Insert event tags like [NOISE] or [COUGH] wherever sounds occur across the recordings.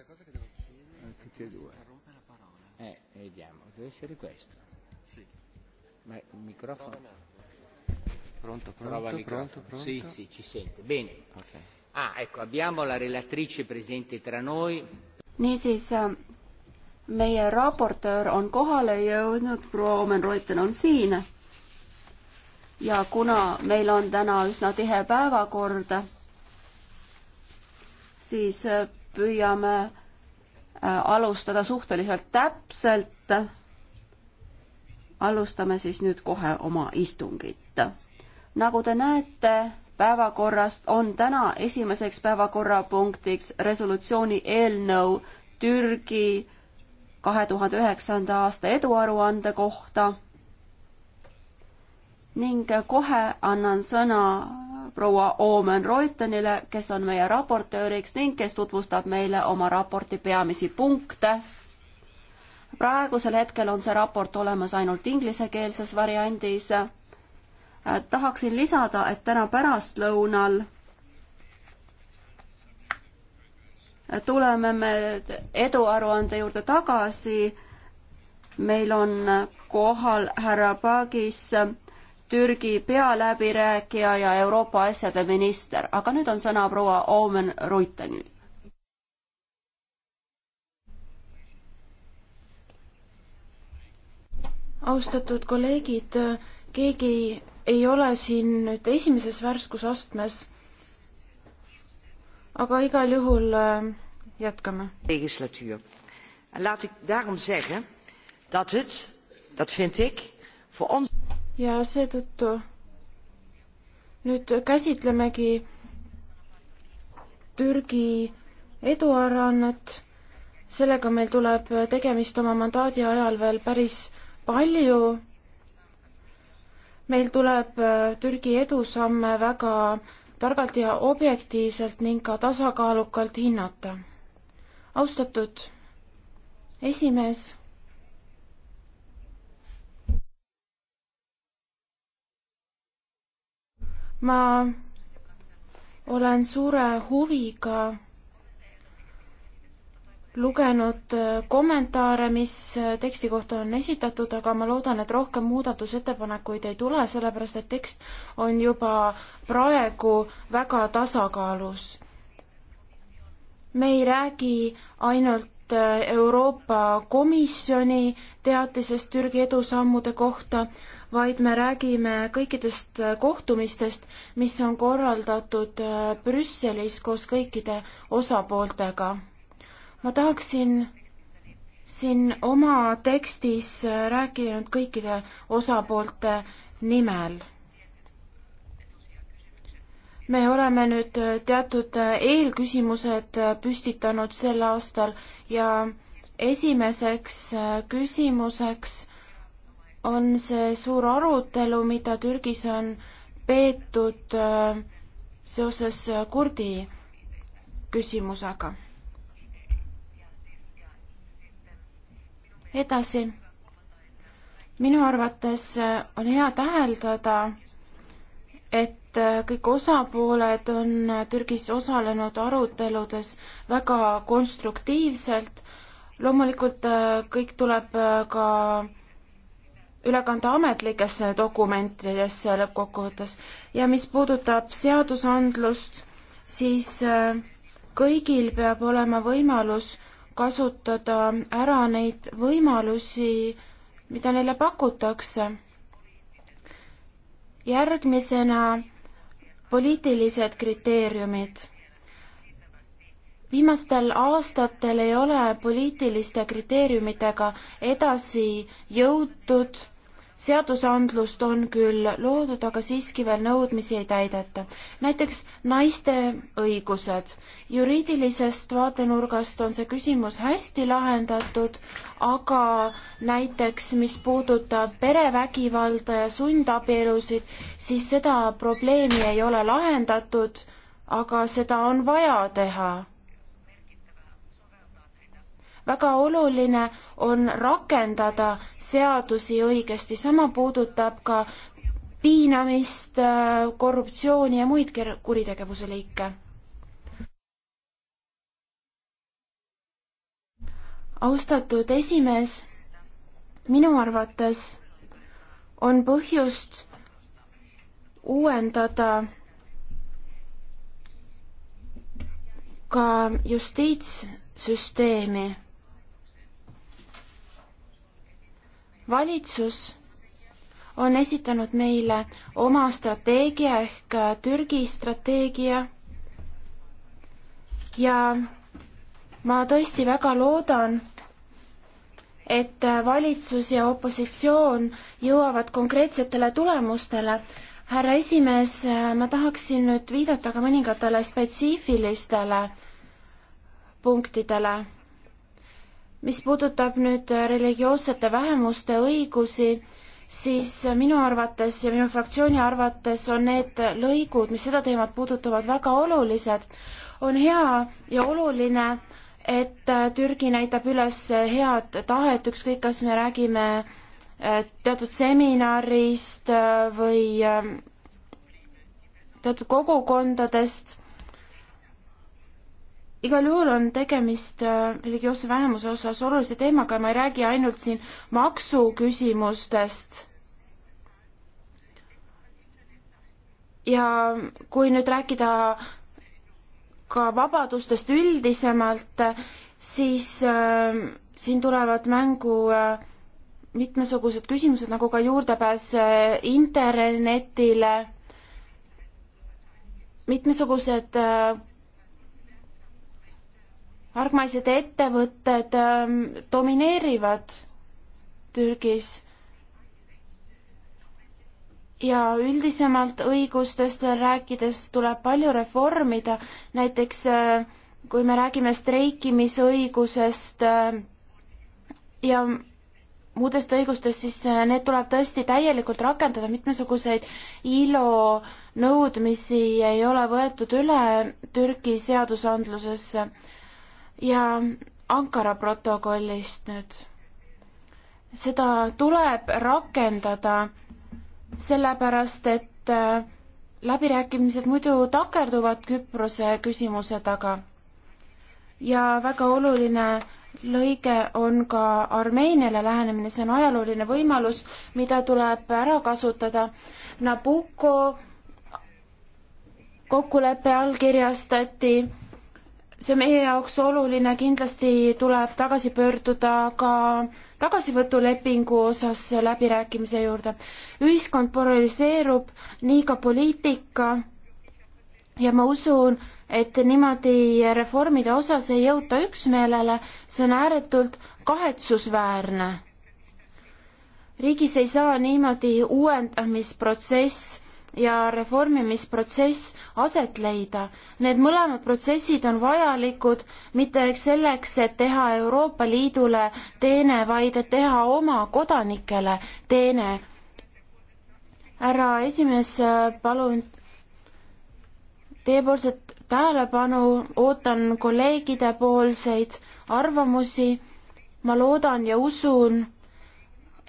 l'unica cosa che devo chiedere eh, tutti e due. interrompe la parola. Eh, vediamo, deve essere questo. Sì. Ma il microfono... Pronto, pronto, Prova pronto, pronto, pronto? Sì, sì, ci sente. Bene. Okay. Ah, ecco, abbiamo la relatrice presente tra noi. Niisiis, ähm, meie raportöör on kohale jõudnud, proua Omen Reuten on siin. ja kuna meil on täna üsna tihe päevakord, siis äh, püüame äh, alustada suhteliselt täpselt. alustame siis nüüd kohe oma istungit. nagu te näete, päevakorrast on täna esimeseks päevakorrapunktiks resolutsiooni eelnõu Türgi kahe tuhande üheksanda aasta eduaruande kohta. ning kohe annan sõna proua Oomen Reutenile, kes on meie raportööriks ning kes tutvustab meile oma raporti peamisi punkte. praegusel hetkel on see raport olemas ainult inglisekeelses variandis. Äh, tahaksin lisada, et täna pärastlõunal tuleme me eduaruande juurde tagasi. meil on kohal härra Paagis Türgi pealäbirääkija ja Euroopa asjade minister, aga nüüd on sõna proua Oomen Ruitenil. austatud kolleegid, keegi ei ole siin nüüd esimeses värskusastmes, aga igal juhul äh, jätkame. legislatuur. Laat ik daarom zeggen dat het, dat vind ik, voor ons ja seetõttu nüüd käsitlemegi Türgi eduarannet. sellega meil tuleb tegemist oma mandaadi ajal veel päris palju. meil tuleb äh, Türgi edusamme väga targalt ja objektiivselt ning ka tasakaalukalt hinnata. austatud esimees ma olen suure huviga lugenud äh, kommentaare, mis äh, teksti kohta on esitatud, aga ma loodan, et rohkem muudatusettepanekuid ei tule, sellepärast et tekst on juba praegu väga tasakaalus. me ei räägi ainult äh, Euroopa Komisjoni teatisest Türgi edusammude kohta, vaid me räägime kõikidest kohtumistest, mis on korraldatud äh, Brüsselis koos kõikide osapooltega. ma tahaksin siin oma tekstis äh, rääkinud kõikide osapoolte nimel. me oleme nüüd äh, teatud eelküsimused püstitanud sel aastal ja esimeseks küsimuseks on see suur arutelu, mida Türgis on peetud äh, seoses äh, kurdi küsimusega. edasi. minu arvates äh, on hea täheldada, et kõik osapooled on Türgis osalenud aruteludes väga konstruktiivselt. loomulikult kõik tuleb ka üle kanda ametlikesse dokumentidesse lõppkokkuvõttes. ja mis puudutab seadusandlust, siis äh, kõigil peab olema võimalus kasutada ära neid võimalusi, mida neile pakutakse. järgmisena poliitilised kriteeriumid viimastel aastatel ei ole poliitiliste kriteeriumitega edasi jõutud, seadusandlust on küll loodud, aga siiski veel nõudmisi ei täideta. näiteks naiste õigused. juriidilisest vaatenurgast on see küsimus hästi lahendatud, aga näiteks mis puudutab perevägivalda ja sundabielusid, siis seda probleemi ei ole lahendatud, aga seda on vaja teha väga oluline on rakendada seadusi õigesti, sama puudutab ka piinamist, korruptsiooni ja muid kuritegevuse liike. austatud esimees, minu arvates on põhjust uuendada ka justiitssüsteemi valitsus on esitanud meile oma strateegia ehk äh, Türgi strateegia ja ma tõesti väga loodan, et äh, valitsus ja opositsioon jõuavad konkreetsetele tulemustele. härra esimees, äh, ma tahaksin nüüd viidata ka mõningatele spetsiifilistele punktidele mis puudutab nüüd äh, religioossete vähemuste õigusi, siis äh, minu arvates ja minu fraktsiooni arvates on need lõigud, mis seda teemat puudutavad, väga olulised. on hea ja oluline, et äh, Türgi näitab üles head tahet, ükskõik, kas me räägime teatud seminarist või ähm, teatud kogukondadest igal juhul on tegemist äh, religioosse vähemuse osas olulise teemaga ja ma ei räägi ainult siin maksuküsimustest. ja kui nüüd rääkida ka vabadustest üldisemalt, siis äh, siin tulevad mängu äh, mitmesugused küsimused, nagu ka juurdepääs äh, internetile, mitmesugused äh, argmaised ettevõtted ähm, domineerivad Türgis. ja üldisemalt õigustest veel rääkides tuleb palju reformida, näiteks äh, kui me räägime streikimisõigusest äh, ja muudest õigustest, siis äh, need tuleb tõesti täielikult rakendada, mitmesuguseid ILO nõudmisi ei ole võetud üle Türgi seadusandlusesse ja Ankara protokollist nüüd. seda tuleb rakendada sellepärast, et äh, läbirääkimised muidu takerduvad Küprose küsimuse taga. ja väga oluline lõige on ka Armeeniale lähenemine, see on ajalooline võimalus, mida tuleb ära kasutada. Nabucco kokkulepe allkirjastati see on meie jaoks oluline, kindlasti tuleb tagasi pöörduda ka tagasivõtulepingu osas läbirääkimise juurde. ühiskond polariseerub, nii ka poliitika ja ma usun, et niimoodi reformide osas ei jõuta üksmeelele, see on ääretult kahetsusväärne. riigis ei saa niimoodi uuendamisprotsess ja reformimisprotsess aset leida. Need mõlemad protsessid on vajalikud mitte selleks, et teha Euroopa Liidule teene, vaid et teha oma kodanikele teene. härra esimees, palun teiepoolset tähelepanu, ootan kolleegide poolseid arvamusi. ma loodan ja usun,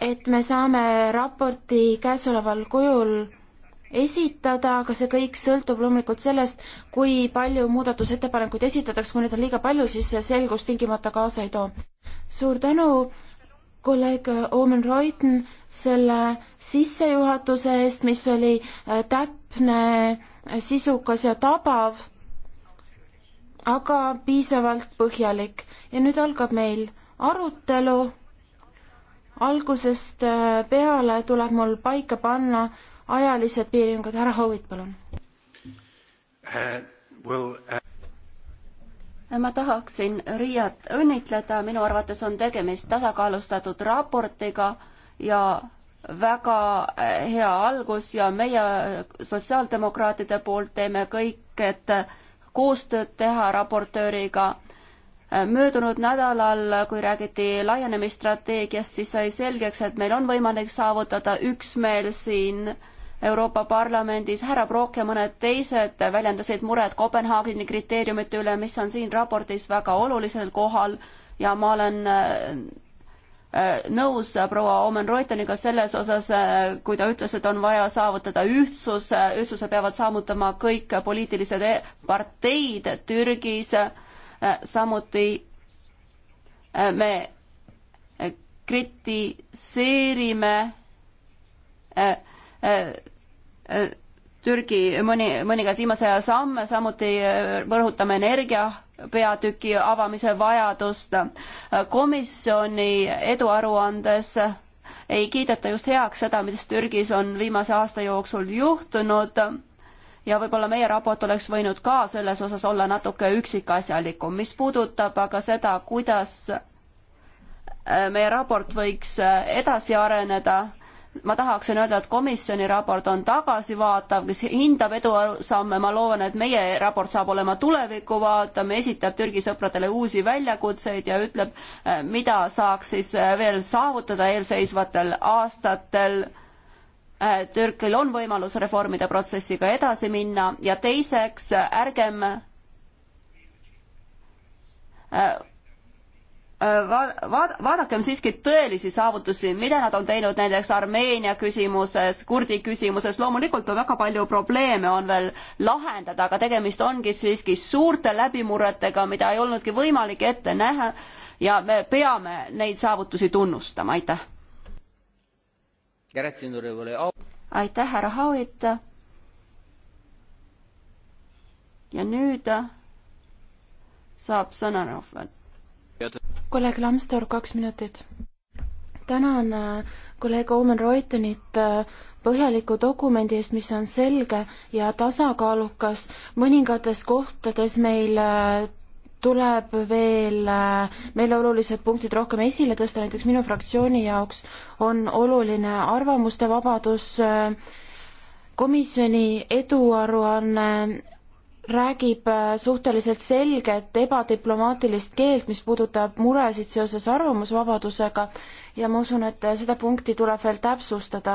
et me saame raporti käesoleval kujul esitada, aga see kõik sõltub loomulikult sellest, kui palju muudatusettepanekuid esitatakse, kui neid on liiga palju, siis selgus tingimata kaasa ei too. suur tänu, kolleeg Omen Reuten, selle sissejuhatuse eest, mis oli äh, täpne, sisukas ja tabav, aga piisavalt põhjalik. ja nüüd algab meil arutelu algusest äh, peale tuleb mul paika panna ajalised piiringud, härra Howitt, palun uh,. Well, uh... ma tahaksin Riiat õnnitleda, minu arvates on tegemist tasakaalustatud raportiga ja väga äh, hea algus ja meie sotsiaaldemokraatide poolt teeme kõik, et koostööd teha raportööriga äh, möödunud nädalal, kui räägiti laienemisstrateegiast, siis sai selgeks, et meil on võimalik saavutada üksmeel siin Euroopa Parlamendis, härra Brock ja mõned teised väljendasid muret Kopenhaageni kriteeriumite üle, mis on siin raportis väga olulisel kohal ja ma olen äh, äh, nõus proua Omen Reuteniga selles osas, äh, kui ta ütles, et on vaja saavutada ühtsus, ühtsuse peavad saavutama kõik poliitilised e-, parteid Türgis, samuti me kritiseerime Türgi mõni, mõningaid viimase aja samme, samuti äh, rõhutame energia peatüki avamise vajadust. komisjoni eduaruandes ei kiideta just heaks seda, mis Türgis on viimase aasta jooksul juhtunud ja võib-olla meie raport oleks võinud ka selles osas olla natuke üksikasjalikum, mis puudutab aga seda, kuidas äh, meie raport võiks äh, edasi areneda ma tahaksin öelda, et komisjoni raport on tagasivaatav, kes hindab edusamme, ma loodan, et meie raport saab olema tulevikku vaatav, esitab Türgi sõpradele uusi väljakutseid ja ütleb, eh, mida saaks siis eh, veel saavutada eelseisvatel aastatel. Eh, Türgil on võimalus reformide protsessiga edasi minna ja teiseks, ärgem vaad-, vaadakem siiski tõelisi saavutusi, mida nad on teinud näiteks Armeenia küsimuses, kurdi küsimuses, loomulikult on väga palju probleeme on veel lahendada, aga tegemist ongi siiski suurte läbimurretega, mida ei olnudki võimalik ette näha ja me peame neid saavutusi tunnustama, aitäh. aitäh, härra Hauit. ja nüüd saab sõna Rohven kolleeg Lamstor, kaks minutit. tänan äh, kolleeg Omen Reutenit äh, põhjaliku dokumendi eest, mis on selge ja tasakaalukas. mõningates kohtades meil äh, tuleb veel meile olulised punktid rohkem esile tõsta, näiteks minu fraktsiooni jaoks on oluline arvamuste vabadus, komisjoni eduaruanne räägib äh, suhteliselt selget ebadiplomaatilist keelt, mis puudutab muresid seoses arvamusvabadusega ja ma usun, et seda punkti tuleb veel täpsustada.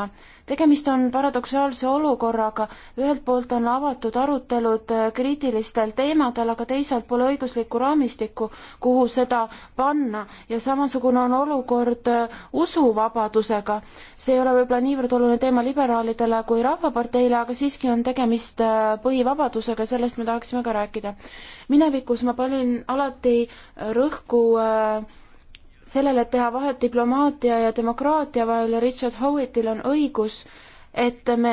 tegemist on paradoksaalse olukorraga, ühelt poolt on avatud arutelud kriitilistel teemadel, aga teisalt pole õiguslikku raamistikku, kuhu seda panna ja samasugune on olukord usuvabadusega. see ei ole võib-olla niivõrd oluline teema liberaalidele kui Rahvaparteile, aga siiski on tegemist põhivabadusega, sellest me tahaksime ka rääkida. minevikus ma panin alati rõhku äh, sellele, et teha vahet diplomaatia ja demokraatia vahel ja Richard Howittil on õigus, et me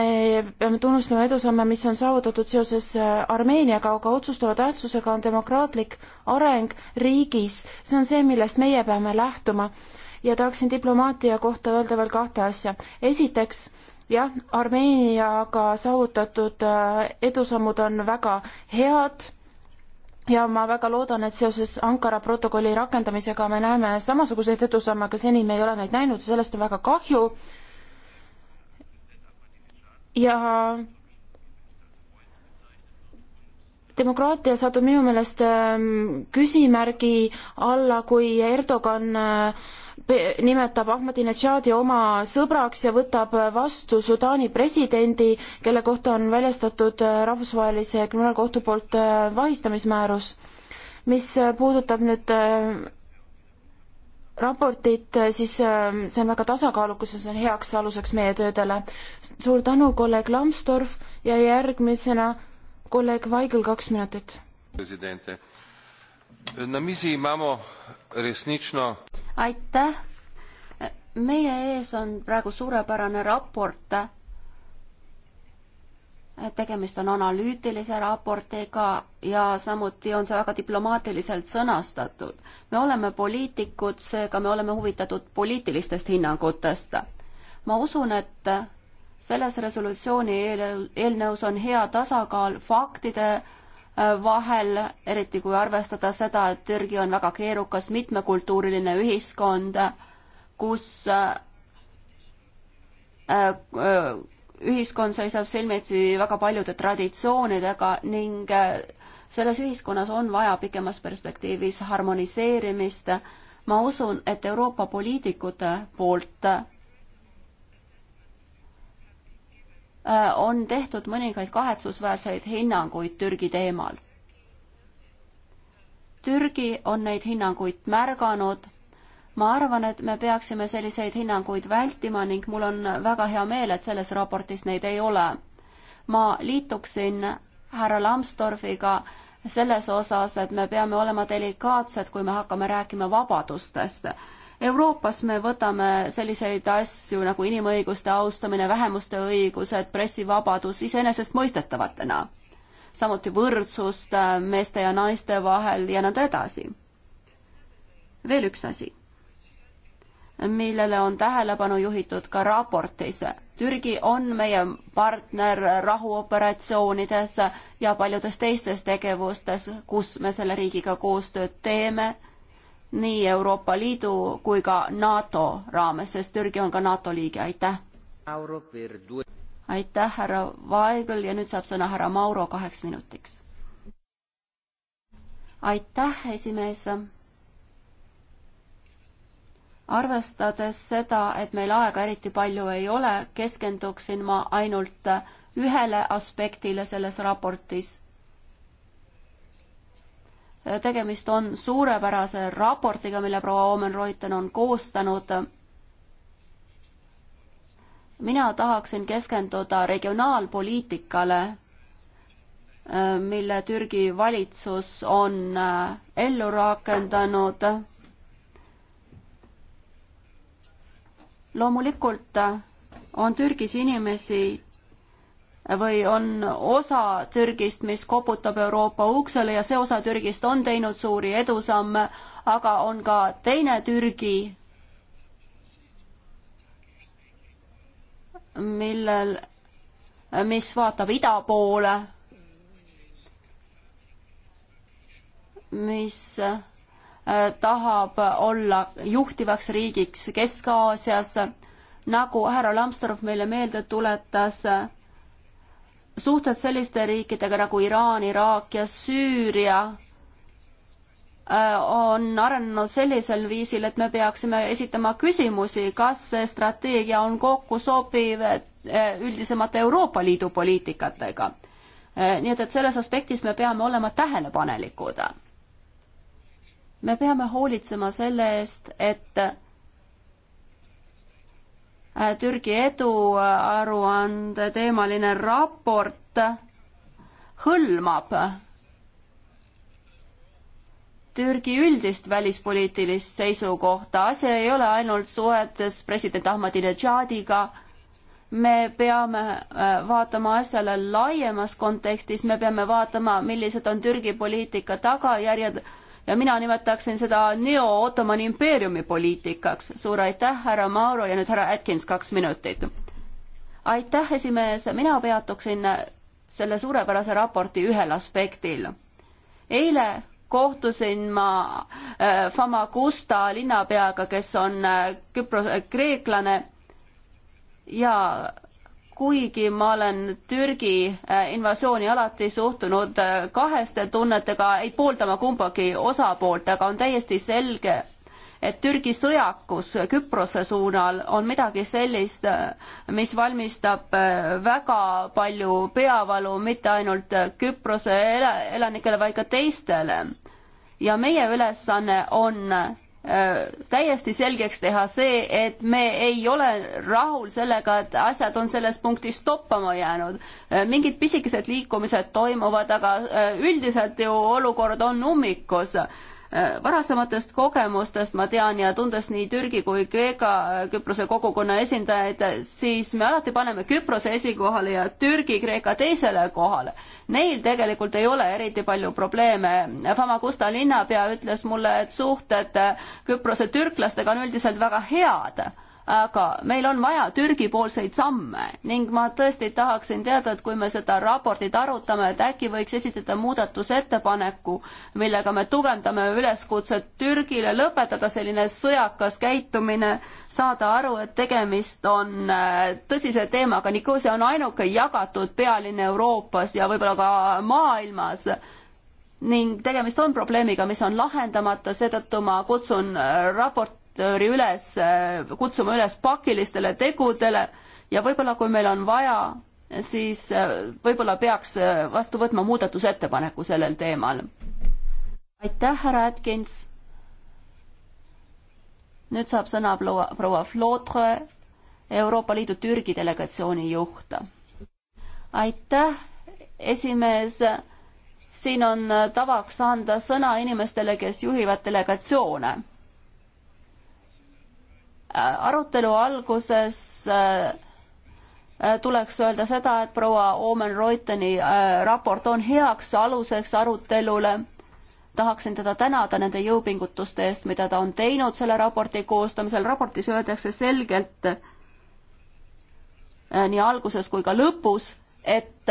peame tunnustama edusamme, mis on saavutatud seoses äh, Armeeniaga, aga otsustava tähtsusega on demokraatlik areng riigis. see on see, millest meie peame lähtuma. ja tahaksin diplomaatia kohta öelda veel kahte asja. esiteks, jah, Armeeniaga saavutatud äh, edusammud on väga head ja ma väga loodan, et seoses Ankara protokolli rakendamisega me näeme samasuguseid edusamme, aga seni me ei ole neid näinud ja sellest on väga kahju. ja demokraatia satub minu meelest ehm, küsimärgi alla, kui Erdogan äh, nimetab Ahmadinejadi oma sõbraks ja võtab vastu Sudaani presidendi, kelle kohta on väljastatud äh, rahvusvahelise kriminaalkohtu poolt äh, vahistamismäärus. mis äh, puudutab nüüd raportit, siis see on väga tasakaalukas ja see on heaks aluseks meie töödele. suur tänu, kolleeg Lambsdorff ja järgmisena kolleeg Vaigel kaks minutit. president, na mizi imamo resnično. aitäh. meie ees on praegu suurepärane raport. tegemist on analüütilise raportiga ja samuti on see väga diplomaatiliselt sõnastatud. me oleme poliitikud, seega me oleme huvitatud poliitilistest hinnangutest. ma usun, et selles resolutsiooni eelnõus on hea tasakaal faktide vahel, eriti kui arvestada seda, et Türgi on väga keerukas mitmekultuuriline ühiskond, kus äh, ühiskond seisab silmitsi väga paljude traditsioonidega ning äh, selles ühiskonnas on vaja pikemas perspektiivis harmoniseerimist. ma usun, et Euroopa poliitikute poolt Äh, on tehtud mõningaid kahetsusväärseid hinnanguid Türgi teemal. Türgi on neid hinnanguid märganud. ma arvan, et me peaksime selliseid hinnanguid vältima ning mul on väga hea meel, et selles raportis neid ei ole. ma liituksin härra Lambsdorfiga selles osas, et me peame olema delikaatsed, kui me hakkame rääkima vabadustest Euroopas me võtame selliseid asju nagu inimõiguste austamine, vähemuste õigused, pressivabadus iseenesestmõistetavatena, samuti võrdsust äh, meeste ja naiste vahel ja nõnda edasi. veel üks asi, millele on tähelepanu juhitud ka raportis. Türgi on meie partner rahuoperatsioonides ja paljudes teistes tegevustes, kus me selle riigiga koostööd teeme nii Euroopa Liidu kui ka NATO raames, sest Türgi on ka NATO liige, aitäh. aitäh, härra Vaigel ja nüüd saab sõna härra Mauro kaheks minutiks. aitäh, esimees. arvestades seda, et meil aega eriti palju ei ole, keskenduksin ma ainult ühele aspektile selles raportis tegemist on suurepärase raportiga, mille proua Omen-Reuten on koostanud. mina tahaksin keskenduda regionaalpoliitikale, mille Türgi valitsus on äh, ellu rakendanud. loomulikult äh, on Türgis inimesi, või on osa Türgist, mis koputab Euroopa uksele ja see osa Türgist on teinud suuri edusamme, aga on ka teine Türgi, millel, mis vaatab ida poole, mis äh, tahab olla juhtivaks riigiks Kesk-Aasias, nagu härra Lambsdorff meile meelde tuletas suhted selliste riikidega nagu Iraan, Iraak ja Süüria äh, on arenenud sellisel viisil, et me peaksime esitama küsimusi, kas see strateegia on kokku sobiv äh, üldisemate Euroopa Liidu poliitikatega. Äh, nii et, et selles aspektis me peame olema tähelepanelikud. me peame hoolitsema selle eest, et Äh, Türgi eduaruande teemaline raport hõlmab Türgi üldist välispoliitilist seisukohta. asi ei ole ainult suhetes president Ahmadinejadiga. me peame äh, vaatama asjale laiemas kontekstis, me peame vaatama, millised on Türgi poliitika tagajärjed ja mina nimetaksin seda neo-Ottomani impeeriumi poliitikaks. suur aitäh, härra Mauro ja nüüd härra Atkins, kaks minutit. aitäh, esimees, mina peatuksin selle suurepärase raporti ühel aspektil. eile kohtusin ma äh, Famagusta linnapeaga, kes on äh, Küpros-, äh, kreeklane ja kuigi ma olen Türgi äh, invasiooni alati suhtunud äh, kaheste tunnetega, ei poolda ma kumbagi osapoolt, aga on täiesti selge, et Türgi sõjakus Küprose suunal on midagi sellist, äh, mis valmistab väga palju peavalu mitte ainult Küprose elanikele, vaid ka teistele. ja meie ülesanne on Äh, täiesti selgeks teha see, et me ei ole rahul sellega, et asjad on selles punktis toppama jäänud. Äh, mingid pisikesed liikumised toimuvad, aga äh, üldiselt ju olukord on ummikus varasematest kogemustest ma tean ja tundes nii Türgi kui Kreeka äh, Küprose kogukonna esindajaid, siis me alati paneme Küprose esikohale ja Türgi Kreeka teisele kohale. Neil tegelikult ei ole eriti palju probleeme. Famagusta linnapea ütles mulle, et suhted äh, Küprose türklastega on üldiselt väga head aga meil on vaja Türgi-poolseid samme ning ma tõesti tahaksin teada, et kui me seda raportit arutame, et äkki võiks esitada muudatusettepaneku, millega me tugevdame üleskutset Türgile lõpetada selline sõjakas käitumine, saada aru, et tegemist on äh, tõsise teemaga, Nikosia on ainuke jagatud pealinn Euroopas ja võib-olla ka maailmas ning tegemist on probleemiga, mis on lahendamata, seetõttu ma kutsun äh, raport sektori üles, kutsuma üles pakilistele tegudele ja võib-olla kui meil on vaja, siis võib-olla peaks vastu võtma muudatusettepaneku sellel teemal. aitäh, härra Atkins. nüüd saab sõna proua, proua Flotre, Euroopa Liidu Türgi delegatsiooni juht. aitäh, esimees siin on tavaks anda sõna inimestele, kes juhivad delegatsioone. Äh, arutelu alguses äh, äh, tuleks öelda seda, et proua Omen Reuteni raport on heaks aluseks arutelule. tahaksin teda tänada nende jõupingutuste eest, mida ta on teinud selle raporti koostamisel. raportis öeldakse selgelt nii alguses kui ka lõpus, et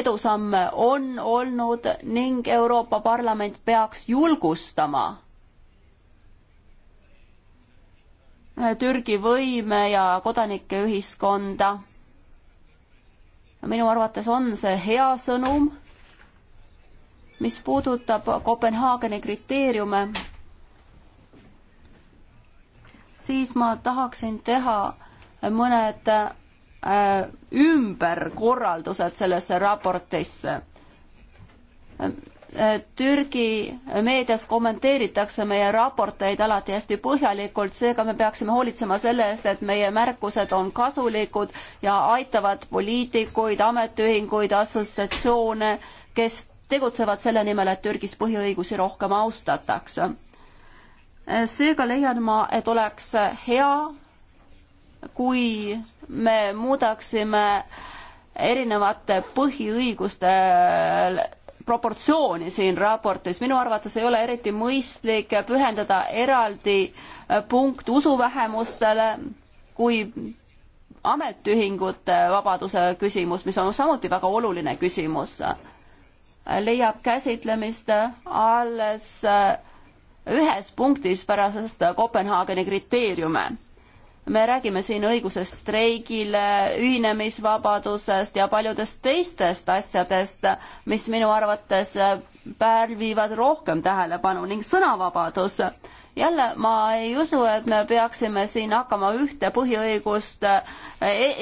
edusamme on olnud ning Euroopa Parlament peaks julgustama Türgi võime ja kodanike ühiskonda. minu arvates on see hea sõnum, mis puudutab Kopenhaageni kriteeriume, siis ma tahaksin teha mõned äh, ümberkorraldused sellesse raportisse. Äh, Türgi meedias kommenteeritakse meie raporteid alati hästi põhjalikult, seega me peaksime hoolitsema selle eest, et meie märkused on kasulikud ja aitavad poliitikuid, ametiühinguid, assotsiatsioone, kes tegutsevad selle nimel, et Türgis põhiõigusi rohkem austatakse. Äh, seega leian ma, et oleks hea, kui me muudaksime erinevate põhiõiguste proportsiooni siin raportis, minu arvates ei ole eriti mõistlik pühendada eraldi äh, punkt usuvähemustele kui ametiühingute vabaduse küsimus, mis on samuti väga oluline küsimus, leiab käsitlemist alles äh, ühes punktis pärast Kopenhaageni kriteeriume me räägime siin õigusest streigile, ühinemisvabadusest ja paljudest teistest asjadest, mis minu arvates pärvivad rohkem tähelepanu ning sõnavabadus. jälle, ma ei usu, et me peaksime siin hakkama ühte põhiõigust e,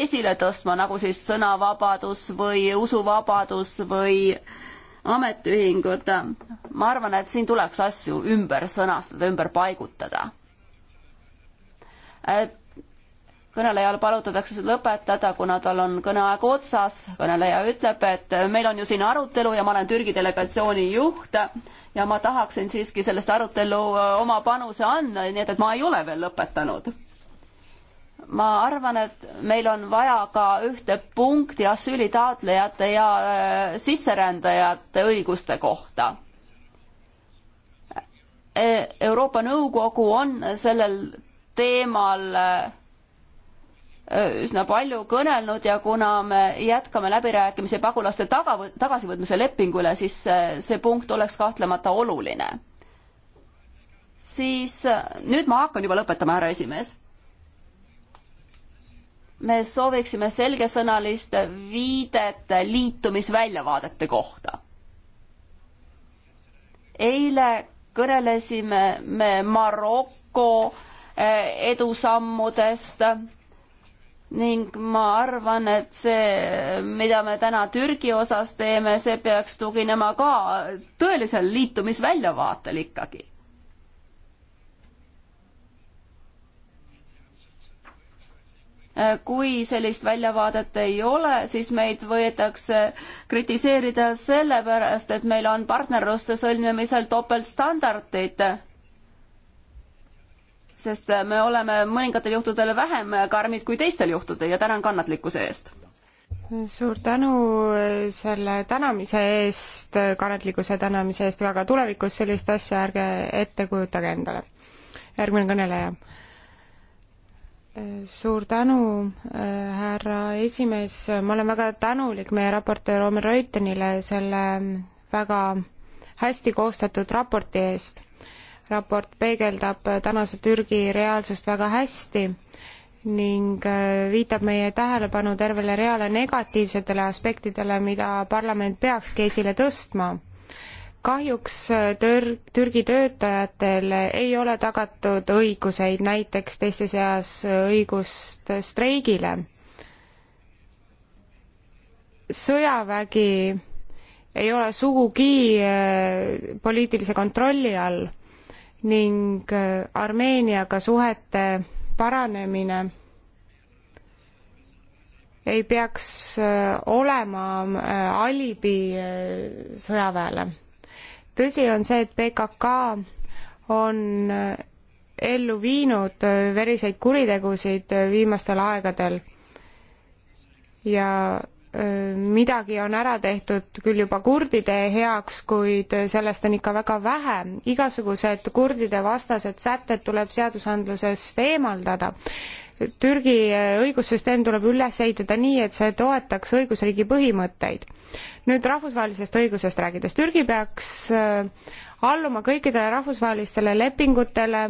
esile tõstma, nagu siis sõnavabadus või usuvabadus või ametiühingud. ma arvan, et siin tuleks asju ümber sõnastada, ümber paigutada et kõnelejal palutatakse lõpetada, kuna tal on kõneaeg otsas. kõneleja ütleb, et meil on ju siin arutelu ja ma olen Türgi delegatsiooni juht ja ma tahaksin siiski sellest arutelu äh, oma panuse anda, nii et, et ma ei ole veel lõpetanud. ma arvan, et meil on vaja ka ühte punkti asüülitaotlejate ja äh, sisserändajate õiguste kohta e, Euroopa Nõukogu on sellel teemal äh, üsna palju kõnelnud ja kuna me jätkame läbirääkimisi pagulaste taga, tagasivõtmise lepingule, siis see punkt oleks kahtlemata oluline. siis nüüd ma hakkan juba lõpetama, härra esimees. me sooviksime selgesõnalist viidet liitumisväljavaadete kohta. eile kõnelesime me Maroko eh, edusammudest ning ma arvan, et see, mida me täna Türgi osas teeme, see peaks tuginema ka tõelisel liitumisväljavaatel ikkagi. kui sellist väljavaadet ei ole, siis meid võetakse kritiseerida sellepärast, et meil on partnerluste sõlmimisel topeltstandardid sest me oleme mõningatel juhtudel vähem karmid kui teistel juhtudel ja tänan kannatlikkuse eest. suur tänu eh, selle tänamise eest, eh, kannatlikkuse tänamise eest, aga tulevikus sellist asja ärge ette kujutage endale. järgmine kõneleja eh, suur tänu, härra esimees, ma olen väga tänulik meie raportöör Omer Reutenile selle väga hästi koostatud raporti eest raport peegeldab tänase Türgi reaalsust väga hästi ning äh, viitab meie tähelepanu tervele reale negatiivsetele aspektidele, mida parlament peakski esile tõstma kahjuks äh, tör-, Türgi töötajatel ei ole tagatud õiguseid, näiteks teiste seas äh, õigust streigile. sõjavägi ei ole sugugi poliitilise kontrolli all ning äh, Armeeniaga suhete paranemine ei peaks äh, olema äh, alibi sõjaväele. tõsi on see, et PKK on ellu viinud veriseid kuritegusid viimastel aegadel ja midagi on ära tehtud küll juba kurdide heaks, kuid sellest on ikka väga vähe. igasugused kurdide vastased sätted tuleb seadusandlusest eemaldada. Türgi õigussüsteem tuleb üles ehitada nii, et see toetaks õigusriigi põhimõtteid. nüüd rahvusvahelisest õigusest rääkides, Türgi peaks alluma kõikidele rahvusvahelistele lepingutele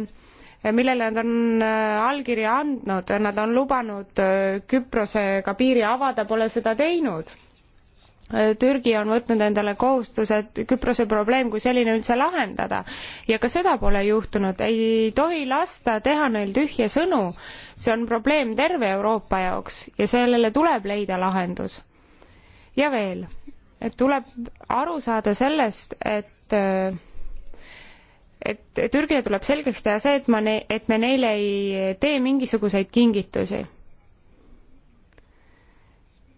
millele nad on äh, allkirja andnud, nad on lubanud äh, Küprosega piiri avada, pole seda teinud. Äh, Türgi on võtnud endale kohustused Küprose probleem kui selline üldse lahendada ja ka seda pole juhtunud, ei tohi lasta teha neil tühje sõnu. see on probleem terve Euroopa jaoks ja sellele tuleb leida lahendus. ja veel, tuleb aru saada sellest, et et Türgile tuleb selgeks teha see, et ma ne-, et me neile ei tee mingisuguseid kingitusi.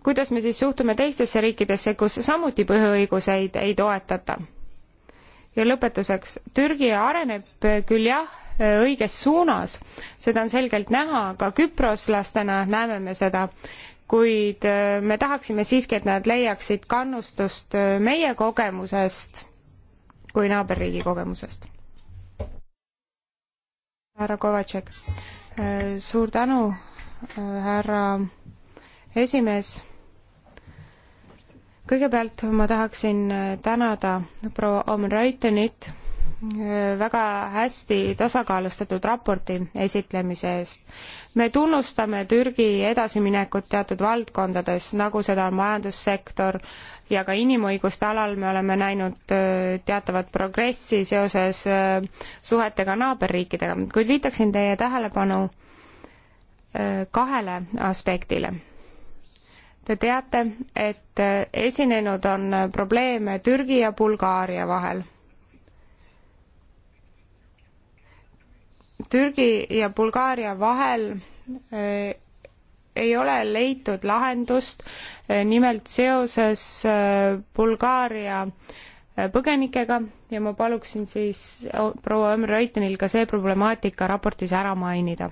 kuidas me siis suhtume teistesse riikidesse, kus samuti põhiõiguseid ei toetata? ja lõpetuseks, Türgi areneb küll jah, õiges suunas, seda on selgelt näha, ka küproslastena näeme me seda, kuid äh, me tahaksime siiski, et nad leiaksid kannustust äh, meie kogemusest kui naaberriigi kogemusest härra Kovatšek. suur tänu, härra esimees. kõigepealt ma tahaksin tänada proua Omreutenit väga hästi tasakaalustatud raporti esitlemise eest. me tunnustame Türgi edasiminekut teatud valdkondades, nagu seda on majandussektor ja ka inimõiguste alal me oleme näinud äh, teatavat progressi seoses äh, suhetega naaberriikidega, kuid viitaksin teie tähelepanu äh, kahele aspektile Te teate, et esinenud on probleeme Türgi ja Bulgaaria vahel Türgi ja Bulgaaria vahel äh, ei ole leitud lahendust, äh, nimelt seoses äh, Bulgaaria põgenikega ja ma paluksin siis proua Ömer Reutenil ka see problemaatika raportis ära mainida.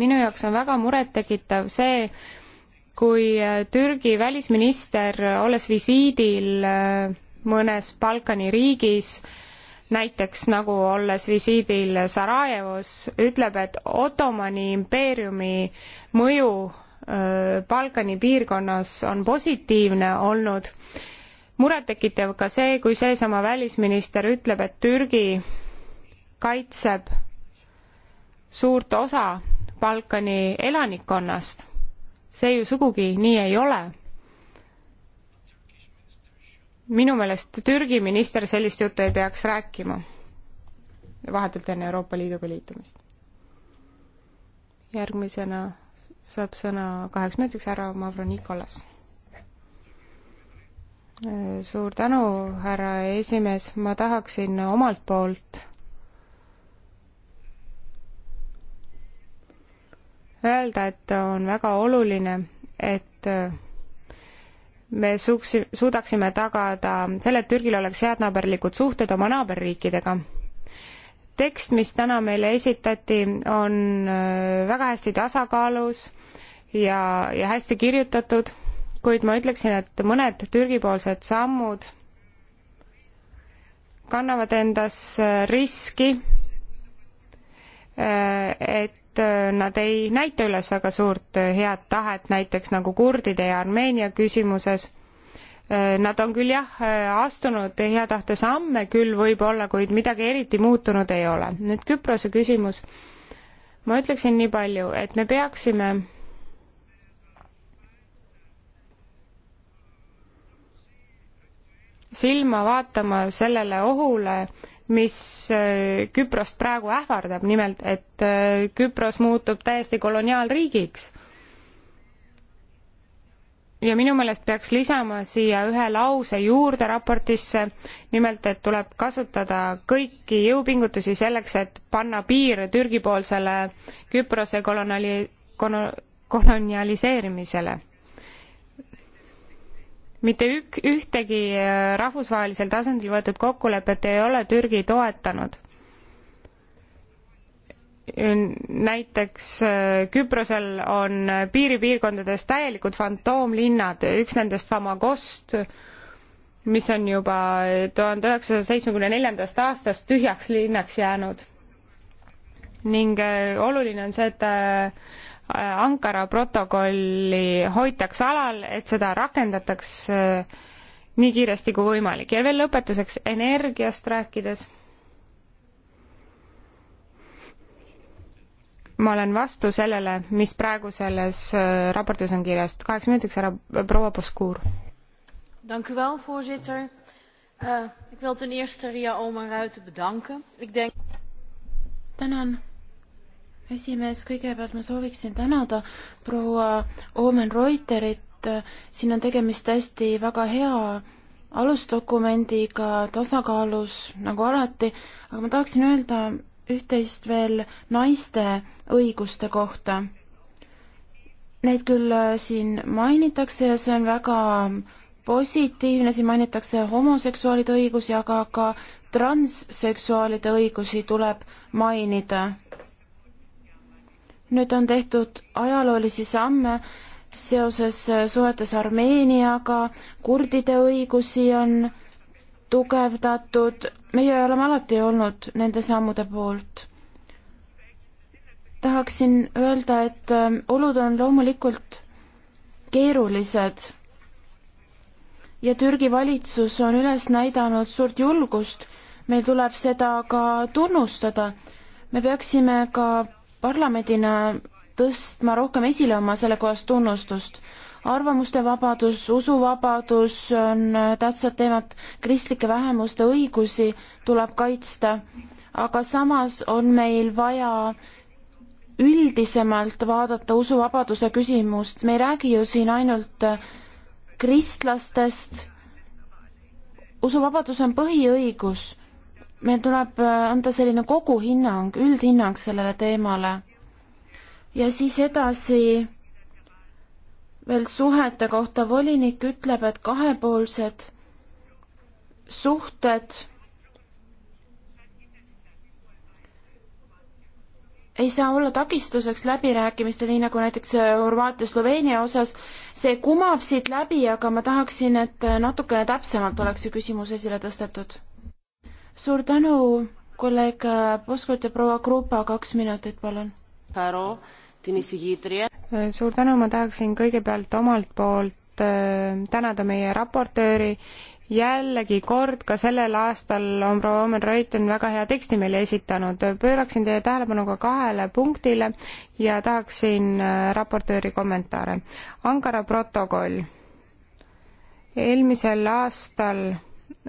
minu jaoks on väga murettekitav see, kui Türgi välisminister, olles visiidil mõnes Balkani riigis, näiteks nagu olles visiidil Sarajevos, ütleb, et Ottomani impeeriumi mõju Balkani piirkonnas on positiivne olnud. murettekitav ka see, kui seesama välisminister ütleb, et Türgi kaitseb suurt osa Balkani elanikkonnast. see ju sugugi nii ei ole minu meelest Türgi minister sellist juttu ei peaks rääkima vahetult enne Euroopa Liiduga liitumist. järgmisena saab sõna kaheks minutiks härra Mavro Nikolas. suur tänu, härra esimees, ma tahaksin omalt poolt öelda, et on väga oluline, et me suuksi, suudaksime tagada selle, et Türgil oleks head naaberlikud suhted oma naaberriikidega. tekst, mis täna meile esitati, on äh, väga hästi tasakaalus ja, ja hästi kirjutatud, kuid ma ütleksin, et mõned Türgi-poolsed sammud kannavad endas äh, riski, äh, et et äh, nad ei näita üles väga suurt äh, head tahet, näiteks nagu kurdide ja Armeenia küsimuses. Äh, nad on küll jah, astunud hea tahte samme küll võib-olla, kuid midagi eriti muutunud ei ole. nüüd Küprose küsimus. ma ütleksin nii palju, et me peaksime silma vaatama sellele ohule, mis äh, Küprost praegu ähvardab, nimelt et äh, Küpros muutub täiesti koloniaalriigiks. ja minu meelest peaks lisama siia ühe lause juurde raportisse, nimelt et tuleb kasutada kõiki jõupingutusi selleks, et panna piir Türgi-poolsele Küprose koloniali-, kolonialiseerimisele mitte ük-, ühtegi äh, rahvusvahelisel tasandil võetud kokkulepet ei ole Türgi toetanud. näiteks äh, Küprosel on äh, piiripiirkondades täielikud fantoomlinnad, üks nendest Famagost, mis on juba tuhande üheksasaja seitsmekümne neljandast aastast tühjaks linnaks jäänud. ning oluline on see, et Ankara protokolli hoitakse alal, et seda rakendataks äh, nii kiiresti kui võimalik. ja veel lõpetuseks energiast rääkides. ma olen vastu sellele, mis praegu selles äh, raportis on kirjas. kaheks minutiks ära, äh, proua Poskuur. Dank u wel, voorzitter. Uh, ik wil ten eerste Ria Omen Ruiten bedanken. Ik denk... Tänan esimees, kõigepealt ma sooviksin tänada proua Omen Reuterit, siin on tegemist hästi väga hea alusdokumendiga, tasakaalus nagu alati, aga ma tahaksin öelda üht-teist veel naiste õiguste kohta. Neid küll äh, siin mainitakse ja see on väga positiivne, siin mainitakse homoseksuaalide õigusi, aga ka transseksuaalide õigusi tuleb mainida nüüd on tehtud ajaloolisi samme seoses äh, suhetes Armeeniaga, kurdide õigusi on tugevdatud, meie oleme alati olnud nende sammude poolt. tahaksin öelda, et ähm, olud on loomulikult keerulised ja Türgi valitsus on üles näidanud suurt julgust, meil tuleb seda ka tunnustada. me peaksime ka parlamendina tõstma rohkem esile oma sellekohast tunnustust. arvamuste vabadus, usuvabadus on tähtsad teemad, kristlike vähemuste õigusi tuleb kaitsta, aga samas on meil vaja üldisemalt vaadata usuvabaduse küsimust, me ei räägi ju siin ainult kristlastest, usuvabadus on põhiõigus meil tuleb äh, anda selline koguhinnang, üldhinnang sellele teemale. ja siis edasi veel suhete kohta volinik ütleb, et kahepoolsed suhted ei saa olla takistuseks läbirääkimistel, nii nagu näiteks äh, Horvaatia, Sloveenia osas. see kumab siit läbi, aga ma tahaksin, et äh, natukene täpsemalt oleks see küsimus esile tõstetud suur tänu, kolleeg Poskut ja proua Krupa, kaks minutit, palun. suur tänu, ma tahaksin kõigepealt omalt poolt äh, tänada meie raportööri jällegi kord ka sellel aastal on proua Omen Reuten väga hea teksti meile esitanud. pööraksin teie tähelepanu ka kahele punktile ja tahaksin äh, raportööri kommentaare. Ankara protokoll. eelmisel aastal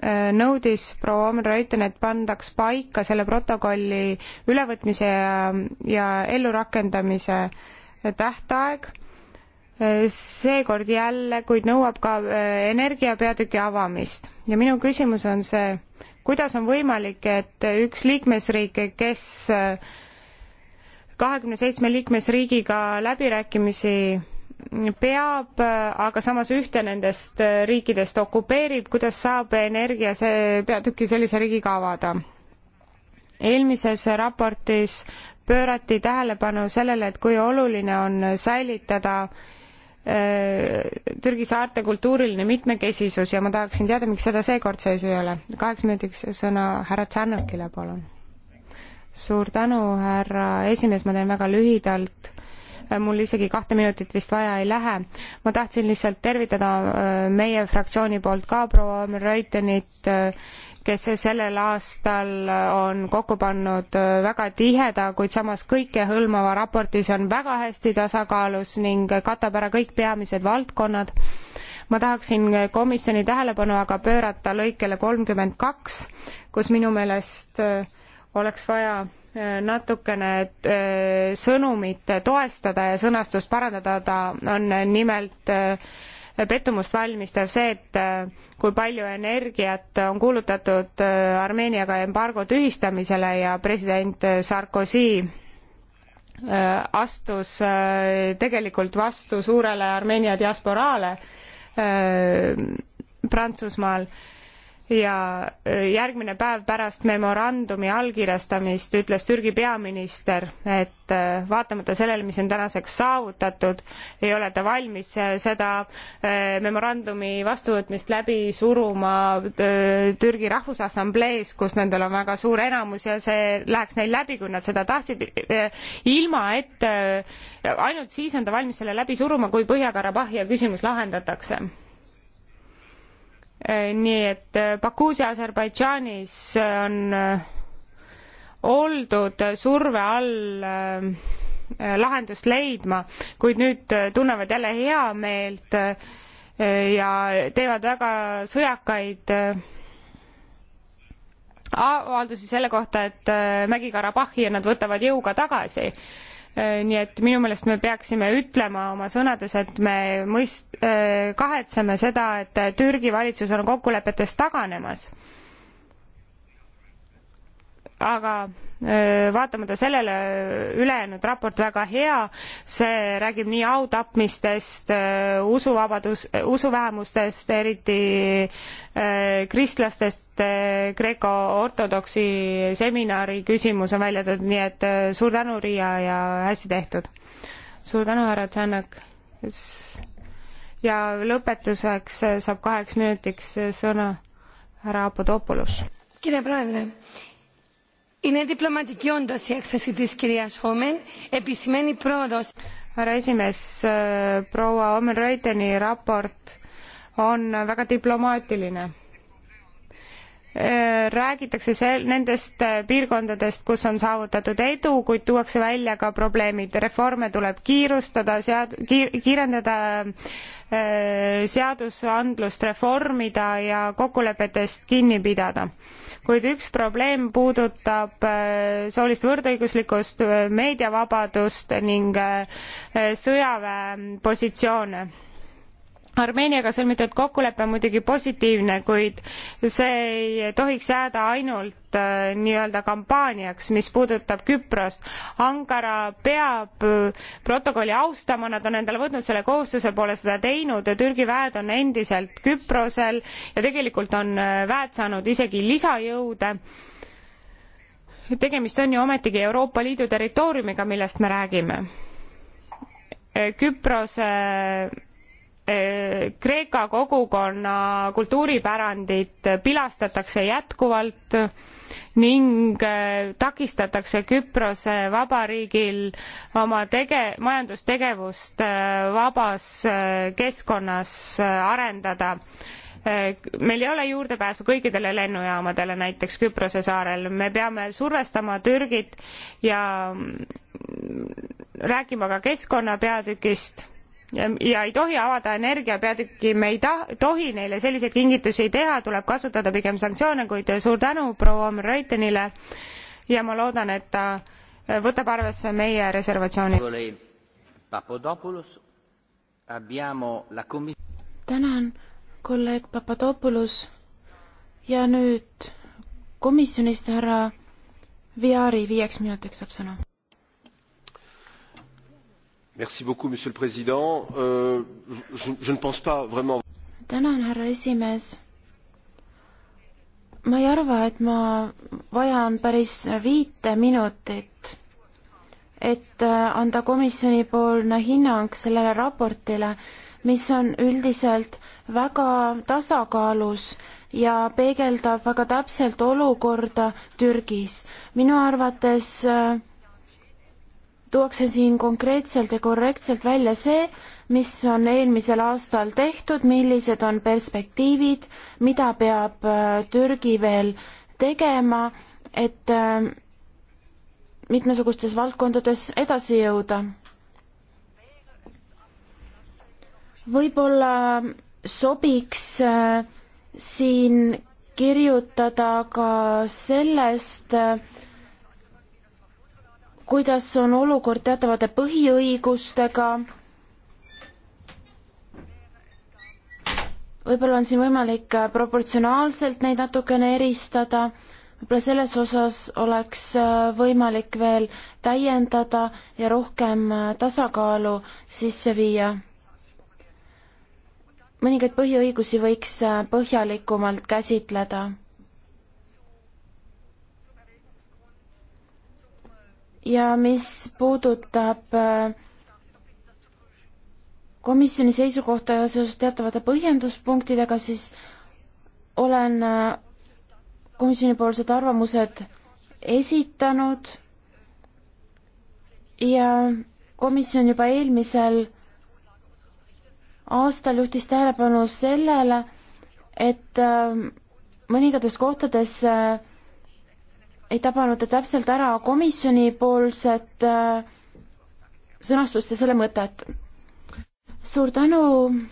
Äh, nõudis proua Omen Reuten, et pandaks paika selle protokolli ülevõtmise ja, ja ellurakendamise tähtaeg. Äh, seekord jälle, kuid nõuab ka äh, energia peatüki avamist ja minu küsimus on see, kuidas on võimalik, et üks liikmesriik, kes kahekümne seitsme liikmesriigiga läbirääkimisi peab, aga samas ühte nendest riikidest okupeerib, kuidas saab energia see peatüki sellise riigiga avada? eelmises raportis pöörati tähelepanu sellele, et kui oluline on säilitada äh, Türgi saarte kultuuriline mitmekesisus ja ma tahaksin teada, miks seda seekord sees ei ole. kaheks minutiks sõna härra Tšernokile, palun. suur tänu, härra esimees, ma teen väga lühidalt mul isegi kahte minutit vist vaja ei lähe. ma tahtsin lihtsalt tervitada äh, meie fraktsiooni poolt ka proua Reutenit, äh, kes sellel aastal äh, on kokku pannud väga tiheda, kuid samas kõikehõlmava raporti, see on väga hästi tasakaalus ning katab ära kõik peamised valdkonnad. ma tahaksin komisjoni tähelepanu aga pöörata lõikele kolmkümmend kaks, kus minu meelest oleks vaja natukene eh, sõnumit toestada ja sõnastust parandada, on nimelt eh, pettumust valmistav see, et eh, kui palju energiat on kuulutatud Armeeniaga embargo tühistamisele ja president Sarkozy astus tegelikult vastu suurele Armeenia diasporaale Prantsusmaal ja äh, järgmine päev pärast memorandumi allkirjastamist ütles Türgi peaminister, et äh, vaatamata sellele, mis on tänaseks saavutatud, ei ole ta valmis äh, seda memorandumi vastuvõtmist läbi suruma Türgi Rahvusassamblees, kus nendel on väga suur enamus ja see läheks neil läbi, kui nad seda tahtsid, ilma et ainult siis on ta valmis selle läbi suruma, kui Põhja-Karabahhi küsimus lahendatakse Äh, nii et äh, Bakuus ja Aserbaidžaanis äh, on oldud surve all lahendust leidma, kuid nüüd tunnevad jälle heameelt ja teevad väga sõjakaid avaldusi selle kohta, et Mägi-Karabahhi ja nad võtavad jõuga tagasi Äh, nii et minu meelest me peaksime ütlema oma sõnades, et me mõist-, äh, kahetseme seda, et Türgi valitsus on kokkulepetest taganemas aga vaatamata sellele ülejäänud raport väga hea, see räägib nii autapmistest, usuvabadus, usuvähemustest, eriti kristlastest, Kreeka ortodoksi seminari küsimus on välja toodud, nii et suur tänu, Riia, ja hästi tehtud. suur tänu, härra Tšanak ja lõpetuseks saab kaheks minutiks sõna härra Apodopoulos. Είναι διπλωματική όντω η έκθεση τη κυρία Χόμεν. Επισημαίνει πρόοδο. härra esimees, proua Omen Reuteni raport on väga diplomaatiline Äh, räägitakse sel-, nendest äh, piirkondadest, kus on saavutatud edu, kuid tuuakse välja ka probleemid. reforme tuleb kiirustada, sead-, kiir-, kiirendada äh, seadusandlust reformida ja kokkulepetest kinni pidada. kuid üks probleem puudutab soolist võrdõiguslikkust, meediavabadust ning sõjaväe positsioone Armeeniaga sõlmitud kokkulepe on muidugi positiivne, kuid see ei tohiks jääda ainult äh, nii-öelda kampaaniaks, mis puudutab Küprost. Ankara peab äh, protokolli austama, nad on endale võtnud selle kohustuse, pole seda teinud ja Türgi väed on endiselt Küprosel ja tegelikult on äh, väed saanud isegi lisajõude. tegemist on ju ometigi Euroopa Liidu territooriumiga, millest me räägime. Äh, Küprose Eh, Kreeka kogukonna kultuuripärandit pilastatakse jätkuvalt ning eh, takistatakse Küprose vabariigil oma tege-, majandustegevust eh, vabas keskkonnas arendada. meil ei ole juurdepääsu kõikidele lennujaamadele näiteks Küprose saarel, me peame survestama Türgit ja mm, rääkima ka keskkonnapeatükist ja ei tohi avada energiapeatükki, me ei ta-, tohi neile selliseid kingitusi teha, tuleb kasutada pigem sanktsioone, kuid suur tänu proua Omreitenile ja ma loodan, et ta võtab arvesse meie reservatsiooni. tänan, kolleeg Papadopoulos ja nüüd komisjonist härra Viari viieks minutiks saab sõna Beaucoup, monsieur le président euh, je, je ne pense pas vraiment tänan härra esimees ma ei arva et ma vajan päris viite minutit et äh, anda komisjonipoolne hinnang sellele raportile mis on üldiselt väga tasakaalus ja peegeldab väga täpselt olukorda Türgis minu arvates äh, tuuakse siin konkreetselt ja korrektselt välja see, mis on eelmisel aastal tehtud, millised on perspektiivid, mida peab äh, Türgi veel tegema, et äh, mitmesugustes valdkondades edasi jõuda. võib-olla sobiks äh, siin kirjutada ka sellest, kuidas on olukord teatavate põhiõigustega. võib-olla on siin võimalik proportsionaalselt neid natukene eristada, võib-olla selles osas oleks äh, võimalik veel täiendada ja rohkem äh, tasakaalu sisse viia. mõningaid põhiõigusi võiks äh, põhjalikumalt käsitleda ja mis puudutab äh, komisjoni seisukohta seoses teatavate põhjenduspunktidega, siis olen äh, komisjonipoolsed arvamused esitanud ja komisjon juba eelmisel aastal juhtis tähelepanu sellele, et äh, mõningates kohtades äh, ei tabanud ta täpselt ära komisjonipoolset äh, sõnastust ja selle mõtet. suur tänu,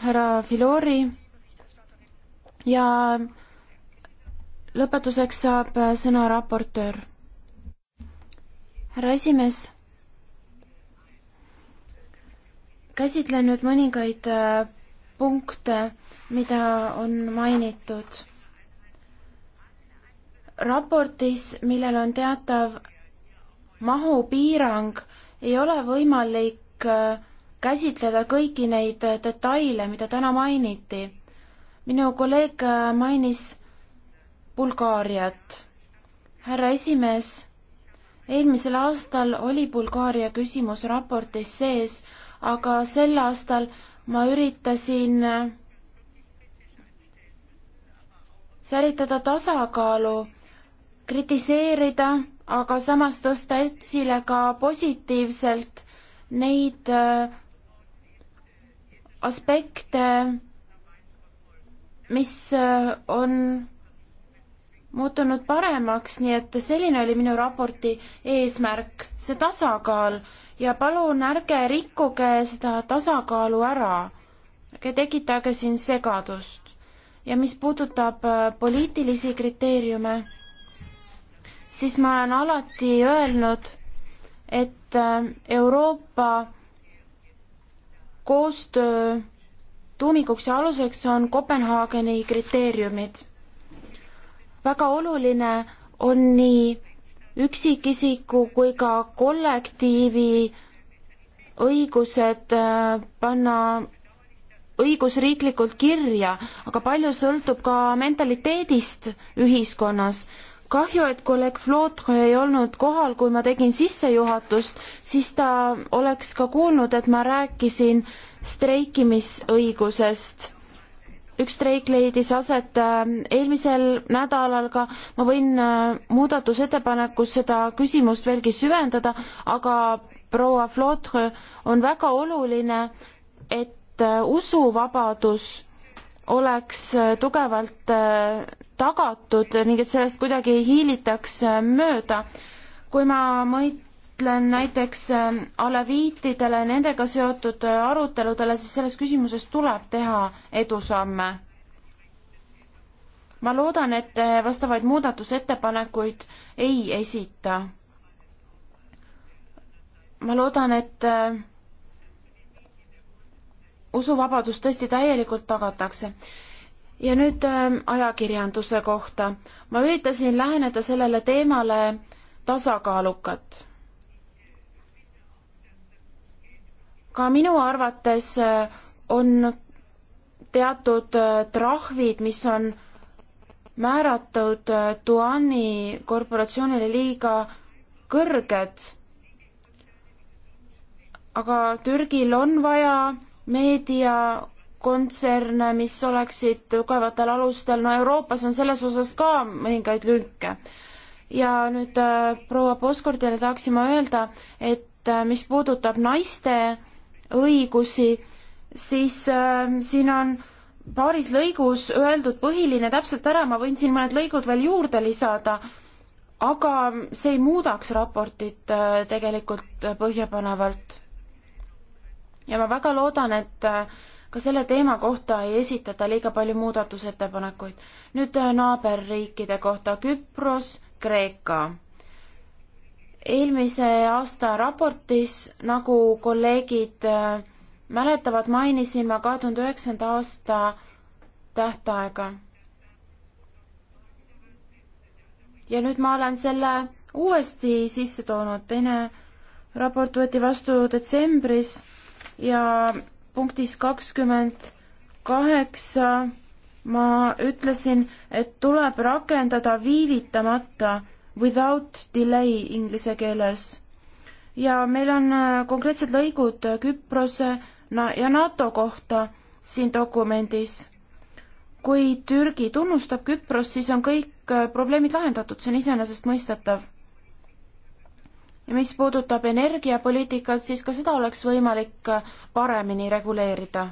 härra Filori ja lõpetuseks saab äh, sõna raportöör. härra esimees, käsitlen nüüd mõningaid äh, punkte, mida on mainitud raportis, millel on teatav mahupiirang, ei ole võimalik äh, käsitleda kõiki neid äh, detaile, mida täna mainiti. minu kolleeg äh, mainis Bulgaariat. härra esimees, eelmisel aastal oli Bulgaaria küsimus raportis sees, aga sel aastal ma üritasin säilitada tasakaalu kritiseerida, aga samas tõsta esile ka positiivselt neid äh, aspekte, mis äh, on muutunud paremaks, nii et selline oli minu raporti eesmärk, see tasakaal ja palun ärge rikkuge seda tasakaalu ära, ärge tekitage siin segadust. ja mis puudutab äh, poliitilisi kriteeriume siis ma olen alati öelnud, et äh, Euroopa koostöö tuumikuks ja aluseks on Kopenhaageni kriteeriumid. väga oluline on nii üksikisiku kui ka kollektiivi õigused äh, panna õigusriiklikult kirja, aga palju sõltub ka mentaliteedist ühiskonnas kahju, et kolleeg Flotre ei olnud kohal, kui ma tegin sissejuhatust, siis ta oleks ka kuulnud, et ma rääkisin streikimisõigusest. üks streik leidis aset äh, eelmisel nädalal ka, ma võin äh, muudatusettepanekus seda küsimust veelgi süvendada, aga proua Flotre on väga oluline, et äh, usuvabadus oleks äh, tugevalt äh, tagatud ning et sellest kuidagi ei hiilitaks äh, mööda. kui ma mõtlen näiteks aleviitidele, nendega seotud aruteludele, siis selles küsimuses tuleb teha edusamme. ma loodan, et te vastavaid muudatusettepanekuid ei esita. ma loodan, et usuvabadus tõesti täielikult tagatakse. ja nüüd ähm, ajakirjanduse kohta. ma üritasin läheneda sellele teemale tasakaalukalt. ka minu arvates äh, on teatud äh, trahvid, mis on määratud äh, Tuani korporatsioonile liiga kõrged. aga Türgil on vaja meediakontserne, mis oleksid tugevatel alustel, no Euroopas on selles osas ka mõningaid lünke. ja nüüd äh, proua Poskordile tahaksin ma öelda, et äh, mis puudutab naiste õigusi, siis äh, siin on paaris lõigus öeldud põhiline täpselt ära, ma võin siin mõned lõigud veel juurde lisada, aga see ei muudaks raportit äh, tegelikult põhjapanevalt ja ma väga loodan, et äh, ka selle teema kohta ei esitata liiga palju muudatusettepanekuid. nüüd äh, naaberriikide kohta Küpros, Kreeka. eelmise aasta raportis, nagu kolleegid äh, mäletavad, mainisin ma kahe tuhande üheksanda aasta tähtaega. ja nüüd ma olen selle uuesti sisse toonud, teine raport võeti vastu detsembris ja punktis kakskümmend kaheksa ma ütlesin, et tuleb rakendada viivitamata, without delay inglise keeles. ja meil on äh, konkreetsed lõigud Küprose ja NATO kohta siin dokumendis. kui Türgi tunnustab Küprost, siis on kõik äh, probleemid lahendatud, see on iseenesestmõistetav ja mis puudutab energiapoliitikat, siis ka seda oleks võimalik paremini reguleerida.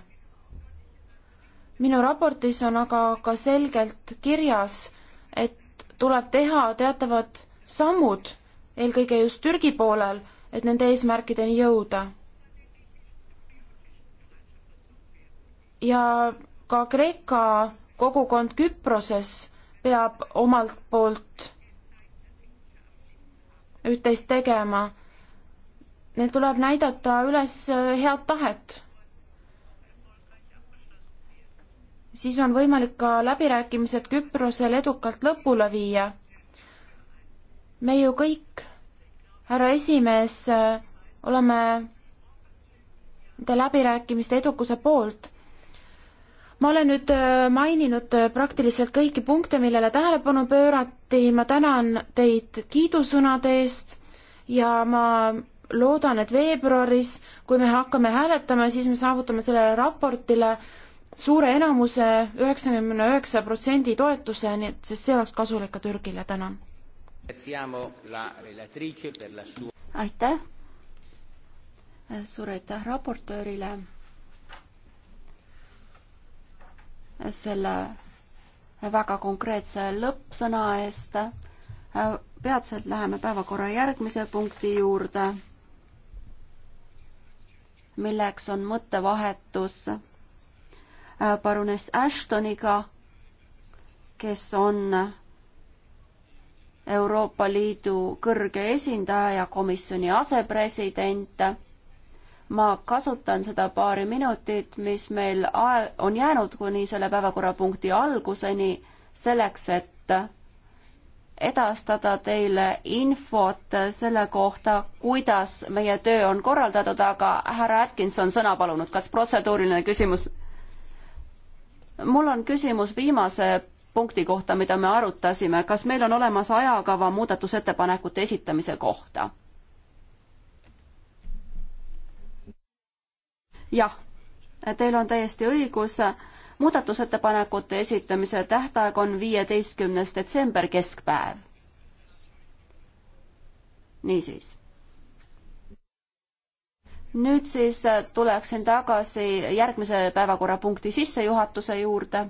minu raportis on aga ka selgelt kirjas, et tuleb teha teatavad sammud, eelkõige just Türgi poolel, et nende eesmärkideni jõuda. ja ka Kreeka kogukond Küproses peab omalt poolt üht-teist tegema. Neil tuleb näidata üles äh, head tahet. siis on võimalik ka läbirääkimised Küprosel edukalt lõpule viia. me ju kõik, härra esimees, äh, oleme nende läbirääkimiste edukuse poolt ma olen nüüd äh, maininud äh, praktiliselt kõiki punkte, millele tähelepanu pöörati, ma tänan teid kiidusõnade eest ja ma loodan, et veebruaris, kui me hakkame hääletama, siis me saavutame sellele raportile suure enamuse, üheksakümne üheksa protsendi toetuse, nii et, sest see oleks kasulik ka Türgile, tänan. aitäh, suur aitäh raportöörile selle väga konkreetse lõppsõna eest. peatselt läheme päevakorra järgmise punkti juurde, milleks on mõttevahetus paruness Ashtoniga, kes on Euroopa Liidu kõrge esindaja ja komisjoni asepresident ma kasutan seda paari minutit, mis meil on jäänud kuni selle päevakorrapunkti alguseni, selleks, et edastada teile infot selle kohta, kuidas meie töö on korraldatud, aga härra Atkinson sõna palunud, kas protseduuriline küsimus? mul on küsimus viimase punkti kohta, mida me arutasime, kas meil on olemas ajakava muudatusettepanekute esitamise kohta? jah, teil on täiesti õigus, muudatusettepanekute esitamise tähtaeg on viieteistkümnes detsember keskpäev. niisiis. nüüd siis tuleksin tagasi järgmise päevakorrapunkti sissejuhatuse juurde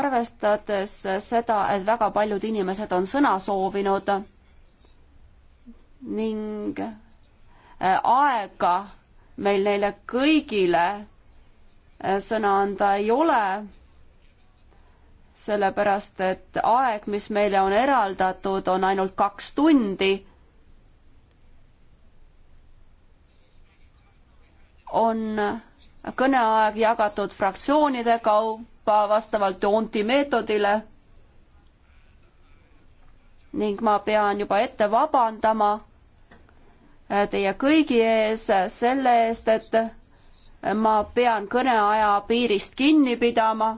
arvestades seda, et väga paljud inimesed on sõna soovinud ning aega meil neile kõigile äh, sõna anda ei ole, sellepärast et aeg, mis meile on eraldatud, on ainult kaks tundi. on kõneaeg jagatud fraktsioonide kaupa vastavalt joonti meetodile ning ma pean juba ette vabandama Äh, teie kõigi ees selle eest, et ma pean kõneaja piirist kinni pidama.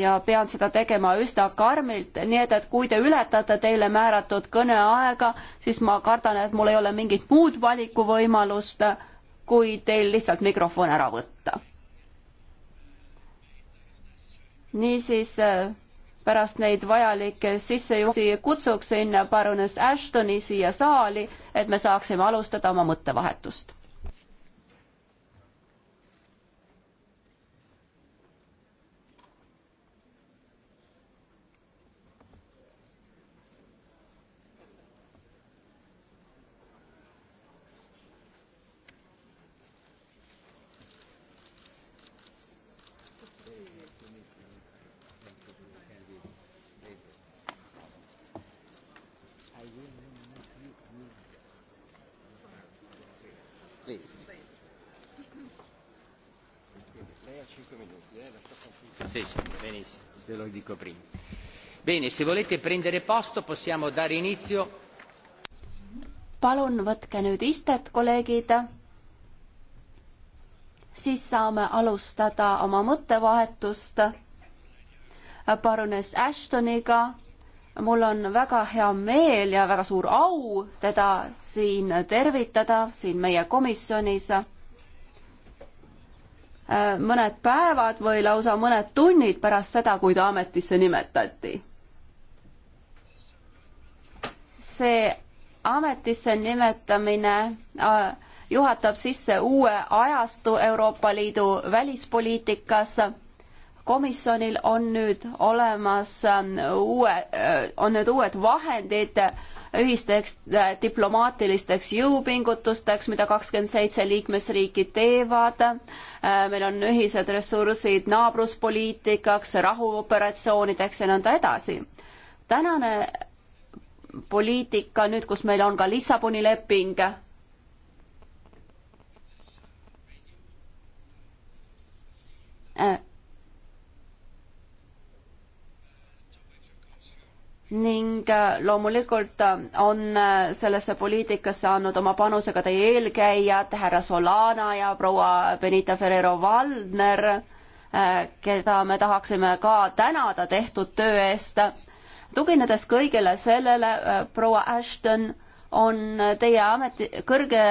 ja pean seda tegema üsna karmilt, nii et, et kui te ületate teile määratud kõneaega, siis ma kardan, et mul ei ole mingit muud valikuvõimalust, kui teil lihtsalt mikrofon ära võtta. niisiis äh, pärast neid vajalikke sissejuhatusi kutsuks sinna parunes Ashtoni siia saali, et me saaksime alustada oma mõttevahetust. please. Lei ha 5 minuti, eh? la sto confrontando. Sì, benissimo, ve lo dico prima. Bene, se volete prendere posto possiamo dare inizio. Palun võtke nüüd istet, kolleegid. Siis saame alustada oma mõttevahetust. Baroness Ashtoniga mul on väga hea meel ja väga suur au teda siin tervitada, siin meie komisjonis. Äh, mõned päevad või lausa mõned tunnid pärast seda, kui ta ametisse nimetati. see ametisse nimetamine äh, juhatab sisse uue ajastu Euroopa Liidu välispoliitikas komisjonil on nüüd olemas äh, uue, äh, on need uued vahendid äh, ühisteks diplomaatilisteks jõupingutusteks, mida kakskümmend seitse liikmesriiki teevad. meil on ühised ressursid naabruspoliitikaks, rahuoperatsioonideks ja nõnda edasi. tänane poliitika nüüd, kus meil on ka Lissaboni leping, Uh, ning äh, loomulikult äh, on äh, sellesse poliitikasse andnud oma panuse ka teie eelkäijad, härra Solana ja proua Benita Ferrero-Valdner, keda me tahaksime ka tänada tehtud töö eest. tuginedes kõigele sellele, proua Ashton, on teie ameti, kõrge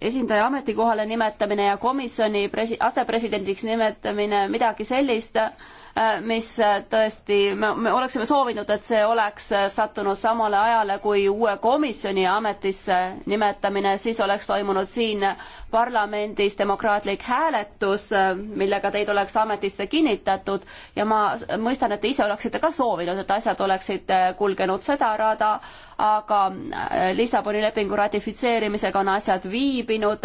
esindaja ametikohale nimetamine ja komisjoni presi-, asepresidendiks nimetamine midagi sellist, Äh, mis äh, tõesti, me oleksime soovinud, et see oleks äh, sattunud samale ajale kui uue komisjoni ametisse nimetamine, siis oleks toimunud siin parlamendis demokraatlik hääletus, millega teid oleks ametisse kinnitatud ja ma mõistan, et te ise oleksite ka soovinud, et asjad oleksid kulgenud seda rada, aga Lissaboni lepingu ratifitseerimisega on asjad viibinud,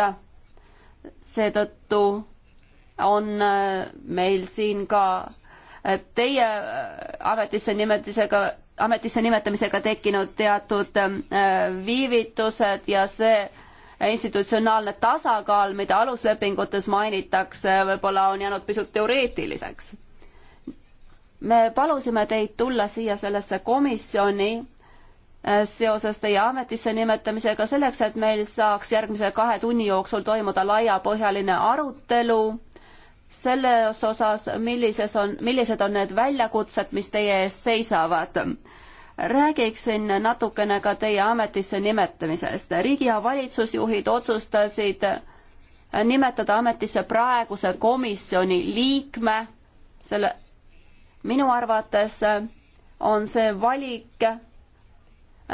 seetõttu on meil siin ka teie äh, ametisse nimetisega, ametisse nimetamisega tekkinud teatud äh, viivitused ja see institutsionaalne tasakaal, mida aluslepingutes mainitakse, võib-olla on jäänud pisut teoreetiliseks. me palusime teid tulla siia sellesse komisjoni äh, seoses teie ametisse nimetamisega selleks, et meil saaks järgmise kahe tunni jooksul toimuda laiapõhjaline arutelu selles osas, millises on, millised on need väljakutsed, mis teie ees seisavad. räägiksin natukene ka teie ametisse nimetamisest. riigi- ja valitsusjuhid otsustasid nimetada ametisse praeguse komisjoni liikme, selle, minu arvates on see valik,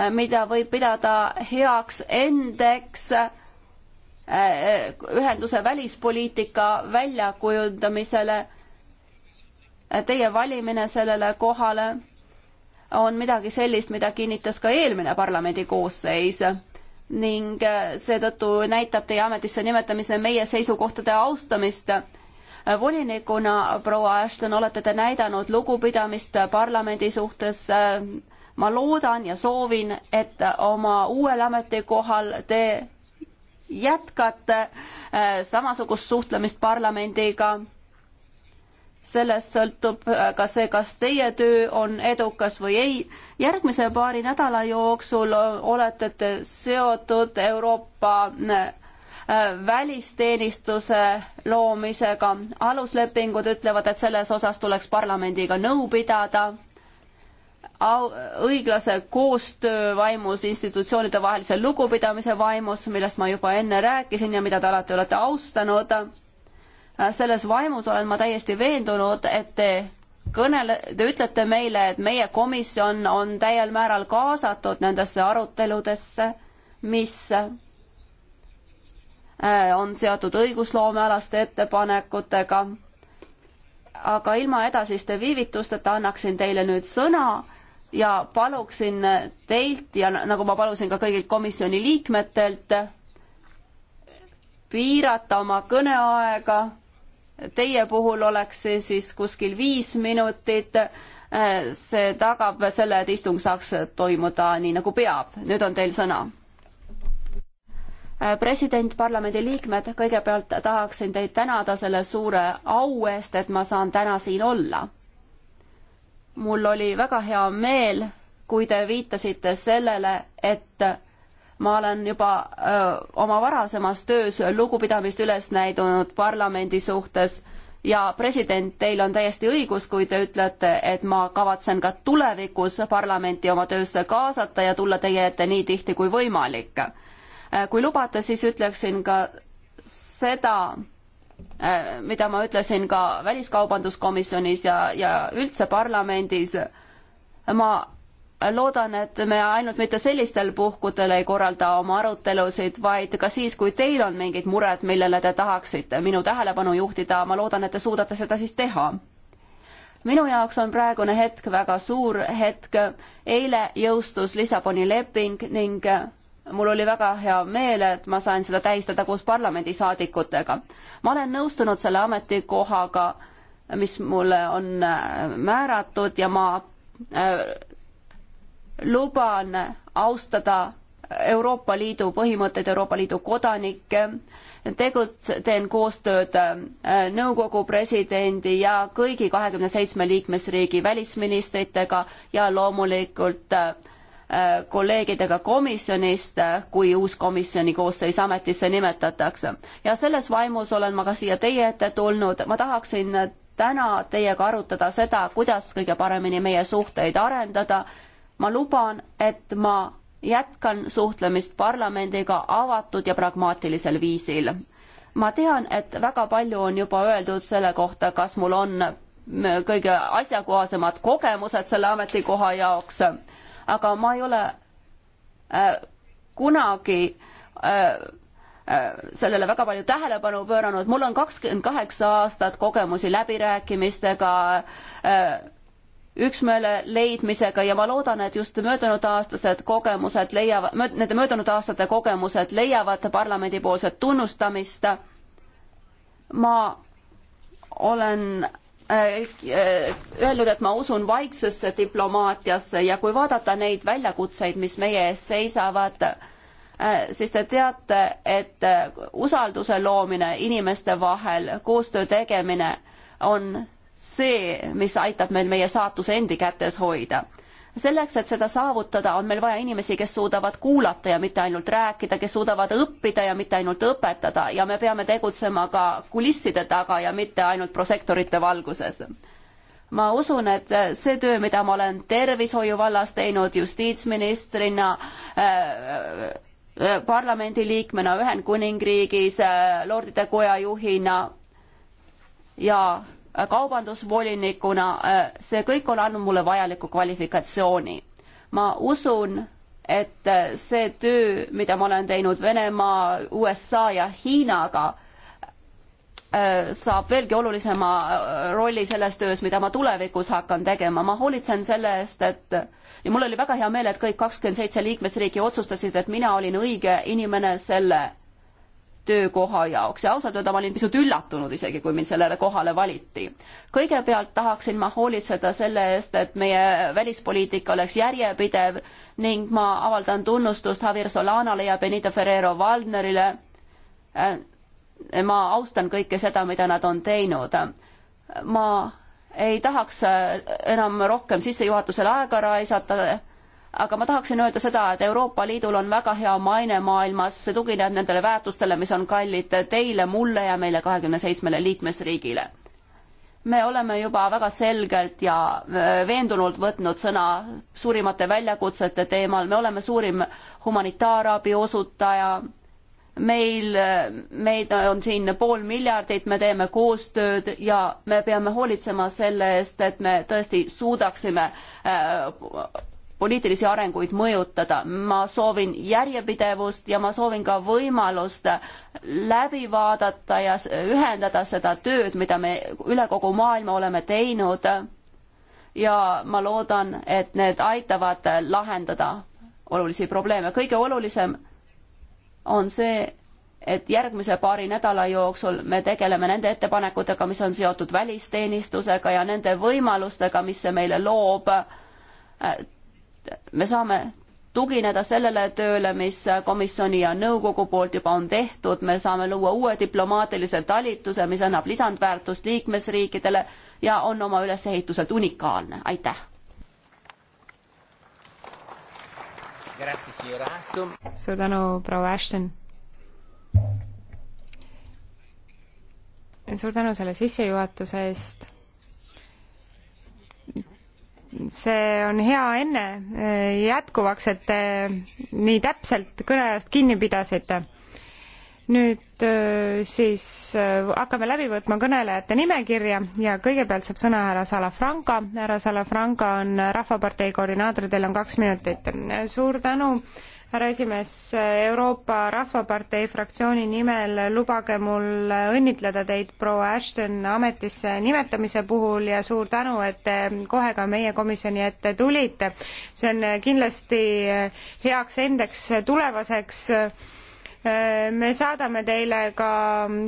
mida võib pidada heaks endeks äh, ühenduse välispoliitika väljakujundamisele. Teie valimine sellele kohale on midagi sellist, mida kinnitas ka eelmine parlamendi koosseis ning seetõttu näitab teie ametisse nimetamine meie seisukohtade austamist. volinikuna, proua Ashton, olete te näidanud lugupidamist parlamendi suhtes. ma loodan ja soovin, et oma uuel ametikohal te jätkate äh, samasugust suhtlemist parlamendiga. sellest sõltub äh, ka see, kas teie töö on edukas või ei. järgmise paari nädala jooksul olete te seotud Euroopa äh, välisteenistuse loomisega. aluslepingud ütlevad, et selles osas tuleks parlamendiga nõu pidada au, õiglase koostöö vaimus, institutsioonide vahelise lugupidamise vaimus, millest ma juba enne rääkisin ja mida te alati olete austanud. selles vaimus olen ma täiesti veendunud, et te kõnele, te ütlete meile, et meie komisjon on täiel määral kaasatud nendesse aruteludesse, mis äh, on seotud õigusloomealaste ettepanekutega aga ilma edasiste viivitusteta annaksin teile nüüd sõna ja paluksin teilt ja nagu ma palusin ka kõigilt komisjoni liikmetelt, piirata oma kõneaega. Teie puhul oleks see siis kuskil viis minutit. see tagab selle, et istung saaks toimuda nii nagu peab. nüüd on teil sõna Äh, president, parlamendi liikmed, kõigepealt tahaksin teid tänada selle suure au eest, et ma saan täna siin olla. mul oli väga hea meel, kui te viitasite sellele, et ma olen juba öö, äh, oma varasemas töös lugupidamist üles näidanud parlamendi suhtes ja president, teil on täiesti õigus, kui te ütlete, et ma kavatsen ka tulevikus parlamenti oma töösse kaasata ja tulla teie ette nii tihti kui võimalik Äh, kui lubate, siis ütleksin ka seda, äh, mida ma ütlesin ka Väliskaubanduskomisjonis ja, ja üldse parlamendis. ma loodan, et me ainult mitte sellistel puhkudel ei korralda oma arutelusid, vaid ka siis, kui teil on mingid mured, millele te tahaksite minu tähelepanu juhtida, ma loodan, et te suudate seda siis teha. minu jaoks on praegune hetk väga suur hetk. eile jõustus Lissaboni leping ning mul oli väga hea meel, et ma sain seda tähistada koos parlamendisaadikutega. ma olen nõustunud selle ametikohaga, mis mulle on äh, määratud ja ma äh, luban austada Euroopa Liidu põhimõtteid, Euroopa Liidu kodanikke, tegut-, teen koostööd äh, nõukogu presidendi ja kõigi kahekümne seitsme liikmesriigi välisministritega ja loomulikult äh, kolleegidega komisjonist, kui uus komisjoni koosseis ametisse nimetatakse. ja selles vaimus olen ma ka siia teie ette tulnud, ma tahaksin täna teiega arutada seda, kuidas kõige paremini meie suhteid arendada. ma luban, et ma jätkan suhtlemist parlamendiga avatud ja pragmaatilisel viisil. ma tean, et väga palju on juba öeldud selle kohta, kas mul on kõige asjakohasemad kogemused selle ametikoha jaoks aga ma ei ole äh, kunagi äh, äh, sellele väga palju tähelepanu pööranud, mul on kakskümmend kaheksa aastat kogemusi läbirääkimistega, üksmeele leidmisega ja ma loodan, et just möödunud aastased kogemused leiavad, nende möödunud aastate kogemused leiavad parlamendipoolset tunnustamist. ma olen Äh, öelnud, et ma usun vaiksesse diplomaatiasse ja kui vaadata neid väljakutseid, mis meie ees seisavad, äh, siis te teate, et äh, usalduse loomine inimeste vahel, koostöö tegemine on see, mis aitab meil meie saatuse endi kätes hoida selleks, et seda saavutada, on meil vaja inimesi, kes suudavad kuulata ja mitte ainult rääkida, kes suudavad õppida ja mitte ainult õpetada ja me peame tegutsema ka kulisside taga ja mitte ainult prosektorite valguses ma usun, et see töö, mida ma olen tervishoiu vallas teinud justiitsministrina äh,, äh parlamendiliikmena Ühendkuningriigis äh,, Lordide Koja juhina ja kaubandusvolinikuna, äh, see kõik on andnud mulle vajaliku kvalifikatsiooni. ma usun, et äh, see töö, mida ma olen teinud Venemaa, USA ja Hiinaga, äh, saab veelgi olulisema rolli selles töös, mida ma tulevikus hakkan tegema. ma hoolitsen selle eest, et ja mul oli väga hea meel, et kõik kakskümmend seitse liikmesriiki otsustasid, et mina olin õige inimene selle töökoha jaoks ja ausalt öelda ma olin pisut üllatunud isegi, kui mind sellele kohale valiti. kõigepealt tahaksin ma hoolitseda selle eest, et meie välispoliitika oleks järjepidev ning ma avaldan tunnustust Javier Solanale ja Benito Ferrero Valnerile. Äh, ma austan kõike seda, mida nad on teinud. ma ei tahaks äh, enam rohkem sissejuhatusele aega raisata aga ma tahaksin öelda seda, et Euroopa Liidul on väga hea maine maailmas, see tugineb nendele väärtustele, mis on kallid teile, mulle ja meile kahekümne seitsmele liikmesriigile. me oleme juba väga selgelt ja äh, veendunult võtnud sõna suurimate väljakutsete teemal, me oleme suurim humanitaarabi osutaja, meil, meid on siin pool miljardit, me teeme koostööd ja me peame hoolitsema selle eest, et me tõesti suudaksime äh, poliitilisi arenguid mõjutada. ma soovin järjepidevust ja ma soovin ka võimalust läbi vaadata ja ühendada seda tööd, mida me üle kogu maailma oleme teinud. ja ma loodan, et need aitavad lahendada olulisi probleeme. kõige olulisem on see, et järgmise paari nädala jooksul me tegeleme nende ettepanekutega, mis on seotud välisteenistusega ja nende võimalustega, mis see meile loob me saame tugineda sellele tööle, mis komisjoni ja nõukogu poolt juba on tehtud, me saame luua uue diplomaatilise talituse, mis annab lisandväärtust liikmesriikidele ja on oma ülesehituselt unikaalne, aitäh! suur tänu, proua Ashton! suur tänu selle sissejuhatuse eest see on hea enne e, jätkuvaks, et te nii täpselt kõneajast kinni pidasite. nüüd e, siis e, hakkame läbi võtma kõnelejate nimekirja ja kõigepealt saab sõna härra Salafranca. härra Salafranca on Rahvapartei koordinaator, teil on kaks minutit. suur tänu härra esimees, Euroopa Rahvapartei fraktsiooni nimel lubage mul õnnitleda teid proua Ashton ametisse nimetamise puhul ja suur tänu, et te kohe ka meie komisjoni ette tulite. see on kindlasti heaks endeks tulevaseks Äh, me saadame teile ka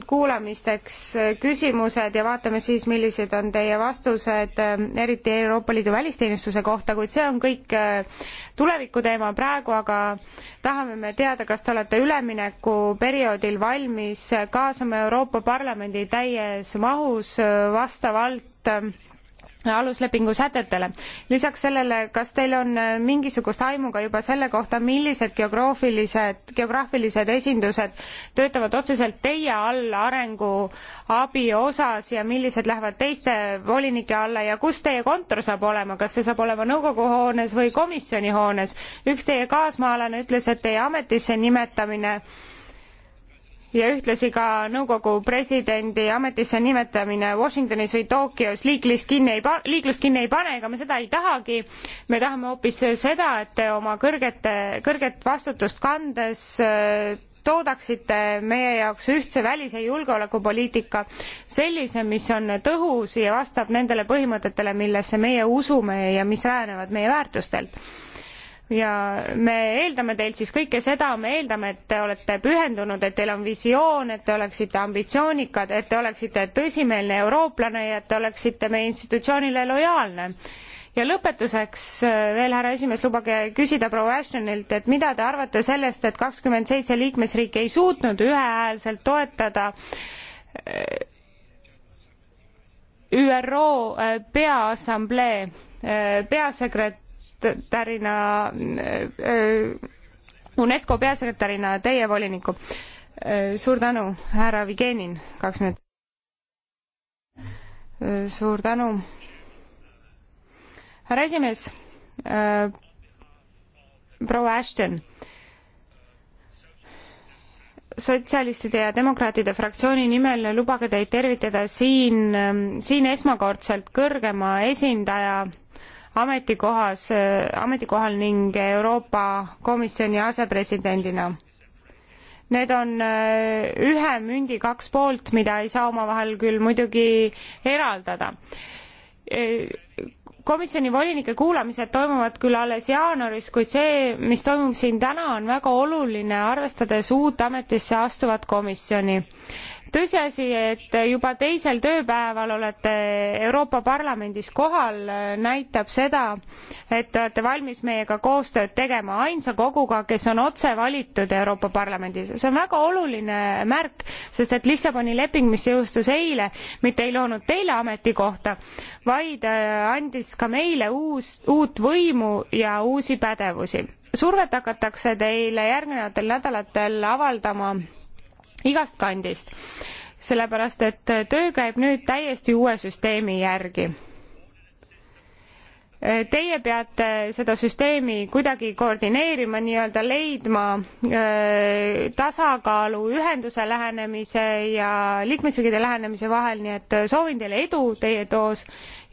kuulamisteks küsimused ja vaatame siis, millised on teie vastused, äh, eriti Euroopa Liidu välisteenistuse kohta, kuid see on kõik äh, tulevikuteema praegu, aga tahame me teada, kas te olete üleminekuperioodil valmis kaasama Euroopa Parlamendi täies mahus vastavalt aluslepingu sätetele. lisaks sellele, kas teil on äh, mingisugust aimu ka juba selle kohta, millised geograafilised, geograafilised esindused töötavad otseselt teie all arenguabi osas ja millised lähevad teiste volinike alla ja kus teie kontor saab olema, kas see saab olema nõukogu hoones või komisjoni hoones? üks teie kaasmaalane ütles, et teie ametisse nimetamine ja ühtlasi ka nõukogu presidendi ametisse nimetamine Washingtonis või Tokyos liiklist kinni ei pa-, liiklust kinni ei pane, ega me seda ei tahagi. me tahame hoopis seda, et te oma kõrgete, kõrget vastutust kandes äh, toodaksite meie jaoks ühtse välis- ja julgeolekupoliitika sellise, mis on tõhus ja vastab nendele põhimõtetele, millesse meie usume ja mis rajanevad meie väärtustelt ja me eeldame teilt siis kõike seda, me eeldame, et te olete pühendunud, et teil on visioon, et te oleksite ambitsioonikad, et te oleksite tõsimeelne eurooplane ja et te oleksite meie institutsioonile lojaalne. ja lõpetuseks äh, veel, härra esimees, lubage küsida proua Ashtonilt, et mida te arvate sellest, et kakskümmend seitse liikmesriiki ei suutnud ühehäälselt toetada äh, ÜRO äh, Peaassamblee peasekretär peasekretärina, äh, äh, UNESCO peasekretärina teie volinikku. Äh, suur tänu, härra Vigenin, kaks minutit. suur tänu. härra esimees, proua Ashton sotsialistide ja demokraatide fraktsiooni nimel lubage teid tervitada siin, siin esmakordselt kõrgema esindaja ametikohas, ametikohal ning Euroopa Komisjoni asepresidendina. Need on äh, ühe mündi kaks poolt, mida ei saa omavahel küll muidugi eraldada äh, komisjoni volinike kuulamised toimuvad küll alles jaanuaris, kuid see, mis toimub siin täna, on väga oluline, arvestades uut ametisse astuvat komisjoni tõsiasi, et juba teisel tööpäeval olete Euroopa Parlamendis kohal, näitab seda, et te olete valmis meiega koostööd tegema ainsa koguga, kes on otse valitud Euroopa Parlamendis. see on väga oluline märk, sest et Lissaboni leping, mis jõustus eile, mitte ei loonud teile ametikohta, vaid äh, andis ka meile uus, uut võimu ja uusi pädevusi. survet hakatakse teile järgnevatel nädalatel avaldama igast kandist. sellepärast, et töö käib nüüd täiesti uue süsteemi järgi. Teie peate seda süsteemi kuidagi koordineerima, nii-öelda leidma öö, tasakaalu ühenduse lähenemise ja liikmesriikide lähenemise vahel, nii et soovin teile edu teie toos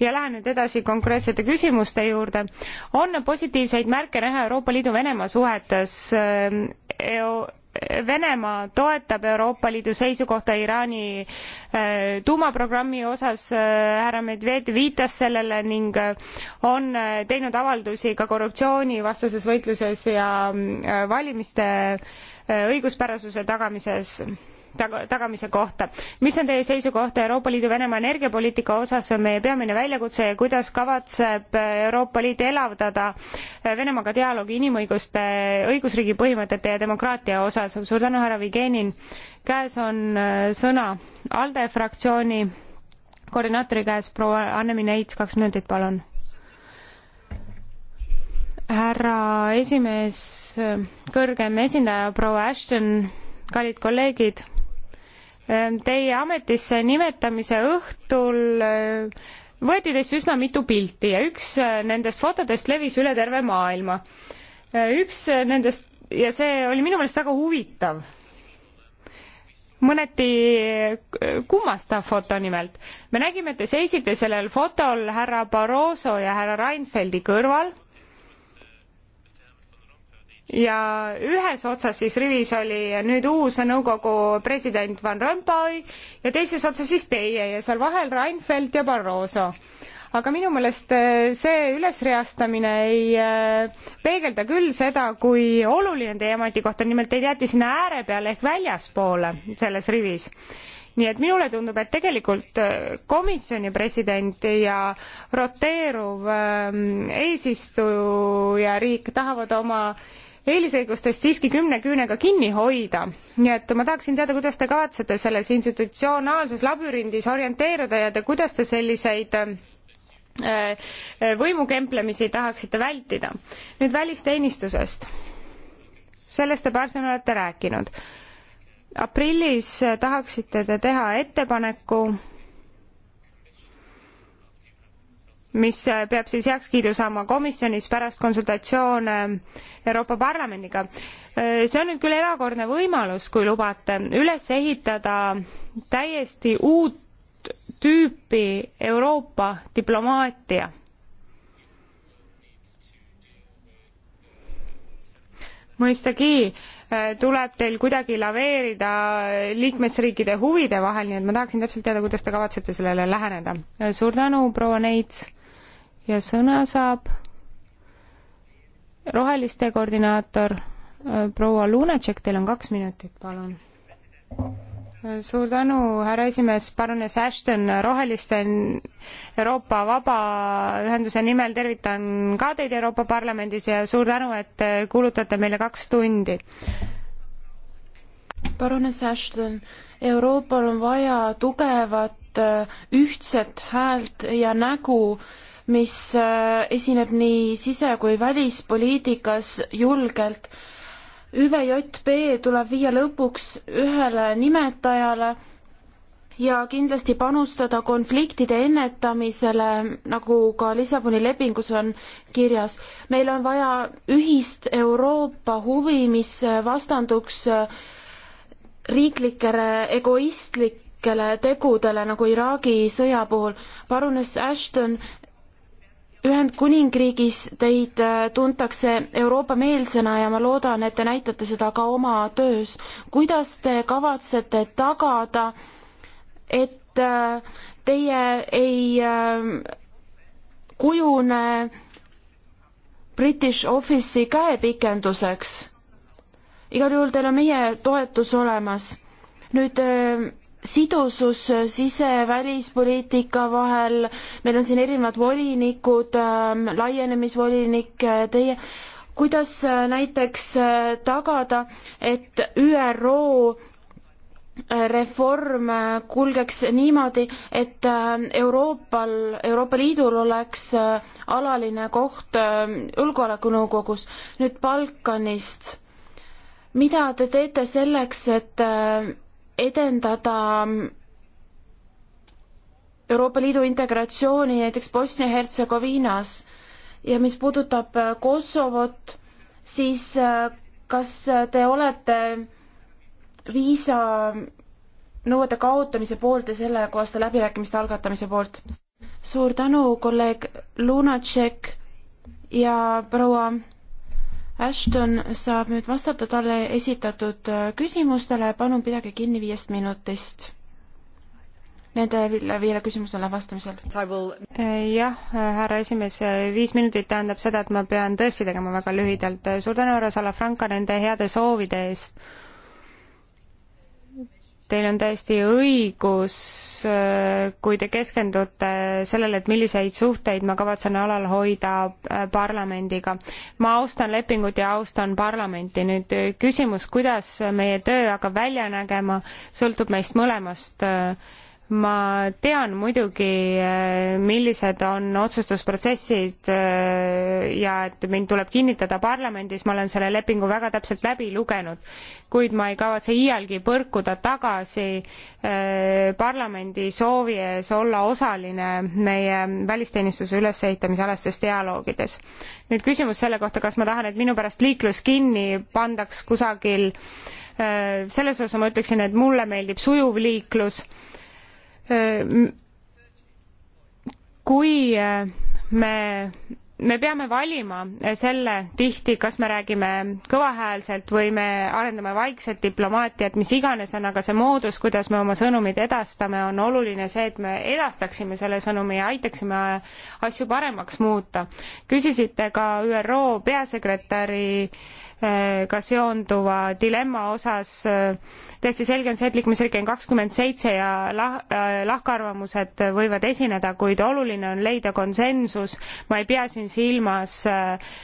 ja lähen nüüd edasi konkreetsete küsimuste juurde. on positiivseid märke näha Euroopa Liidu Venemaa suhetes öö, Venemaa toetab Euroopa Liidu seisukohta Iraani äh, tuumaprogrammi osas, äh, härra Medved viitas sellele ning äh, on teinud avaldusi ka korruptsioonivastases võitluses ja valimiste õiguspärasuse tagamises tag- tagamise kohta mis on teie seisukoht euroopa liidu venemaa energiapoliitika osas see on meie peamine väljakutse ja kuidas kavatseb euroopa liit elavdada venemaaga dialoogi inimõiguste õigusriigi põhimõtete ja demokraatia osas suur tänu härra vigenin käes on äh, sõna alde fraktsiooni koordinaatori käes proua anne mineit kaks minutit palun härra esimees kõrgem esindaja proua ashton kallid kolleegid Ehm, teie ametisse nimetamise õhtul ehm, võeti teist üsna mitu pilti ja üks ehm, nendest fotodest levis üle terve maailma. üks nendest ja see oli minu meelest väga huvitav, mõneti kummastav foto nimelt. me nägime, et te seisite sellel fotol härra Barroso ja härra Reinfeldti kõrval ja ühes otsas siis rivis oli nüüd uus nõukogu president Van Rompuy ja teises otsas siis teie ja seal vahel Reinfeldt ja Barroso. aga minu meelest äh, see ülesreastamine ei äh, peegelda küll seda, kui oluline teie ametikoht on, nimelt teid jäeti sinna ääre peale ehk väljaspoole selles rivis nii et minule tundub, et tegelikult äh, komisjoni president ja roteeruv ähm, eesistujariik tahavad oma eelisõigustest siiski kümne küünega kinni hoida. nii et ma tahaksin teada, kuidas te kavatsete selles institutsionaalses labürindis orienteeruda ja te, kuidas te selliseid äh, äh, võimukemplemisi tahaksite vältida. nüüd välisteenistusest. sellest te paar sõna olete rääkinud. aprillis tahaksite te teha ettepaneku mis äh, peab siis heakskiidu saama komisjonis pärast konsultatsioone äh, Euroopa Parlamendiga. Äh, see on nüüd küll erakordne võimalus, kui lubate, üles ehitada täiesti uut tüüpi Euroopa diplomaatia. mõistagi tuleb teil kuidagi laveerida liikmesriikide huvide vahel, nii et ma tahaksin täpselt teada, kuidas te kavatsete sellele läheneda. suur tänu, proua Neits ja sõna saab roheliste koordinaator äh, proua Lunatšek, teil on kaks minutit, palun. suur tänu, härra esimees, parunes Ashton, roheliste Euroopa Vabaühenduse nimel tervitan ka teid Euroopa Parlamendis ja suur tänu, et kuulutate meile kaks tundi. parunes Ashton, Euroopal on vaja tugevat äh, ühtset häält ja nägu mis äh, esineb nii sise- kui välispoliitikas julgelt. ÜVJP tuleb viia lõpuks ühele nimetajale ja kindlasti panustada konfliktide ennetamisele, nagu ka Lissaboni lepingus on kirjas. meil on vaja ühist Euroopa huvi, mis vastanduks äh, riiklikele egoistlikele tegudele nagu Iraagi sõja puhul. parunes Ashton, Ühendkuningriigis teid äh, tuntakse Euroopa-meelsena ja ma loodan, et te näitate seda ka oma töös. kuidas te kavatsete tagada, et äh, teie ei äh, kujune British Office'i käepikenduseks? igal juhul teil on meie toetus olemas. nüüd sidusus sise- ja välispoliitika vahel, meil on siin erinevad volinikud äh,, laienemisvolinik äh,, teie, kuidas äh, näiteks äh, tagada, et ÜRO äh, reform äh, kulgeks niimoodi, et ähm, Euroopal, Euroopa Liidul oleks äh, alaline koht ähm, Julgeolekunõukogus. nüüd Balkanist, mida te teete selleks, et edendada Euroopa Liidu integratsiooni näiteks Bosnia-Hertsegoviinas ja mis puudutab äh, Kosovot, siis äh, kas äh, te olete viisanõuete kaotamise poolt ja sellekohaste läbirääkimiste algatamise poolt? suur tänu, kolleeg Lunatšek ja proua Ashton saab nüüd vastata talle esitatud äh, küsimustele, palun pidage kinni viiest minutist. Nendele viiele küsimusele vastamisel. Äh, jah, äh, härra esimees, viis minutit tähendab seda, et ma pean tõesti tegema väga lühidalt. suur tänu, härra Salafranca, nende heade soovide eest Teil on täiesti õigus, kui te keskendute sellele, et milliseid suhteid ma kavatsen alal hoida äh, parlamendiga. ma austan lepingut ja austan parlamenti. nüüd äh, küsimus, kuidas meie töö hakkab välja nägema, sõltub meist mõlemast äh, ma tean muidugi, äh, millised on otsustusprotsessid äh, ja et mind tuleb kinnitada parlamendis, ma olen selle lepingu väga täpselt läbi lugenud, kuid ma ei kavatse iialgi põrkuda tagasi äh, parlamendi soovi ees olla osaline meie välisteenistuse ülesehitamisalastes dialoogides. nüüd küsimus selle kohta, kas ma tahan, et minu pärast liiklus kinni pandaks kusagil, selles osas ma ütleksin, et mulle meeldib sujuv liiklus kui eh, me me peame valima selle tihti, kas me räägime kõvahäälselt või me arendame vaikset diplomaatiat, mis iganes on, aga see moodus, kuidas me oma sõnumid edastame, on oluline see, et me edastaksime selle sõnumi ja aitaksime asju paremaks muuta. küsisite ka ÜRO peasekretäri äh, ka seonduva dilemma osas äh, täiesti selge on see, et liikmesriike on kakskümmend seitse ja lah-, äh, lahkarvamused võivad esineda, kuid oluline on leida konsensus. ma ei pea siin silmas äh,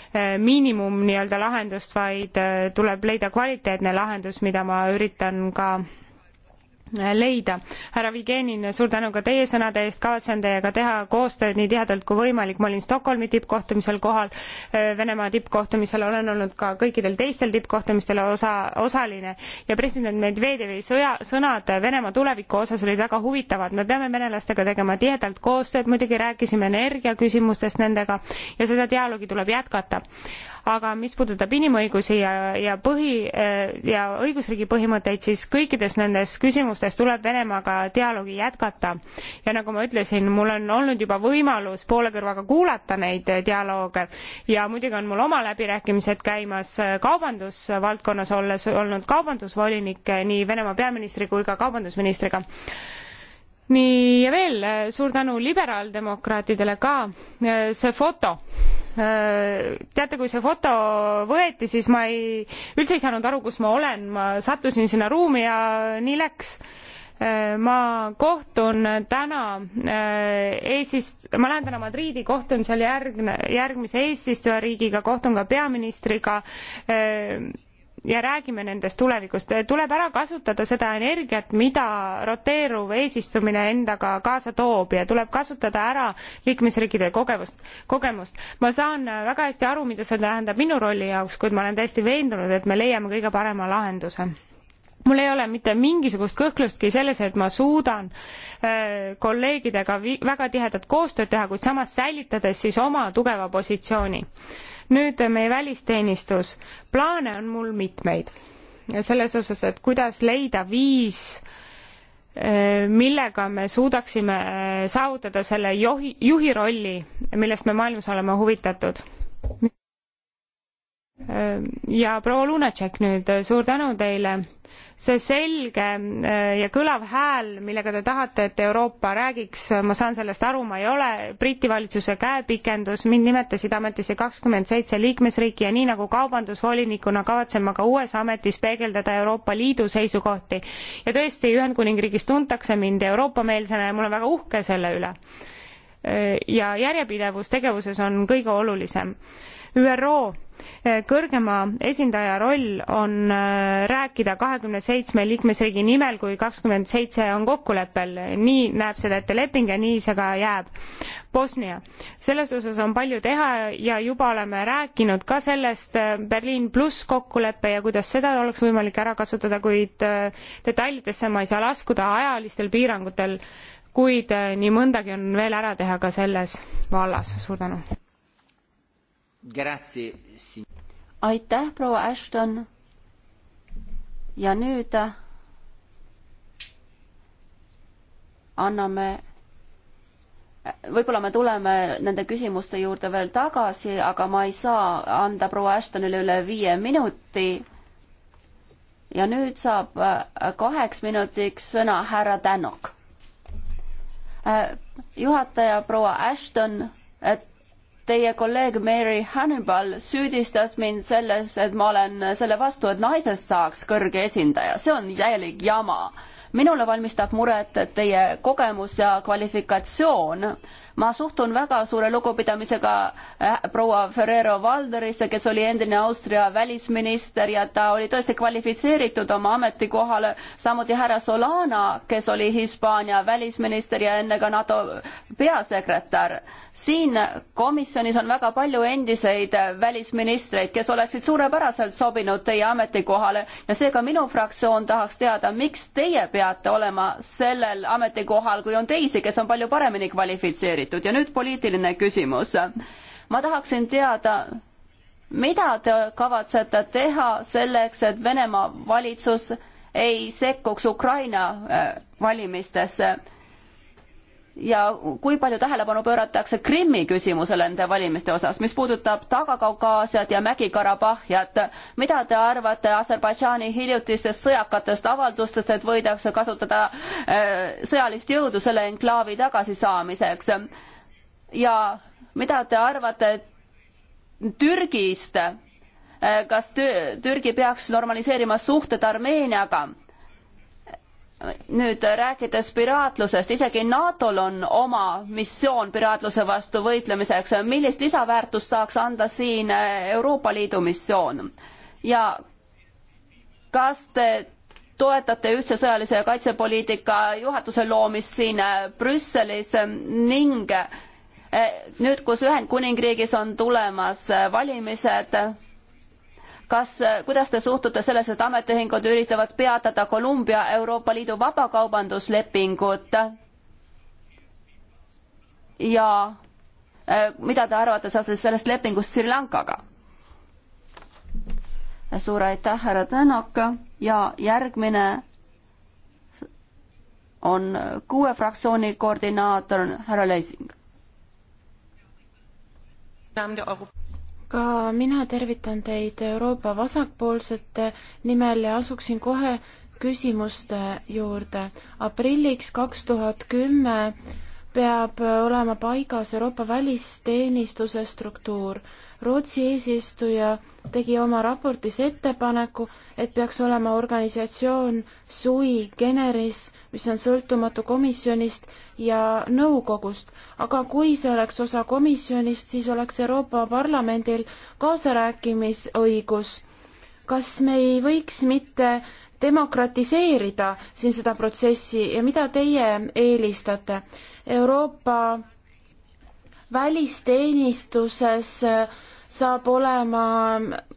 miinimum nii-öelda lahendust, vaid tuleb leida kvaliteetne lahendus, mida ma üritan ka leida. härra Vigenin, suur tänu ka teie sõnade eest, kavatsen teiega teha koostööd nii tihedalt kui võimalik, ma olin Stockholmi tippkohtumisel kohal, Venemaa tippkohtumisel, olen olnud ka kõikidel teistel tippkohtumistel osa, osaline ja president Medvedjevi sõja, sõnad Venemaa tuleviku osas olid väga huvitavad, me peame venelastega tegema tihedalt koostööd, muidugi rääkisime energiaküsimustest nendega ja seda dialoogi tuleb jätkata aga mis puudutab inimõigusi ja, ja põhi eh, ja õigusriigi põhimõtteid, siis kõikides nendes küsimustes tuleb Venemaaga dialoogi jätkata. ja nagu ma ütlesin, mul on olnud juba võimalus poole kõrvaga kuulata neid eh, dialoog ja muidugi on mul oma läbirääkimised käimas eh, kaubandusvaldkonnas olles olnud kaubandusvolinik nii Venemaa peaministri kui ka kaubandusministriga nii ja veel äh, suur tänu liberaaldemokraatidele ka äh, see foto äh, teate, kui see foto võeti, siis ma ei, üldse ei saanud aru, kus ma olen, ma sattusin sinna ruumi ja nii läks. ma kohtun täna eesist-, ma lähen täna Madriidi, kohtun seal järgne, järgmise eesistujariigiga, kohtun ka peaministriga ja räägime nendest tulevikust. tuleb ära kasutada seda energiat, mida roteeruv eesistumine endaga kaasa toob ja tuleb kasutada ära liikmesriikide kogevust, kogemust. ma saan väga hästi aru, mida see tähendab minu rolli jaoks, kuid ma olen täiesti veendunud, et me leiame kõige parema lahenduse mul ei ole mitte mingisugust kõhklustki selles, et ma suudan äh, kolleegidega väga tihedat koostööd teha, kuid samas säilitades siis oma tugeva positsiooni nüüd äh, meie välisteenistus, plaane on mul mitmeid. selles osas, et kuidas leida viis äh, millega me suudaksime äh, saavutada selle juhi, juhi rolli, millest me maailmas oleme huvitatud ja proua Lunatšek nüüd, suur tänu teile. see selge äh, ja kõlav hääl, millega te tahate, et Euroopa räägiks, ma saan sellest aru, ma ei ole Briti valitsuse käepikendus, mind nimetasid ametisse kakskümmend seitse liikmesriiki ja nii nagu kaubandusvolinikuna kavatsen ma ka uues ametis peegeldada Euroopa Liidu seisukohti. ja tõesti, Ühendkuningriigis tuntakse mind Euroopa-meelsena ja ma olen väga uhke selle üle. Äh, ja järjepidevus tegevuses on kõige olulisem ÜRO eh, kõrgema esindaja roll on eh, rääkida kahekümne seitsme liikmesriigi nimel, kui kakskümmend seitse on kokkuleppel, nii näeb seda ette leping ja nii see ka jääb. Bosnia, selles osas on palju teha ja juba oleme rääkinud ka sellest eh, Berliin pluss kokkuleppe ja kuidas seda oleks võimalik ära kasutada, kuid detailidesse ma ei saa laskuda ajalistel piirangutel, kuid nii mõndagi on veel ära teha ka selles vallas, suur tänu aitäh, proua Ashton. ja nüüd äh, anname, äh, võib-olla me tuleme nende küsimuste juurde veel tagasi, aga ma ei saa anda proua Ashtonile üle viie minuti. ja nüüd saab äh, kaheks minutiks sõna härra Tänok. juhataja proua Ashton, et Teie kolleeg Mary Hannibal süüdistas mind selles, et ma olen selle vastu, et naisest saaks kõrge esindaja, see on täielik jama minule valmistab muret teie kogemus ja kvalifikatsioon. ma suhtun väga suure lugupidamisega äh, proua Ferrero Valderisse, kes oli endine Austria välisminister ja ta oli tõesti kvalifitseeritud oma ametikohale, samuti härra Solana, kes oli Hispaania välisminister ja enne ka NATO peasekretär. siin komisjonis on väga palju endiseid välisministreid, kes oleksid suurepäraselt sobinud teie ametikohale ja seega minu fraktsioon tahaks teada, miks teie peate olema sellel ametikohal, kui on teisi, kes on palju paremini kvalifitseeritud ja nüüd poliitiline küsimus. ma tahaksin teada, mida te kavatsete teha selleks, et Venemaa valitsus ei sekkuks Ukraina äh, valimistesse ja kui palju tähelepanu pööratakse Krimmi küsimusele nende valimiste osas, mis puudutab Taga-Kaukaasiat ja Mägi-Karabahhiat, mida te arvate Aserbaidžaani hiljutistest sõjakatest avaldustest, et võidakse kasutada äh, sõjalist jõudu selle enklaavi tagasisaamiseks? ja mida te arvate Türgist, äh, kas Türgi peaks normaliseerima suhted Armeeniaga? nüüd rääkides piraatlusest, isegi NATO-l on oma missioon piraatluse vastu võitlemiseks, millist lisaväärtust saaks anda siin Euroopa Liidu missioon? ja kas te toetate ühtse sõjalise kaitsepoliitika juhatuse loomist siin Brüsselis ning nüüd, kus Ühendkuningriigis on tulemas valimised, kas, äh, kuidas te suhtute sellesse, et ametiühingud üritavad peatada Kolumbia Euroopa Liidu vabakaubanduslepingut? ja äh, mida te arvate seoses sellest lepingust Sri Lankaga? suur aitäh, härra Tänak ja järgmine on kuue fraktsiooni koordinaator härra Leising ka mina tervitan teid Euroopa vasakpoolsete nimel ja asuksin kohe küsimuste juurde. aprilliks kaks tuhat kümme peab olema paigas Euroopa välisteenistuse struktuur. Rootsi eesistuja tegi oma raportis ettepaneku, et peaks olema organisatsioon sui generis, mis on sõltumatu komisjonist ja nõukogust. aga kui see oleks osa komisjonist, siis oleks Euroopa Parlamendil kaasarääkimisõigus. kas me ei võiks mitte demokratiseerida siin seda protsessi ja mida teie eelistate? Euroopa välisteenistuses äh, saab olema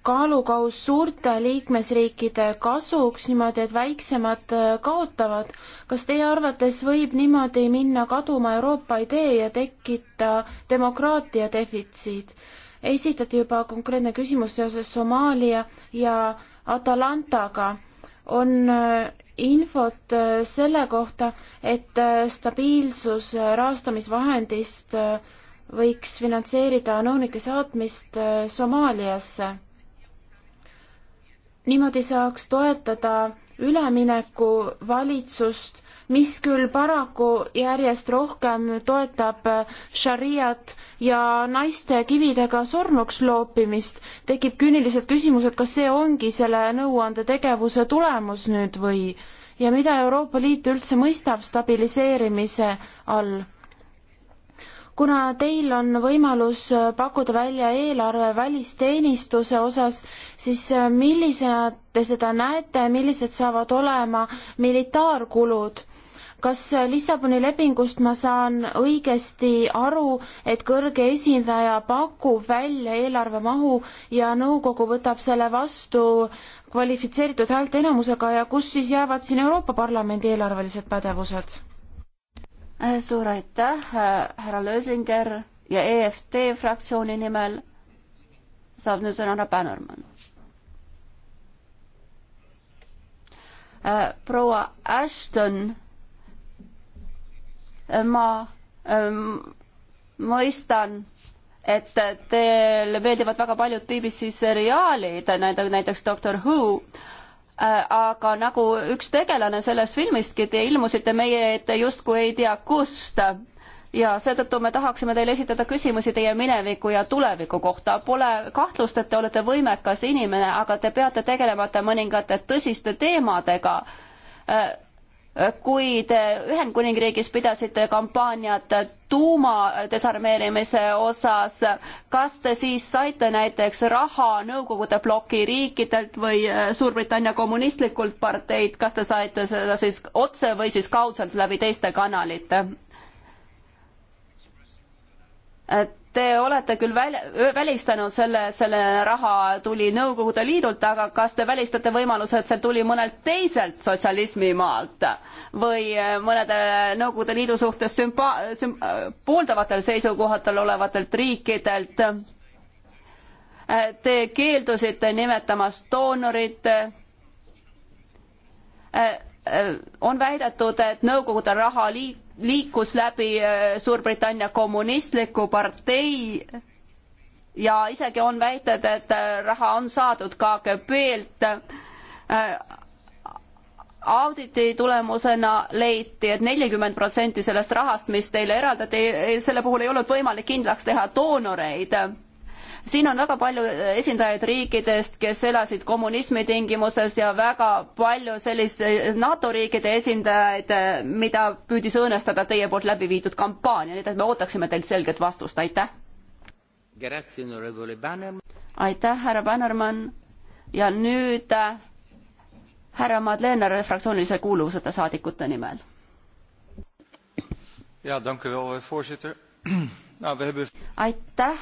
kaalukaus suurte liikmesriikide kasuks niimoodi, et väiksemad äh, kaotavad. kas teie arvates võib niimoodi minna kaduma Euroopa idee ja tekkida demokraatia defitsiit? esitati juba konkreetne küsimus seoses Somaalia ja Atalantaga. on äh, infot äh, selle kohta, et stabiilsus rahastamisvahendist äh, võiks finantseerida nõunike saatmist äh, Somaaliasse. niimoodi saaks toetada üleminekuvalitsust, mis küll paraku järjest rohkem toetab äh, šariat ja naiste kividega surnuks loopimist. tekib küüniliselt küsimus, et kas see ongi selle nõuandetegevuse tulemus nüüd või ja mida Euroopa Liit üldse mõistab stabiliseerimise all kuna teil on võimalus äh, pakkuda välja eelarve välisteenistuse osas, siis äh, millisena te seda näete, millised saavad olema militaarkulud? kas äh, Lissaboni lepingust ma saan õigesti aru, et kõrge esindaja pakub välja eelarve mahu ja nõukogu võtab selle vastu kvalifitseeritud häälteenamusega ja kus siis jäävad siin Euroopa Parlamendi eelarvelised pädevused? Äh, suur aitäh, äh, härra Lösinger ja EFT fraktsiooni nimel saab nüüd sõna härra Bannerman. Äh, proua Ashton, ma ähm, mõistan, et teile meeldivad väga paljud BBC seriaalid, näiteks Doctor Who äh,, Äh, aga nagu üks tegelane sellest filmistki, te ilmusite meie ette justkui ei tea kust ja seetõttu me tahaksime teile esitada küsimusi teie mineviku ja tuleviku kohta. Pole kahtlust, et te olete võimekas inimene, aga te peate tegelemata mõningate tõsiste teemadega äh, kui te Ühendkuningriigis pidasite kampaaniat tuuma desarmeerimise osas, kas te siis saite näiteks raha Nõukogude bloki riikidelt või Suurbritannia kommunistlikult parteilt, kas te saite seda siis otse või siis kaudselt läbi teiste kanalite? Te olete küll välja, välistanud selle, selle raha tuli Nõukogude Liidult, aga kas te välistate võimaluse, et see tuli mõnelt teiselt sotsialismimaalt või äh, mõnede Nõukogude Liidu suhtes sümpa-, süm-, äh, pooldavatel seisukohadel olevatelt riikidelt? Äh, te keeldusite nimetamast doonorit on väidetud, et Nõukogude raha liik-, liikus läbi äh, Suurbritannia kommunistliku partei ja isegi on väited, et äh, raha on saadud KGB-lt. Äh, auditi tulemusena leiti et, et nelikümmend protsenti sellest rahast, mis teile eraldati, selle puhul ei olnud võimalik kindlaks teha doonoreid siin on väga palju äh, esindajaid riikidest, kes elasid kommunismi tingimuses ja väga palju selliste äh, NATO riikide esindajaid, äh, mida püüdis õõnestada teie poolt läbi viidud kampaania, nii et me ootaksime teilt selget vastust, aitäh. aitäh, härra Bannerman ja nüüd härra Madlener fraktsioonilise kuuluvuseta saadikute nimel. ja, tänke, voorzitter. [CLEARS THROAT] aitäh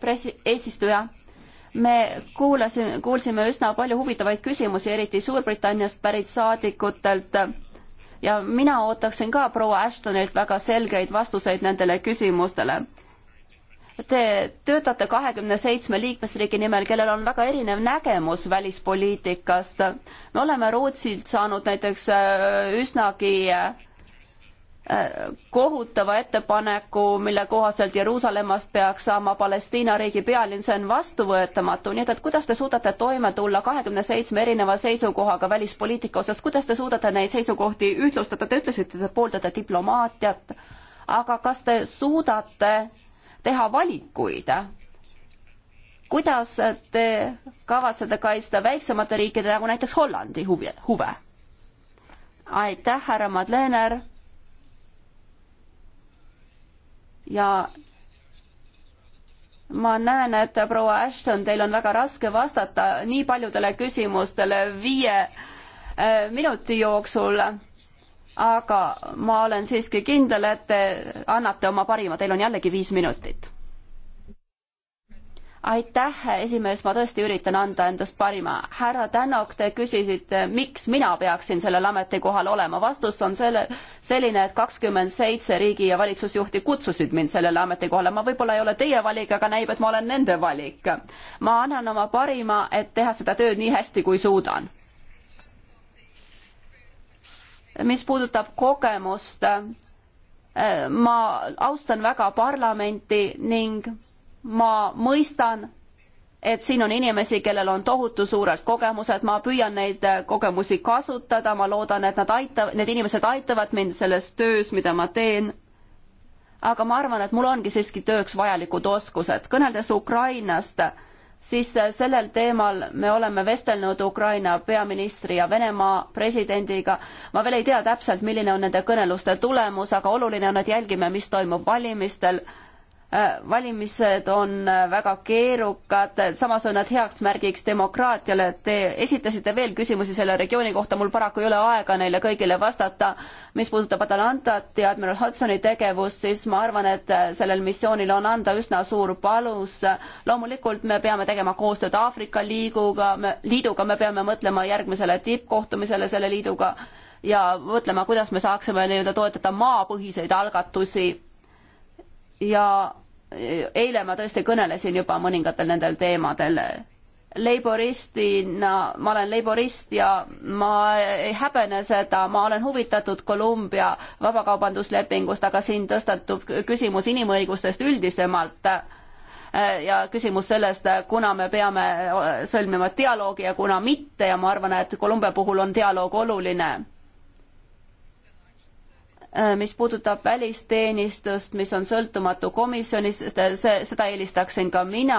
presi-, eesistuja. me kuulasin, kuulsime üsna palju huvitavaid küsimusi, eriti Suurbritanniast pärit saadikutelt ja mina ootaksin ka proua Ashtonilt väga selgeid vastuseid nendele küsimustele. Te töötate kahekümne seitsme liikmesriigi nimel, kellel on väga erinev nägemus välispoliitikast. me oleme Rootsilt saanud näiteks äh, üsnagi äh, kohutava ettepaneku, mille kohaselt Jeruusalemmast peaks saama Palestiina riigi pealinn, see on vastuvõetamatu, nii et, et kuidas te suudate toime tulla kahekümne seitsme erineva seisukohaga välispoliitika osas, kuidas te suudate neid seisukohti ühtlustada, te ütlesite, te pooldate diplomaatiat, aga kas te suudate teha valikuid? kuidas te kavatsete kaitsta väiksemate riikide nagu näiteks Hollandi huvi, huve? aitäh, härra Madlener ja ma näen, et proua Ashton, teil on väga raske vastata nii paljudele küsimustele viie äh, minuti jooksul. aga ma olen siiski kindel, et te annate oma parima, teil on jällegi viis minutit aitäh, esimees, ma tõesti üritan anda endast parima. härra Tänok, te küsisite, miks mina peaksin sellel ametikohal olema. vastus on selle, selline, et kakskümmend seitse riigi ja valitsusjuhti kutsusid mind sellele ametikohale. ma võib-olla ei ole teie valik, aga näib, et ma olen nende valik. ma annan oma parima, et teha seda tööd nii hästi, kui suudan. mis puudutab kogemust, ma austan väga parlamenti ning ma mõistan, et siin on inimesi, kellel on tohutu suured kogemused, ma püüan neid äh, kogemusi kasutada, ma loodan, et nad aitavad, need inimesed aitavad mind selles töös, mida ma teen. aga ma arvan, et mul ongi siiski tööks vajalikud oskused. kõneldes Ukrainast, siis äh, sellel teemal me oleme vestelnud Ukraina peaministri ja Venemaa presidendiga. ma veel ei tea täpselt, milline on nende kõneluste tulemus, aga oluline on, et jälgime, mis toimub valimistel Äh, valimised on äh, väga keerukad, samas on nad heaks märgiks demokraatiale. Te esitasite veel küsimusi selle regiooni kohta, mul paraku ei ole aega neile kõigile vastata. mis puudutab Atalantat ja admiral Hudsoni tegevust, siis ma arvan, et äh, sellel missioonil on anda üsna suur palus. loomulikult me peame tegema koostööd Aafrika liiguga, liiduga, me peame mõtlema järgmisele tippkohtumisele selle liiduga ja mõtlema, kuidas me saaksime nii-öelda toetada maapõhiseid algatusi ja eile ma tõesti kõnelesin juba mõningatel nendel teemadel. Leiboristina, ma olen leiborist ja ma ei häbene seda, ma olen huvitatud Kolumbia vabakaubanduslepingust, aga siin tõstatub küsimus inimõigustest üldisemalt ja küsimus sellest, kuna me peame sõlmima dialoogi ja kuna mitte ja ma arvan, et Kolumbia puhul on dialoog oluline Äh, mis puudutab välisteenistust, mis on sõltumatu komisjonis, äh, see, seda eelistaksin ka mina,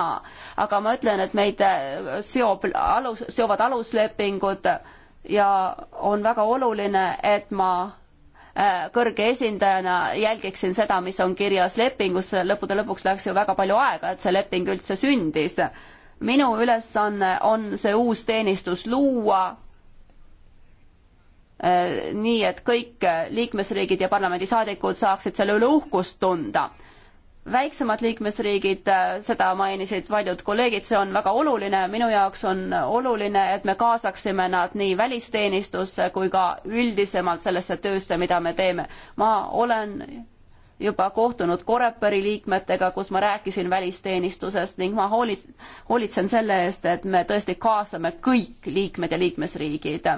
aga ma ütlen, et meid äh, seob alus, seovad aluslepingud ja on väga oluline, et ma kõrge esindajana jälgiksin seda, mis on kirjas lepingus, lõppude lõpuks läks ju väga palju aega, et see leping üldse sündis. minu ülesanne on, on see uus teenistus luua Äh, nii et kõik äh, liikmesriigid ja parlamendisaadikud saaksid selle üle uhkust tunda. väiksemad liikmesriigid, äh, seda mainisid paljud kolleegid, see on väga oluline, minu jaoks on oluline, et me kaasaksime nad nii välisteenistusse kui ka üldisemalt sellesse töösse, mida me teeme. ma olen juba kohtunud Coreperi liikmetega, kus ma rääkisin välisteenistusest ning ma hoolits-, hoolitsen selle eest, et me tõesti kaasame kõik liikmed ja liikmesriigid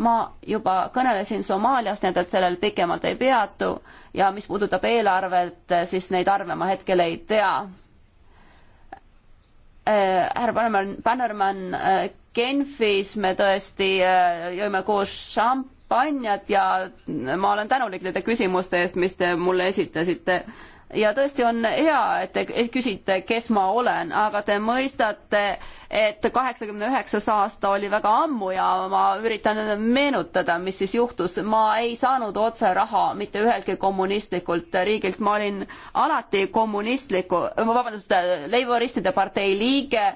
ma juba kõnelesin Somaaliast, nii et sellel pikemalt ei peatu ja mis puudutab eelarvet, siis neid arve ma hetkel ei tea. Äh, härra Bannerman, Bannerman äh, Genfis me tõesti äh, jõime koos šampanjat ja ma olen tänulik nende küsimuste eest, mis te mulle esitasite ja tõesti on hea, et te küsite, kes ma olen, aga te mõistate, et kaheksakümne üheksas aasta oli väga ammu ja ma üritan meenutada, mis siis juhtus. ma ei saanud otse raha mitte üheltki kommunistlikult riigilt, ma olin alati kommunistliku, vabandust, leiboristide partei liige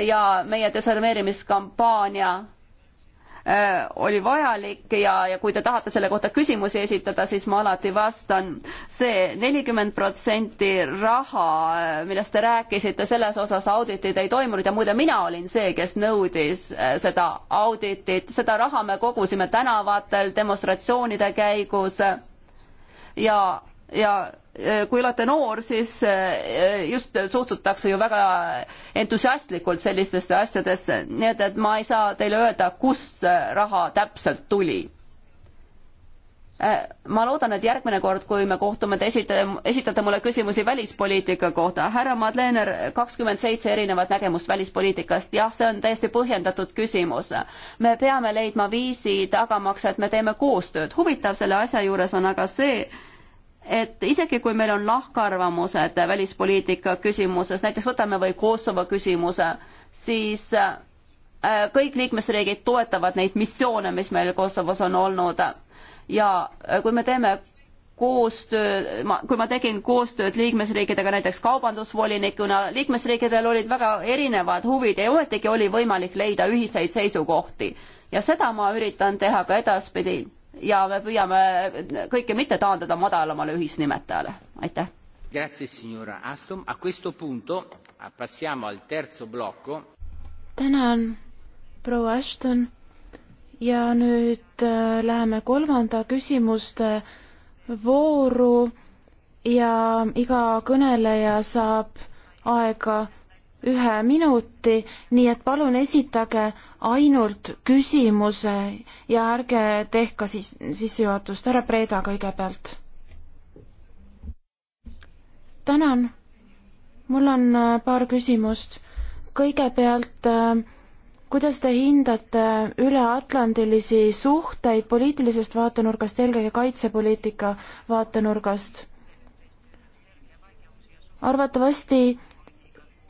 ja meie desarmeerimiskampaania Äh, oli vajalik ja, ja kui te tahate selle kohta küsimusi esitada, siis ma alati vastan see. see nelikümmend protsenti raha, äh, millest te rääkisite, selles osas auditit ei toimunud ja muide, mina olin see, kes nõudis äh, seda auditit, seda raha me kogusime tänavatel, demonstratsioonide käigus ja ja kui olete noor, siis eh, just suhtutakse ju väga entusiastlikult sellistesse asjadesse, nii et, et ma ei saa teile öelda, kust see raha täpselt tuli. Eh, ma loodan, et järgmine kord, kui me kohtume, te esite, esitate mulle küsimusi välispoliitika kohta. härra Madlener, kakskümmend seitse erinevat nägemust välispoliitikast, jah, see on täiesti põhjendatud küsimus. me peame leidma viisi tagamaks, et me teeme koostööd. huvitav selle asja juures on aga see, et isegi kui meil on lahkarvamused välispoliitika küsimuses, näiteks võtame või Kosovo küsimuse, siis äh, kõik liikmesriigid toetavad neid missioone, mis meil Kosovos on olnud. ja äh, kui me teeme koostöö, ma, kui ma tegin koostööd liikmesriikidega näiteks kaubandusvolinikuna, liikmesriikidel olid väga erinevad huvid ja ometigi oli võimalik leida ühiseid seisukohti. ja seda ma üritan teha ka edaspidi ja me püüame kõike mitte taandada madalamale ühisnimetajale, aitäh. Grazie signora Astom, a questo punto ah, passiamo al terzo blocco. tänan, proua Ashton ja nüüd äh, läheme kolmanda küsimuste vooru ja iga kõneleja saab aega ühe minuti, nii et palun esitage ainult küsimuse ja ärge tehke siis sissejuhatust, härra Preeda kõigepealt. tänan. mul on äh, paar küsimust. kõigepealt, äh, kuidas te hindate üleatlandilisi suhteid poliitilisest vaatenurgast, eelkõige kaitsepoliitika vaatenurgast? arvatavasti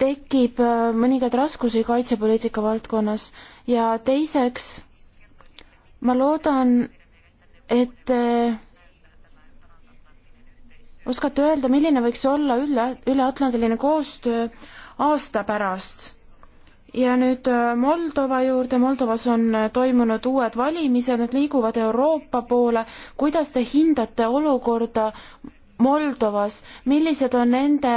tekib äh, mõningaid raskusi kaitsepoliitika valdkonnas ja teiseks ma loodan, et äh, oskate öelda, milline võiks olla üle, üleatlandiline koostöö aasta pärast? ja nüüd äh, Moldova juurde, Moldovas on toimunud uued valimised, nad liiguvad Euroopa poole, kuidas te hindate olukorda Moldovas, millised on nende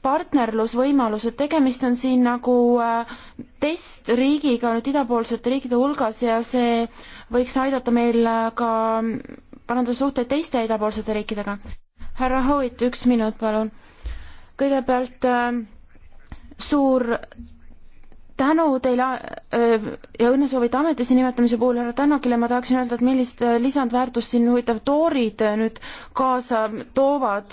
partnerlusvõimalused, tegemist on siin nagu äh, testriigiga nüüd idapoolsete riikide hulgas ja see võiks aidata meil äh, ka parandada suhteid teiste idapoolsete riikidega. härra Howitt, üks minut, palun. kõigepealt äh, suur tänu teile ja õnnesoovid ametisse nimetamise puhul härra Tänakile, ma tahaksin öelda, et millist lisandväärtust siin huvitav toorid nüüd kaasa toovad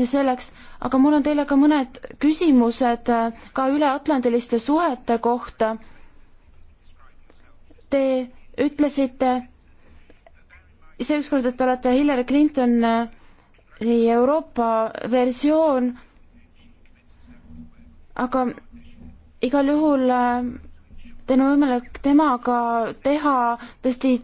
selleks, aga mul on teile ka mõned küsimused äh, ka üleatlandiliste suhete kohta. Te ütlesite ise ükskord, et te olete Hillary Clintoni äh, Euroopa versioon, aga igal juhul teil on võimalik temaga teha tõesti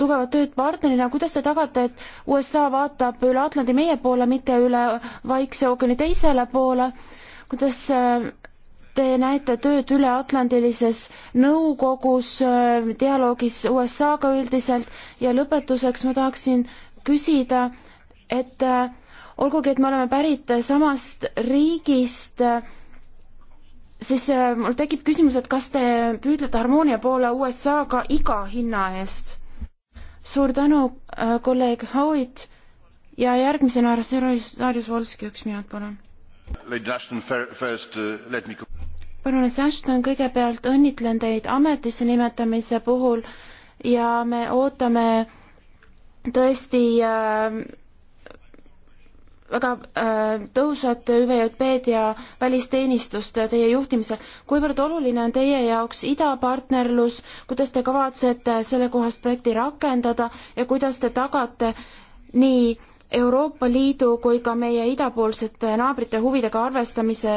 tugevat tööd partnerina, kuidas te tagate, et USA vaatab üle Atlandi meie poole, mitte üle Vaikse ookeani teisele poole, kuidas äh, te näete tööd üleatlandilises nõukogus, äh, dialoogis USA-ga üldiselt ja lõpetuseks ma tahaksin küsida, et äh, olgugi, et me oleme pärit samast riigist, siis mul tekib küsimus, et kas te püüdlete harmoonia poole USA-ga iga hinna eest? suur tänu, äh, kolleeg Howitt ja järgmisena härra Sarjus Volski, üks minut, palun. baroness uh, Ashton, kõigepealt õnnitlen teid ametisse nimetamise puhul ja me ootame tõesti äh, väga äh, tõhusat ÜVJP-d ja välisteenistust äh, teie juhtimisel. kuivõrd oluline on teie jaoks idapartnerlus, kuidas te kavatsete sellekohast projekti rakendada ja kuidas te tagate nii Euroopa Liidu kui ka meie idapoolsete naabrite huvidega arvestamise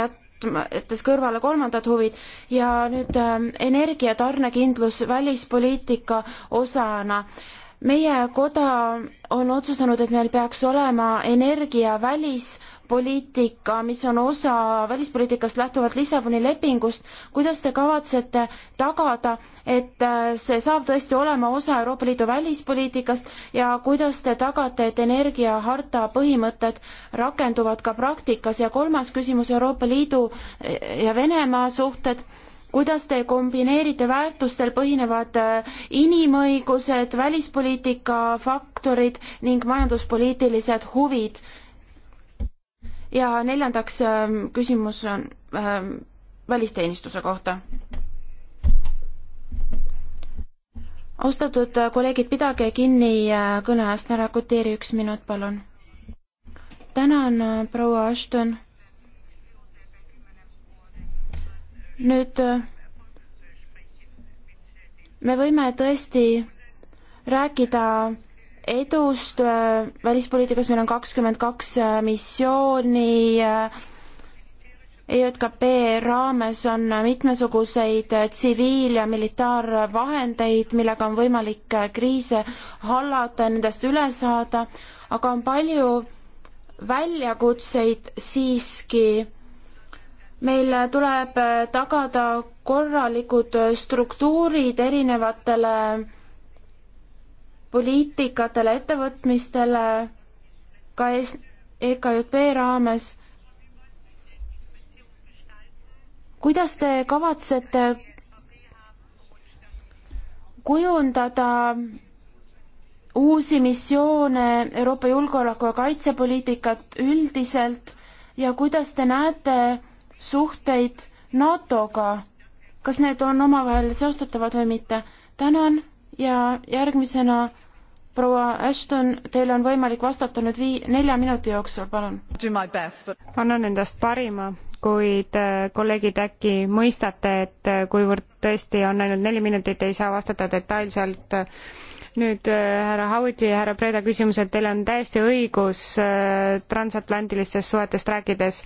jättes kõrvale kolmandad huvid ja nüüd äh, energiatarnekindlus välispoliitika osana äh, meie koda on otsustanud, et meil peaks olema energia välispoliitika, mis on osa välispoliitikast lähtuvalt Lissaboni lepingust. kuidas te kavatsete tagada, et äh, see saab tõesti olema osa Euroopa Liidu välispoliitikast ja kuidas te tagate, et energiaharta põhimõtted rakenduvad ka praktikas ja kolmas küsimus Euroopa Liidu äh, ja Venemaa suhted kuidas te kombineerite väärtustel põhinevad äh, inimõigused, välispoliitika faktorid ning majanduspoliitilised huvid? ja neljandaks ähm, küsimus on ähm, välisteenistuse kohta. austatud äh, kolleegid, pidage kinni äh, kõne eest, härra Kuteri, üks minut, palun. tänan, proua Ashton nüüd äh, me võime tõesti rääkida edust äh, välispoliitikas, meil on kakskümmend kaks äh, missiooni, EJKP raames on mitmesuguseid tsiviil- ja militaarvahendeid, millega on võimalik kriise hallata ja nendest üle saada, aga on palju väljakutseid siiski meil tuleb tagada korralikud struktuurid erinevatele poliitikatele, ettevõtmistele, ka EKJP e raames. kuidas te kavatsete kujundada uusi missioone Euroopa julgeoleku ja kaitsepoliitikat üldiselt ja kuidas te näete suhteid NATO-ga, kas need on omavahel seostatavad või mitte. tänan ja järgmisena proua Ashton, teil on võimalik vastata nüüd vii-, nelja minuti jooksul, palun. But... annan endast parima, kuid äh, kolleegid, äkki mõistate, et äh, kuivõrd tõesti on ainult neli minutit, ei saa vastata detailselt äh, nüüd äh, härra Howiti ja härra Preda küsimused, teil on täiesti õigus äh, transatlantilistest suhetest rääkides.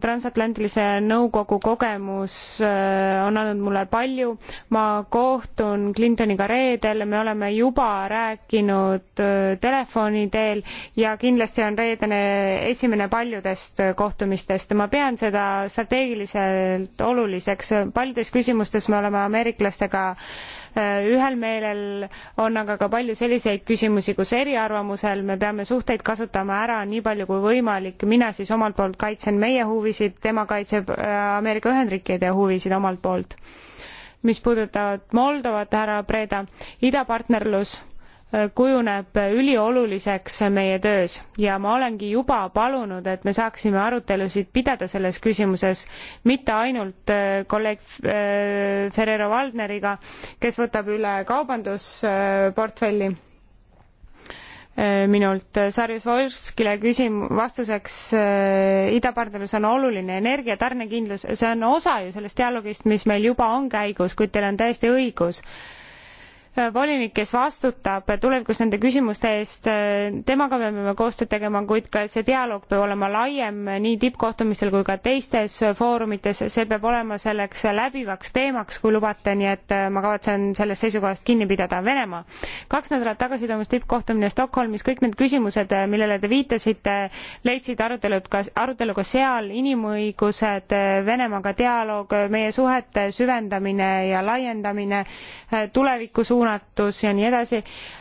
transatlantilise nõukogu kogemus äh, on andnud mulle palju, ma kohtun Clintoniga reedel, me oleme juba rääkinud telefoni teel ja kindlasti on reedene esimene paljudest kohtumistest, ma pean seda strateegiliselt oluliseks, paljudes küsimustes me oleme ameeriklastega Äh, ühel meelel on aga ka palju selliseid küsimusi, kus eriarvamusel me peame suhteid kasutama ära nii palju kui võimalik, mina siis omalt poolt kaitsen meie huvisid, tema kaitseb äh, Ameerika Ühendriikide huvisid omalt poolt. mis puudutavad Moldovat, härra Preda, idapartnerlus Äh, kujuneb ülioluliseks meie töös ja ma olengi juba palunud, et me saaksime arutelusid pidada selles küsimuses, mitte ainult äh, kolleeg äh, Ferrero Valdneriga, kes võtab üle kaubandusportfelli minult Sarjus Volskile küsim-, vastuseks äh, idapartnerlus on oluline, energia tarnekindlus, see on osa ju sellest dialoogist, mis meil juba on käigus, kuid teil on täiesti õigus äh, volinik, kes vastutab tulevikus nende küsimuste eest, temaga me peame koostööd tegema, kuid ka see dialoog peab olema laiem nii tippkohtumistel kui ka teistes foorumites, see peab olema selleks läbivaks teemaks, kui lubate, nii et äh, ma kavatsen sellest seisukohast kinni pidada. Venemaa. kaks nädalat tagasi toimus tippkohtumine Stockholmis, kõik need küsimused, äh, millele te viitasite, leidsid arutelud ka, arutelu ka seal, inimõigused, äh, Venemaaga dialoog, meie suhete süvendamine ja laiendamine, tulevikus uus suunatus ja nii edasi.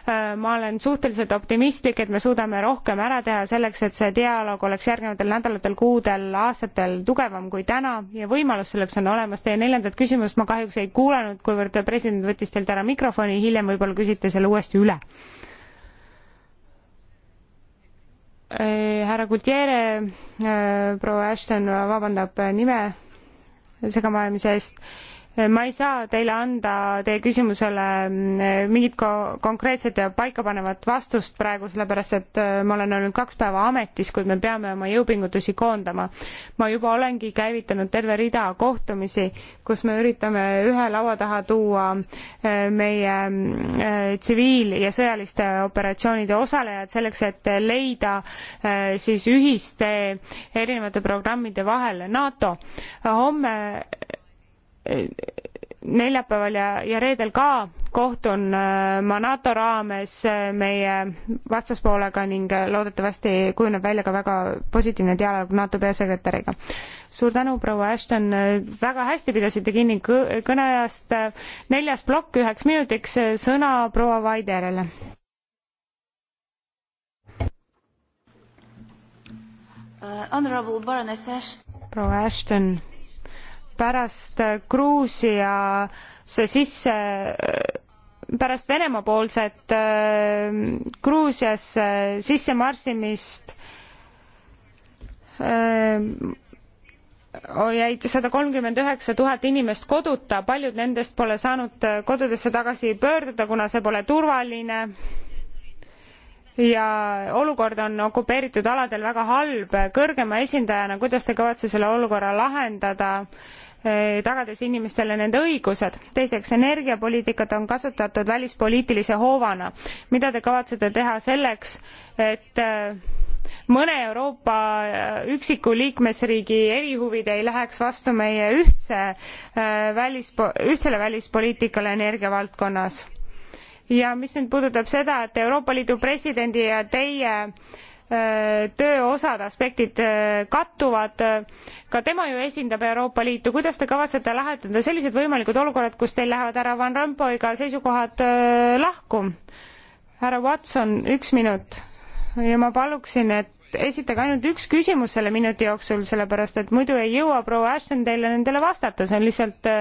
Äh, ma olen suhteliselt optimistlik, et me suudame rohkem ära teha selleks, et see dialoog oleks järgnevatel nädalatel, kuudel, aastatel tugevam kui täna ja võimalus selleks on olemas. Teie neljandat küsimust ma kahjuks ei kuulanud, kuivõrd president võttis teilt ära mikrofoni, hiljem võib-olla küsite selle uuesti üle. Äh, härra Gutierre, äh, proua Ashton vabandab nime segamaajamise eest Äh, ma ei saa teile anda teie küsimusele äh, mingit ko-, konkreetset ja paikapanevat vastust praegu, sellepärast et äh, ma olen olnud kaks päeva ametis, kuid me peame oma jõupingutusi koondama. ma juba olengi käivitanud terve rida kohtumisi, kus me üritame ühe laua taha tuua meie tsiviil- ja sõjaliste operatsioonide osalejad selleks, et leida siis ühistee erinevate programmide vahel. NATO homme neljapäeval ja, ja reedel ka kohtun äh, ma NATO raames äh, meie vastaspoolega ning äh, loodetavasti kujuneb välja ka väga positiivne dialoog NATO peasekretäriga. suur tänu, proua Ashton, väga hästi pidasite kinni kõneajast. neljas plokk üheks minutiks, sõna proua Vaiderele. Uh, proua Ashton pärast Gruusiasse sisse pärast Venemaa poolset äh, Gruusiasse sissemarsimist äh, jäid sada kolmkümmend üheksa tuhat inimest koduta, paljud nendest pole saanud äh, kodudesse tagasi pöörduda, kuna see pole turvaline. ja olukord on okupeeritud aladel väga halb. kõrgema esindajana, kuidas te kavatsete selle olukorra lahendada? Eh, tagades inimestele nende õigused. teiseks, energiapoliitikat on kasutatud välispoliitilise hoovana. mida te kavatsete teha selleks, et eh, mõne Euroopa eh, üksiku liikmesriigi erihuvid ei läheks vastu meie ühtse välispo-, ühtsele välispoliitikale energiavaldkonnas. ja mis nüüd puudutab seda, et Euroopa Liidu presidendi ja teie Äh, tööosad, aspektid äh, kattuvad. ka tema ju esindab Euroopa Liitu, kuidas te kavatsete lahendada sellised võimalikud olukorrad, kus teil lähevad härra Van Rompuyga seisukohad äh, lahku? härra Watson, üks minut ja ma paluksin, et esitage ainult üks küsimus selle minuti jooksul, sellepärast et muidu ei jõua proua Ashton teile nendele vastata, see on lihtsalt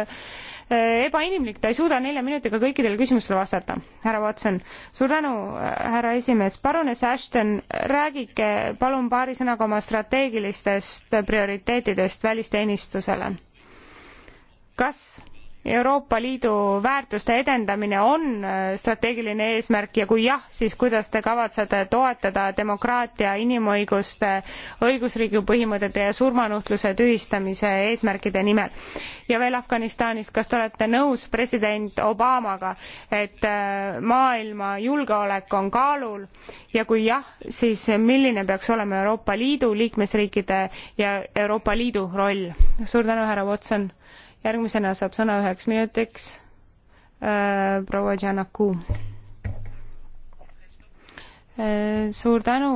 Äh, ebainimlik, ta ei suuda nelja minutiga kõikidele küsimustele vastata. härra Watson, suur tänu, äh, härra esimees. paruness Ashton, räägige palun paari sõnaga oma strateegilistest prioriteetidest välisteenistusele. kas Euroopa Liidu väärtuste edendamine on äh, strateegiline eesmärk ja kui jah, siis kuidas te kavatsete toetada demokraatia, inimõiguste, õigusriigi põhimõtete ja surmanuhtluse tühistamise eesmärkide nimel? ja veel Afganistanist, kas te olete nõus president Obamaga, et äh, maailma julgeolek on kaalul ja kui jah, siis milline peaks olema Euroopa Liidu liikmesriikide ja Euroopa Liidu roll? suur tänu, härra Watson järgmisena saab sõna üheks minutiks äh, proua Janaku. Äh, suur tänu,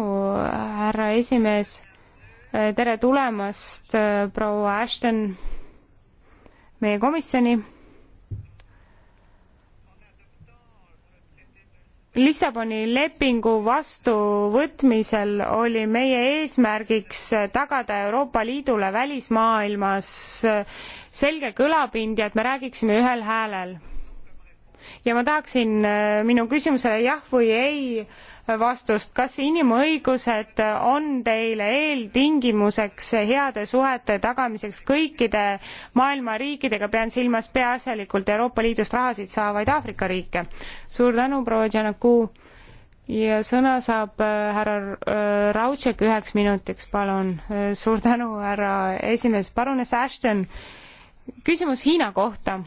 härra esimees. Äh, tere tulemast, äh, proua Ashton, meie komisjoni Lissaboni lepingu vastuvõtmisel oli meie eesmärgiks tagada Euroopa Liidule välismaailmas selge kõlapind ja et me räägiksime ühel häälel ja ma tahaksin äh, minu küsimusele jah või ei vastust, kas inimõigused on teile eeltingimuseks heade suhete tagamiseks kõikide maailma riikidega, pean silmas peaasjalikult Euroopa Liidust rahasid saavaid Aafrika riike. suur tänu, proua Janaku ja sõna saab äh, härra äh, Raudšek üheks minutiks, palun. suur tänu, härra esimees, paruness Ashton, küsimus Hiina kohta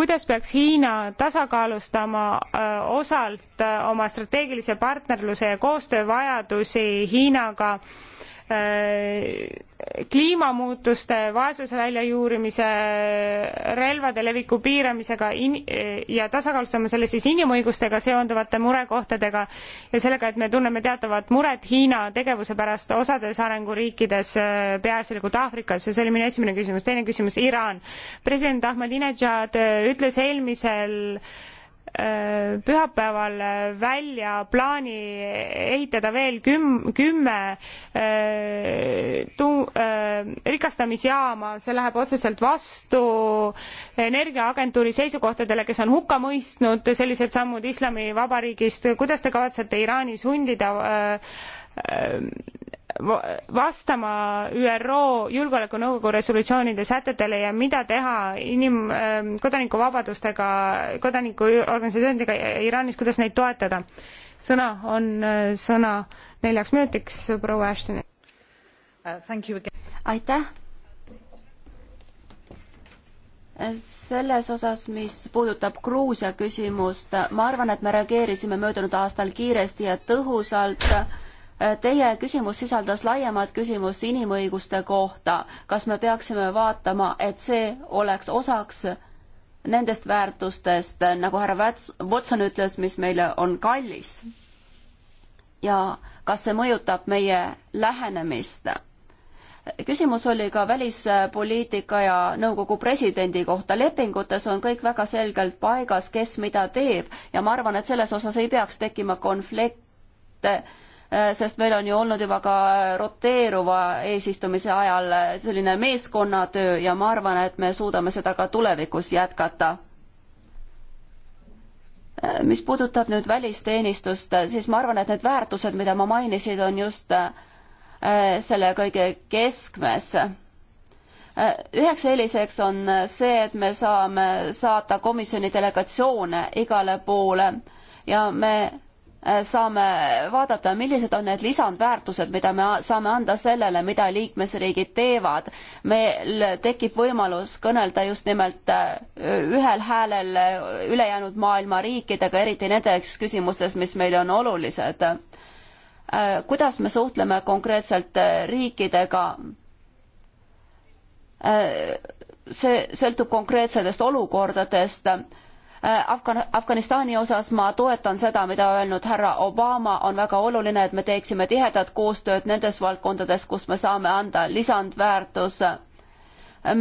kuidas peaks Hiina tasakaalustama äh, osalt äh, oma strateegilise partnerluse ja koostöö vajadusi Hiinaga äh, Äh, kliimamuutuste, vaesuse väljajuurimise, relvade leviku piiramisega in- äh, ja tasakaalustame selle siis inimõigustega seonduvate murekohtadega ja sellega, et me tunneme teatavat muret Hiina tegevuse pärast osades arenguriikides, äh, peaasjalikult Aafrikas ja see oli minu esimene küsimus. teine küsimus, Iraan. president Ahmadinejad ütles eelmisel Äh, pühapäeval äh, välja plaani ehitada veel küm-, kümme äh, tu-, rikastamisjaama, see läheb otseselt vastu Energiaagentuuri seisukohtadele, kes on hukka mõistnud sellised sammud Islamivabariigist, kuidas te kavatsete Iraanis hundida vastama ÜRO Julgeolekunõukogu resolutsioonide sätetele ja mida teha inim-, ähm, kodanikuvabadustega, kodanikuorganisatsioonidega Iraanis, kuidas neid toetada. sõna on äh, sõna neljaks minutiks proua Ashtonile uh,. aitäh selles osas, mis puudutab Gruusia küsimust, ma arvan, et me reageerisime möödunud aastal kiiresti ja tõhusalt Teie küsimus sisaldas laiemat küsimust inimõiguste kohta. kas me peaksime vaatama, et see oleks osaks nendest väärtustest, nagu härra Watson ütles, mis meile on kallis? ja kas see mõjutab meie lähenemist? küsimus oli ka välispoliitika ja nõukogu presidendi kohta. lepingutes on kõik väga selgelt paigas, kes mida teeb ja ma arvan, et selles osas ei peaks tekkima konflikte Äh, sest meil on ju olnud juba ka äh, roteeruva eesistumise ajal äh, selline meeskonnatöö ja ma arvan, et me suudame seda ka tulevikus jätkata mis puudutab nüüd välisteenistust, siis ma arvan, et need väärtused, mida ma mainisin, on just selle kõige keskmes. üheks eeliseks on see, et me saame saata komisjoni delegatsioone igale poole ja me Äh, saame vaadata, millised on need lisandväärtused, mida me saame anda sellele, mida liikmesriigid teevad. meil tekib võimalus kõnelda just nimelt äh, ühel häälel ülejäänud maailma riikidega, eriti nendes küsimustes, mis meile on olulised. Äh, kuidas me suhtleme konkreetselt riikidega? see sõltub konkreetsetest olukordadest Äh, Afgan-, Afganistani osas ma toetan seda, mida öelnud härra Obama, on väga oluline, et me teeksime tihedat koostööd nendes valdkondades, kus me saame anda lisandväärtuse.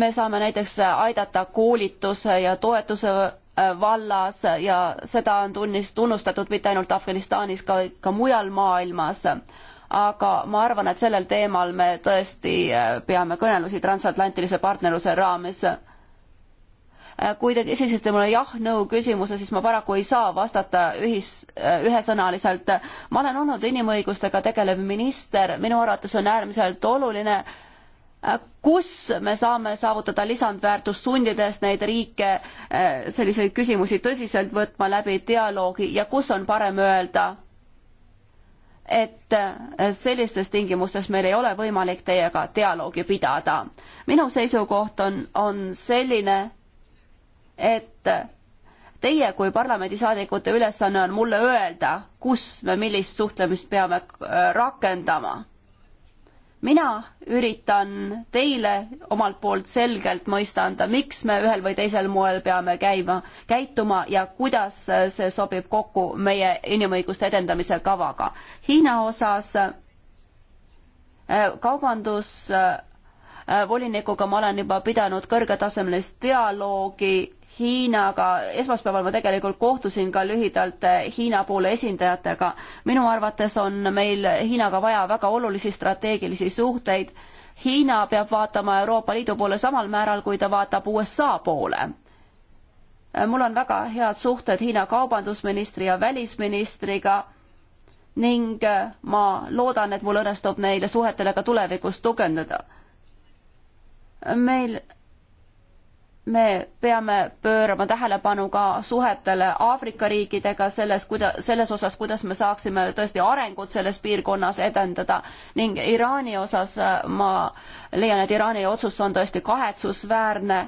me saame näiteks aidata koolituse ja toetuse äh, vallas ja seda on tunnis, tunnustatud mitte ainult Afganistanis, ka, ka mujal maailmas. aga ma arvan, et sellel teemal me tõesti äh, peame kõnelusi transatlantilise partnerluse raames Äh, kui te küsisite mulle jah-nõu küsimuse, siis ma paraku ei saa vastata ühis, äh, ühesõnaliselt. ma olen olnud inimõigustega tegelev minister, minu arvates on äärmiselt oluline, äh, kus me saame saavutada lisandväärtust, sundides neid riike selliseid küsimusi tõsiselt võtma läbi dialoogi ja kus on parem öelda, et sellistes tingimustes meil ei ole võimalik teiega dialoogi pidada. minu seisukoht on, on selline et teie kui parlamendisaadikute ülesanne on mulle öelda, kus me millist suhtlemist peame äh, rakendama. mina üritan teile omalt poolt selgelt mõista anda, miks me ühel või teisel moel peame käima, käituma ja kuidas äh, see sobib kokku meie inimõiguste edendamise kavaga. Hiina osas äh, kaubandus volinikuga ma olen juba pidanud kõrgetasemelist dialoogi Hiinaga, esmaspäeval ma tegelikult kohtusin ka lühidalt eh, Hiina poole esindajatega. minu arvates on meil Hiinaga vaja väga olulisi strateegilisi suhteid. Hiina peab vaatama Euroopa Liidu poole samal määral, kui ta vaatab USA poole. Eh, mul on väga head suhted Hiina kaubandusministri ja välisministriga ning eh, ma loodan, et mul õnnestub neile suhetele ka tulevikus tugevdada. meil me peame pöörama tähelepanu ka suhetele Aafrika riikidega selles, kuida-, selles osas, kuidas me saaksime tõesti arengut selles piirkonnas edendada ning Iraani osas äh, ma leian, et Iraani otsus on tõesti kahetsusväärne.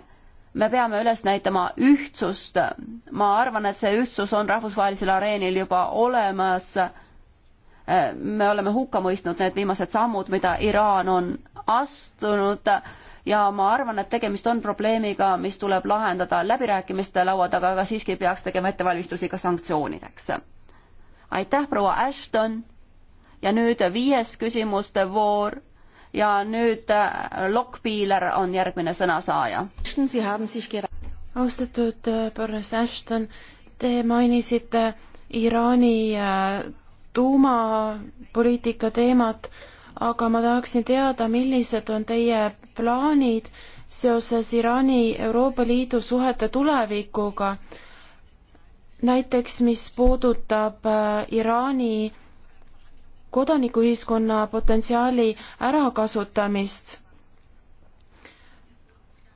me peame üles näitama ühtsust. ma arvan, et see ühtsus on rahvusvahelisel areenil juba olemas. Äh, me oleme hukka mõistnud need viimased sammud, mida Iraan on astunud ja ma arvan, et tegemist on probleemiga, mis tuleb lahendada läbirääkimiste laua taga, aga siiski peaks tegema ettevalmistusi ka sanktsioonideks. aitäh, proua Ashton. ja nüüd viies küsimuste voor ja nüüd äh, Lokpiiler on järgmine sõnasaaja. austatud äh, Boris Ashton, te mainisite Iraani äh, tuumapoliitika teemat aga ma tahaksin teada, millised on teie plaanid seoses Iraani Euroopa Liidu suhete tulevikuga, näiteks mis puudutab äh, Iraani kodanikuühiskonna potentsiaali ärakasutamist.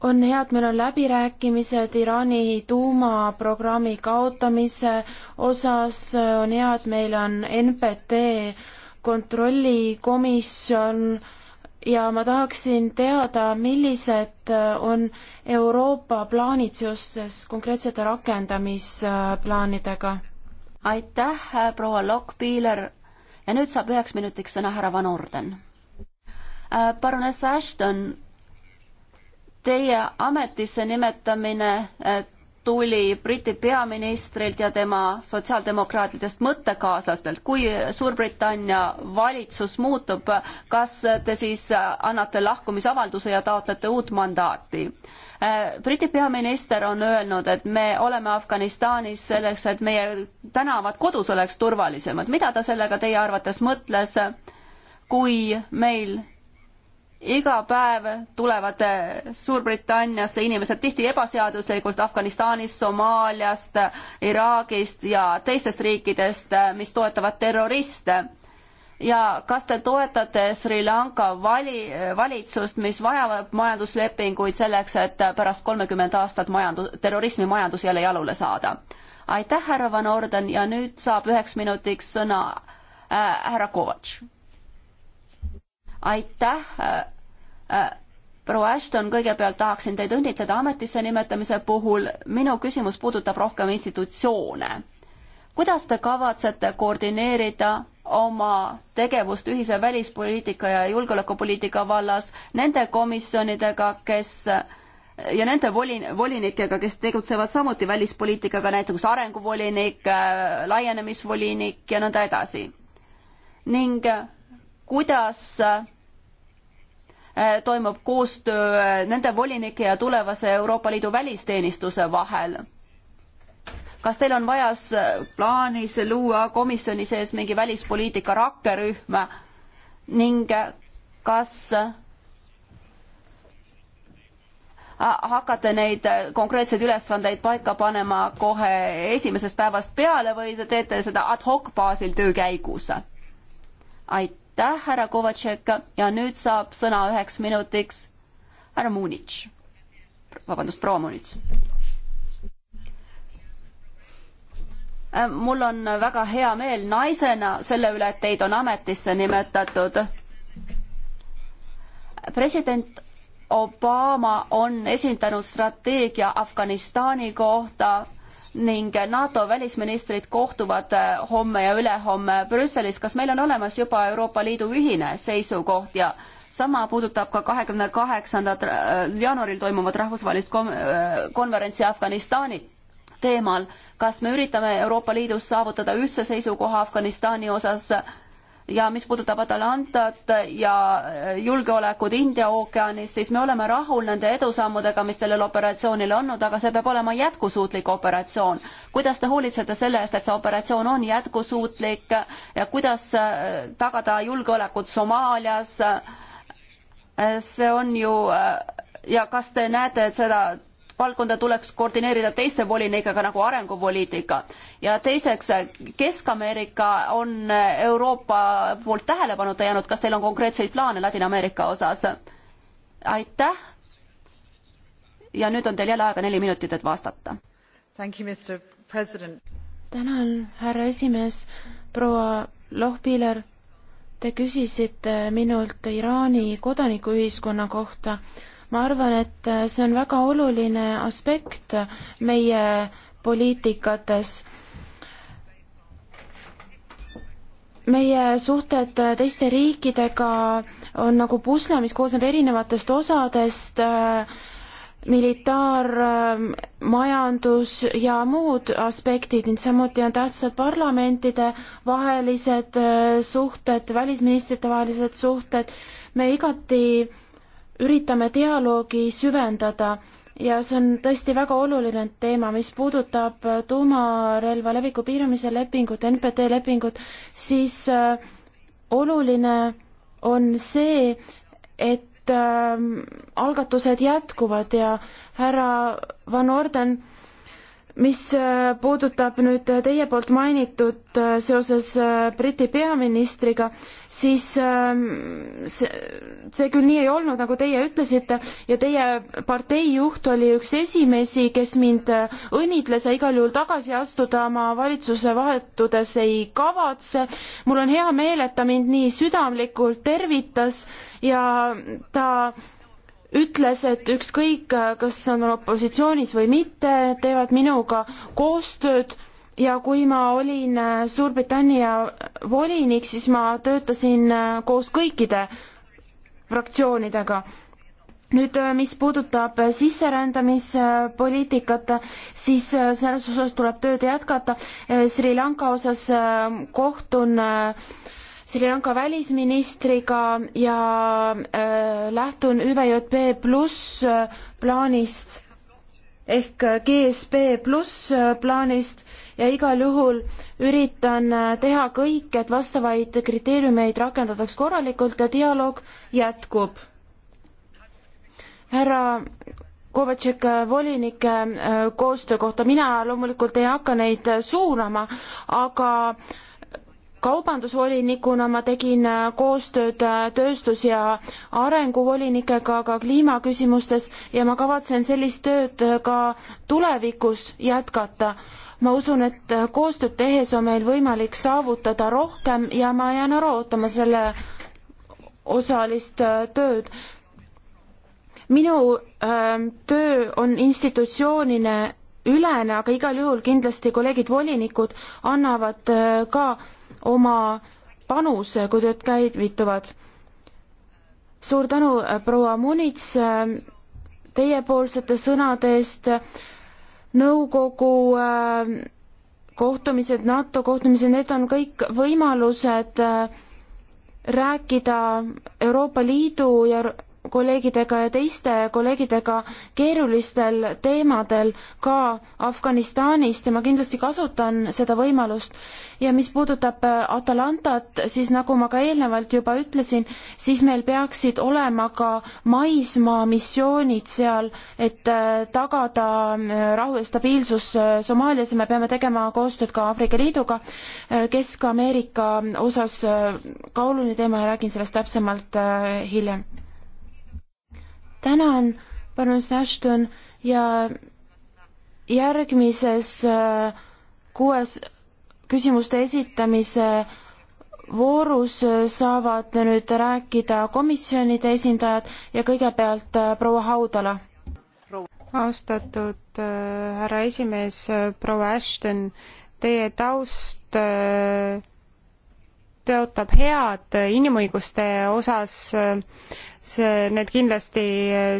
on hea, et meil on läbirääkimised Iraani tuumaprogrammi kaotamise osas, on hea, et meil on NPT kontrollikomisjon ja ma tahaksin teada, millised äh, on Euroopa plaanid seoses konkreetsete rakendamisplaanidega? aitäh, äh, proua Lokk-Piiler ja nüüd saab üheks minutiks sõna härra Van Orden. Äh, baroness Ashton, teie ametisse nimetamine tuli Briti peaministrilt ja tema sotsiaaldemokraatidest mõttekaaslastelt. kui Suurbritannia valitsus muutub, kas te siis annate lahkumisavalduse ja taotlete uut mandaati? Briti peaminister on öelnud, et me oleme Afganistanis selleks, et meie tänavad kodus oleks turvalisemad. mida ta sellega teie arvates mõtles, kui meil iga päev tulevad Suurbritanniasse inimesed tihti ebaseaduslikult Afganistanist, Somaaliast, Iraagist ja teistest riikidest, mis toetavad terroriste. ja kas te toetate Sri Lanka vali, valitsust, mis vajab majanduslepinguid selleks, et pärast kolmekümmend aastat majandus, terrorismi majandus jälle jalule saada? aitäh, härra Van Orden ja nüüd saab üheks minutiks sõna äh, härra Kovatš aitäh, äh, Äh, proua Ashton, kõigepealt tahaksin teid õnnitleda ametisse nimetamise puhul. minu küsimus puudutab rohkem institutsioone. kuidas te kavatsete koordineerida oma tegevust ühise välispoliitika ja julgeolekupoliitika vallas nende komisjonidega, kes ja nende volin-, volinikega, kes tegutsevad samuti välispoliitikaga, näiteks arenguvolinik, äh, laienemisvolinik ja nõnda edasi. ning kuidas äh, Äh, toimub koostöö äh, nende volinike ja tulevase Euroopa Liidu välisteenistuse vahel. kas teil on vajas äh, plaanis luua komisjoni sees mingi välispoliitika rakkerühm ning kas hakkate neid konkreetseid ülesandeid paika panema kohe esimesest päevast peale või te teete seda ad hoc baasil töö käigus? aitäh aitäh, härra Kovatšek ja nüüd saab sõna üheks minutiks härra Muunitš. vabandust, proua Muunitš. mul on väga hea meel naisena selle üle, et teid on ametisse nimetatud. president Obama on esindanud strateegia Afganistani kohta ning NATO välisministrid kohtuvad äh, homme ja ülehomme Brüsselis. kas meil on olemas juba Euroopa Liidu ühine seisukoht ja sama puudutab ka kahekümne kaheksandat äh, jaanuaril toimuvat rahvusvahelist äh, konverentsi Afganistani teemal. kas me üritame Euroopa Liidus saavutada ühtse seisukoha Afganistani osas äh, ja mis puudutab Atalantat ja äh, julgeolekut India ookeanis, siis me oleme rahul nende edusammudega, mis sellel operatsioonil olnud, aga see peab olema jätkusuutlik operatsioon. kuidas te hoolitsete selle eest, et see operatsioon on jätkusuutlik ja kuidas äh, tagada julgeolekut Somaalias? Äh, see on ju ja kas te näete, et seda valdkonda tuleks koordineerida teiste volinikega nagu arengupoliitika. ja teiseks, Kesk-Ameerika on Euroopa poolt tähelepanuta jäänud, kas teil on konkreetseid plaane Ladina-Ameerika osas? aitäh. ja nüüd on teil jälle aega neli minutit, et vastata. tänan, härra esimees, proua Lohpiiler. Te küsisite minult Iraani kodanikuühiskonna kohta ma arvan, et äh, see on väga oluline aspekt meie poliitikates meie suhted äh, teiste riikidega on nagu pusle, mis koosneb erinevatest osadest äh,, militaar äh,, majandus ja muud aspektid, ning samuti on tähtsad parlamentide vahelised äh, suhted, välisministrite vahelised suhted, me igati äh, üritame dialoogi süvendada ja see on tõesti väga oluline teema, mis puudutab tuumarelva leviku piiramise lepingut, NPT lepingut, siis äh, oluline on see, et äh, algatused jätkuvad ja härra Van Orden äh, mis äh, puudutab nüüd teie poolt mainitud äh, seoses äh, Briti peaministriga, siis ähm, see, see küll nii ei olnud, nagu teie ütlesite ja teie partei juht oli üks esimesi, kes mind õnnitles ja igal juhul tagasi astuda ma valitsuse vahetudes ei kavatse. mul on hea meel, et ta mind nii südamlikult tervitas ja ta ütles, et ükskõik, kas on opositsioonis või mitte, teevad minuga koostööd ja kui ma olin Suurbritannia volinik, siis ma töötasin koos kõikide fraktsioonidega. nüüd, mis puudutab sisserändamispoliitikat, siis selles osas tuleb tööd jätkata. Sri Lanka osas kohtun äh, Sri Lanka välisministriga ja äh, lähtun ÜVJP pluss äh, plaanist ehk GSP pluss äh, plaanist ja igal juhul üritan äh, teha kõik, et vastavaid kriteeriumeid rakendataks korralikult ja dialoog jätkub. härra Kovatšek volinike koostöö kohta, mina loomulikult ei hakka neid suunama, aga äh, kaubandusvolinikuna ma tegin äh, koostööd äh, tööstus- ja arenguvolinikega ka kliimaküsimustes ja ma kavatsen sellist tööd äh, ka tulevikus jätkata. ma usun, et koostööd tehes on meil võimalik saavutada rohkem ja ma jään ära ootama selle osalist tööd. minu äh, töö on institutsioonine ülene, aga igal juhul kindlasti kolleegid volinikud annavad äh, ka oma panuse, kui tööd käivituvad. suur tänu, äh, proua Munits, äh, teiepoolsete sõnade eest. nõukogu äh, kohtumised, NATO kohtumised, need on kõik võimalused rääkida Euroopa Liidu ja kolleegidega ja teiste kolleegidega keerulistel teemadel ka Afganistanist ja ma kindlasti kasutan seda võimalust. ja mis puudutab äh, Atalantat, siis nagu ma ka eelnevalt juba ütlesin, siis meil peaksid olema ka maismaamissioonid seal, et äh, tagada äh, rahu ja stabiilsus Somaalias ja me peame tegema koostööd ka Aafrika Liiduga. Kesk-Ameerika osas ka oluline teema ja räägin sellest täpsemalt hiljem tänan, Barnes Ashton ja järgmises äh, kuues küsimuste esitamise voorus äh, saavad nüüd rääkida komisjonide esindajad ja kõigepealt äh, proua Haudala. austatud härra esimees, proua Ashton, teie taust tõotab head inimõiguste osas see, need kindlasti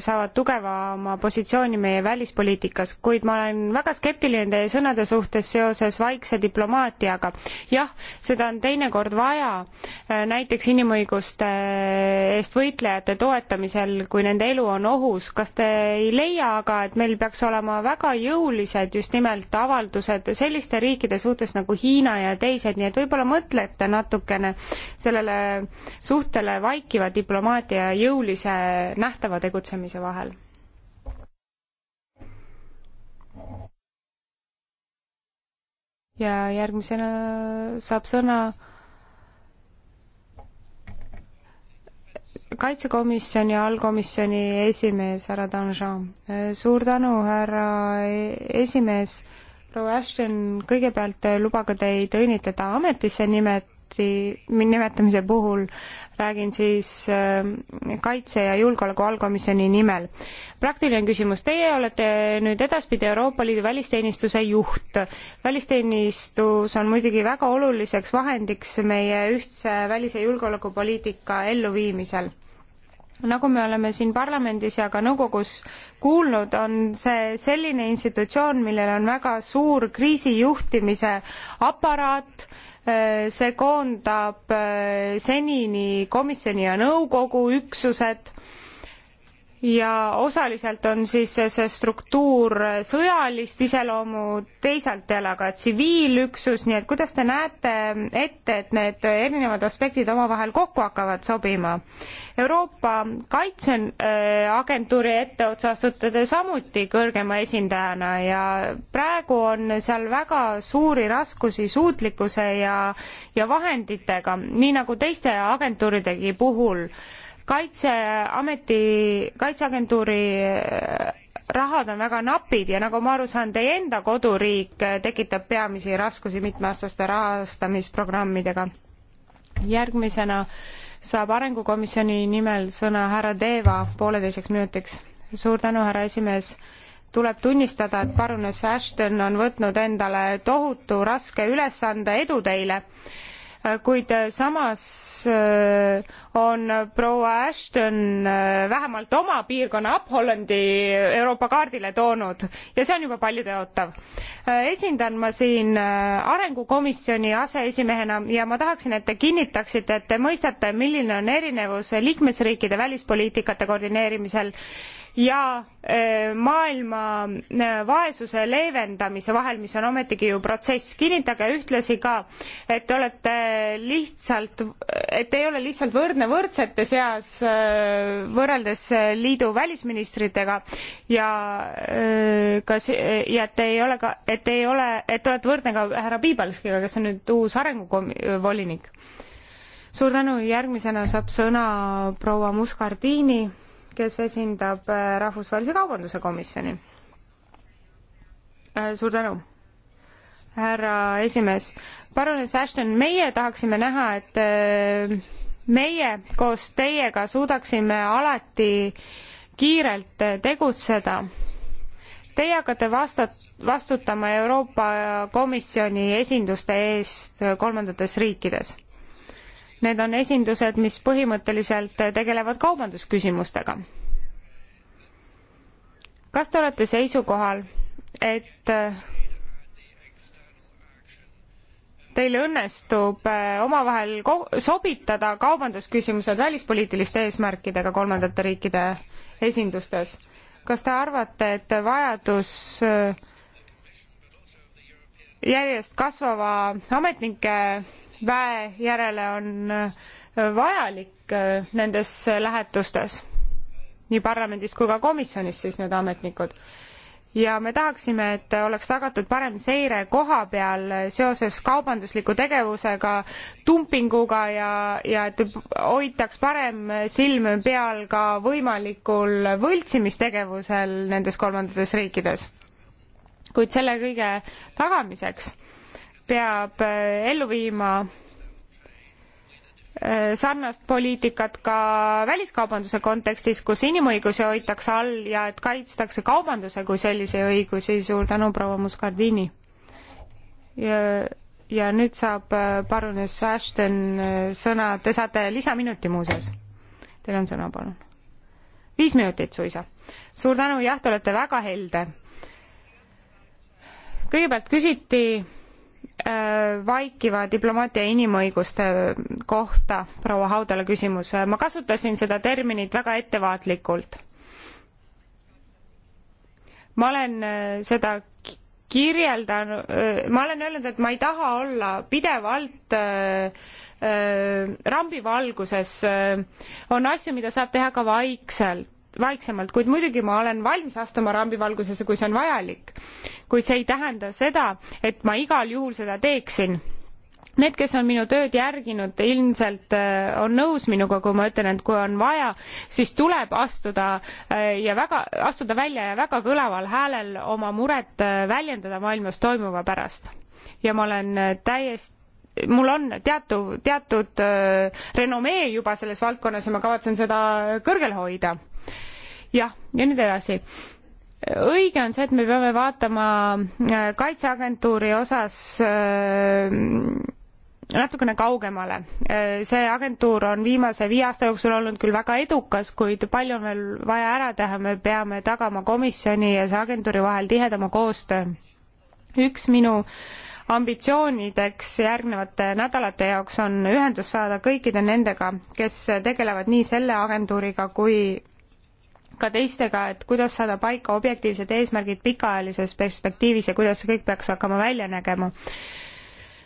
saavad tugevama positsiooni meie välispoliitikas, kuid ma olen väga skeptiline teie sõnade suhtes seoses vaikse diplomaatiaga. jah, seda on teinekord vaja äh, näiteks inimõiguste äh, eest võitlejate toetamisel, kui nende elu on ohus. kas te ei leia aga, et meil peaks olema väga jõulised just nimelt avaldused selliste riikide suhtes nagu Hiina ja teised, nii et võib-olla mõtlete natukene sellele suhtele vaikiva diplomaatia jõu jõulise nähtava tegutsemise vahel. ja järgmisena saab sõna kaitsekomisjoni ja allkomisjoni esimees härra Danjean. suur tänu, härra esimees. proua Ashton, kõigepealt lubage teid õnnitleda ametisse nimet-, ameti nimetamise puhul räägin siis äh, kaitse- ja julgeoleku allkomisjoni nimel. praktiline küsimus, teie olete nüüd edaspidi Euroopa Liidu välisteenistuse juht. välisteenistus on muidugi väga oluliseks vahendiks meie ühtse välis- ja julgeolekupoliitika elluviimisel nagu me oleme siin parlamendis ja ka nõukogus kuulnud, on see selline institutsioon, millel on väga suur kriisijuhtimise aparaat, Äh, see koondab äh, senini komisjoni ja nõukogu üksused ja osaliselt on siis see struktuur sõjalist iseloomu, teisalt jälle aga tsiviilüksus, nii et kuidas te näete ette, et need erinevad aspektid omavahel kokku hakkavad sobima? Euroopa Kaitseagentuuri etteotsa astute te samuti kõrgema esindajana ja praegu on seal väga suuri raskusi suutlikkuse ja, ja vahenditega, nii nagu teiste agentuuridegi puhul kaitseameti, kaitseagentuuri äh, rahad on väga napid ja nagu ma aru saan, teie enda koduriik äh, tekitab peamisi raskusi mitmeaastaste rahastamisprogrammidega. järgmisena saab Arengukomisjoni nimel sõna härra Deva pooleteiseks minutiks. suur tänu, härra esimees. tuleb tunnistada, et parunes Ashton on võtnud endale tohutu raske ülesande, edu teile kuid samas äh, on proua Ashton äh, vähemalt oma piirkonna Uphollandi Euroopa kaardile toonud ja see on juba palju tõotav. Äh, esindan ma siin arengukomisjoni aseesimehena ja ma tahaksin, et te kinnitaksite, et te mõistate, milline on erinevus liikmesriikide välispoliitikate koordineerimisel ja eh, maailma eh, vaesuse leevendamise vahel, mis on ometigi ju protsess. kinnitage ühtlasi ka, et te olete lihtsalt, et ei ole lihtsalt võrdne võrdsete seas eh, võrreldes liidu välisministritega ja kas, ja et ei ole ka, et ei ole, et olete võrdne ka härra Piibalskiga, kes on nüüd uus arenguvolinik suur tänu, järgmisena saab sõna proua Muscardini kes esindab äh, Rahvusvahelise Kaubanduse Komisjoni. Äh, suur tänu härra esimees. Baroness Ashton, meie tahaksime näha, et äh, meie koos teiega suudaksime alati kiirelt tegutseda. Teie hakkate vastat-, vastutama Euroopa Komisjoni esinduste eest kolmandates riikides Need on esindused, mis põhimõtteliselt tegelevad kaubandusküsimustega. kas te olete seisukohal, et teil õnnestub äh, omavahel sobitada kaubandusküsimused välispoliitiliste eesmärkidega kolmandate riikide esindustes. kas te arvate, et vajadus äh, järjest kasvava ametnike väe järele on äh, vajalik äh, nendes äh, lähetustes, nii parlamendis kui ka komisjonis siis need ametnikud. ja me tahaksime, et oleks tagatud parem seire koha peal seoses kaubandusliku tegevusega, dumpinguga ja, ja et hoitaks parem silm peal ka võimalikul võltsimistegevusel nendes kolmandates riikides. kuid selle kõige tagamiseks peab äh, ellu viima äh, sarnast poliitikat ka väliskaubanduse kontekstis, kus inimõigusi hoitakse all ja et kaitstakse kaubanduse kui sellise õigusi. suur tänu, proua Muscardini. ja, ja nüüd saab äh, parunes Ashton sõna, te saate lisaminuti muuseas. Teil on sõna, palun. viis minutit suisa. suur tänu, jah, te olete väga helde. kõigepealt küsiti Äh, vaikiva diplomaatia inimõiguste kohta proua Haudale küsimus. ma kasutasin seda terminit väga ettevaatlikult. ma olen äh, seda kirjeldanud, äh, ma olen öelnud, et ma ei taha olla pidevalt rambivalguses. on asju, mida saab teha ka vaikselt vaiksemalt, kuid muidugi ma olen valmis astuma rambivalgusesse, kui see on vajalik. kuid see ei tähenda seda, et ma igal juhul seda teeksin. Need, kes on minu tööd järginud, ilmselt äh, on nõus minuga, kui ma ütlen, et kui on vaja, siis tuleb astuda äh, ja väga, astuda välja ja väga kõlaval häälel oma muret äh, väljendada maailmas toimuva pärast. ja ma olen täiesti mul on teatu, teatud renomee juba selles valdkonnas ja ma kavatsen seda kõrgel hoida jah, ja nüüd edasi õige on see, et me peame vaatama äh, kaitseagentuuri osas äh, natukene kaugemale. Äh, see agentuur on viimase viie aasta jooksul olnud küll väga edukas, kuid palju on veel vaja ära teha, me peame tagama komisjoni ja see agentuuri vahel tihedama koostöö. üks minu ambitsioonideks järgnevate nädalate jaoks on ühendus saada kõikide nendega, kes tegelevad nii selle agentuuriga kui ka teistega, et kuidas saada paika objektiivsed eesmärgid pikaajalises perspektiivis ja kuidas see kõik peaks hakkama välja nägema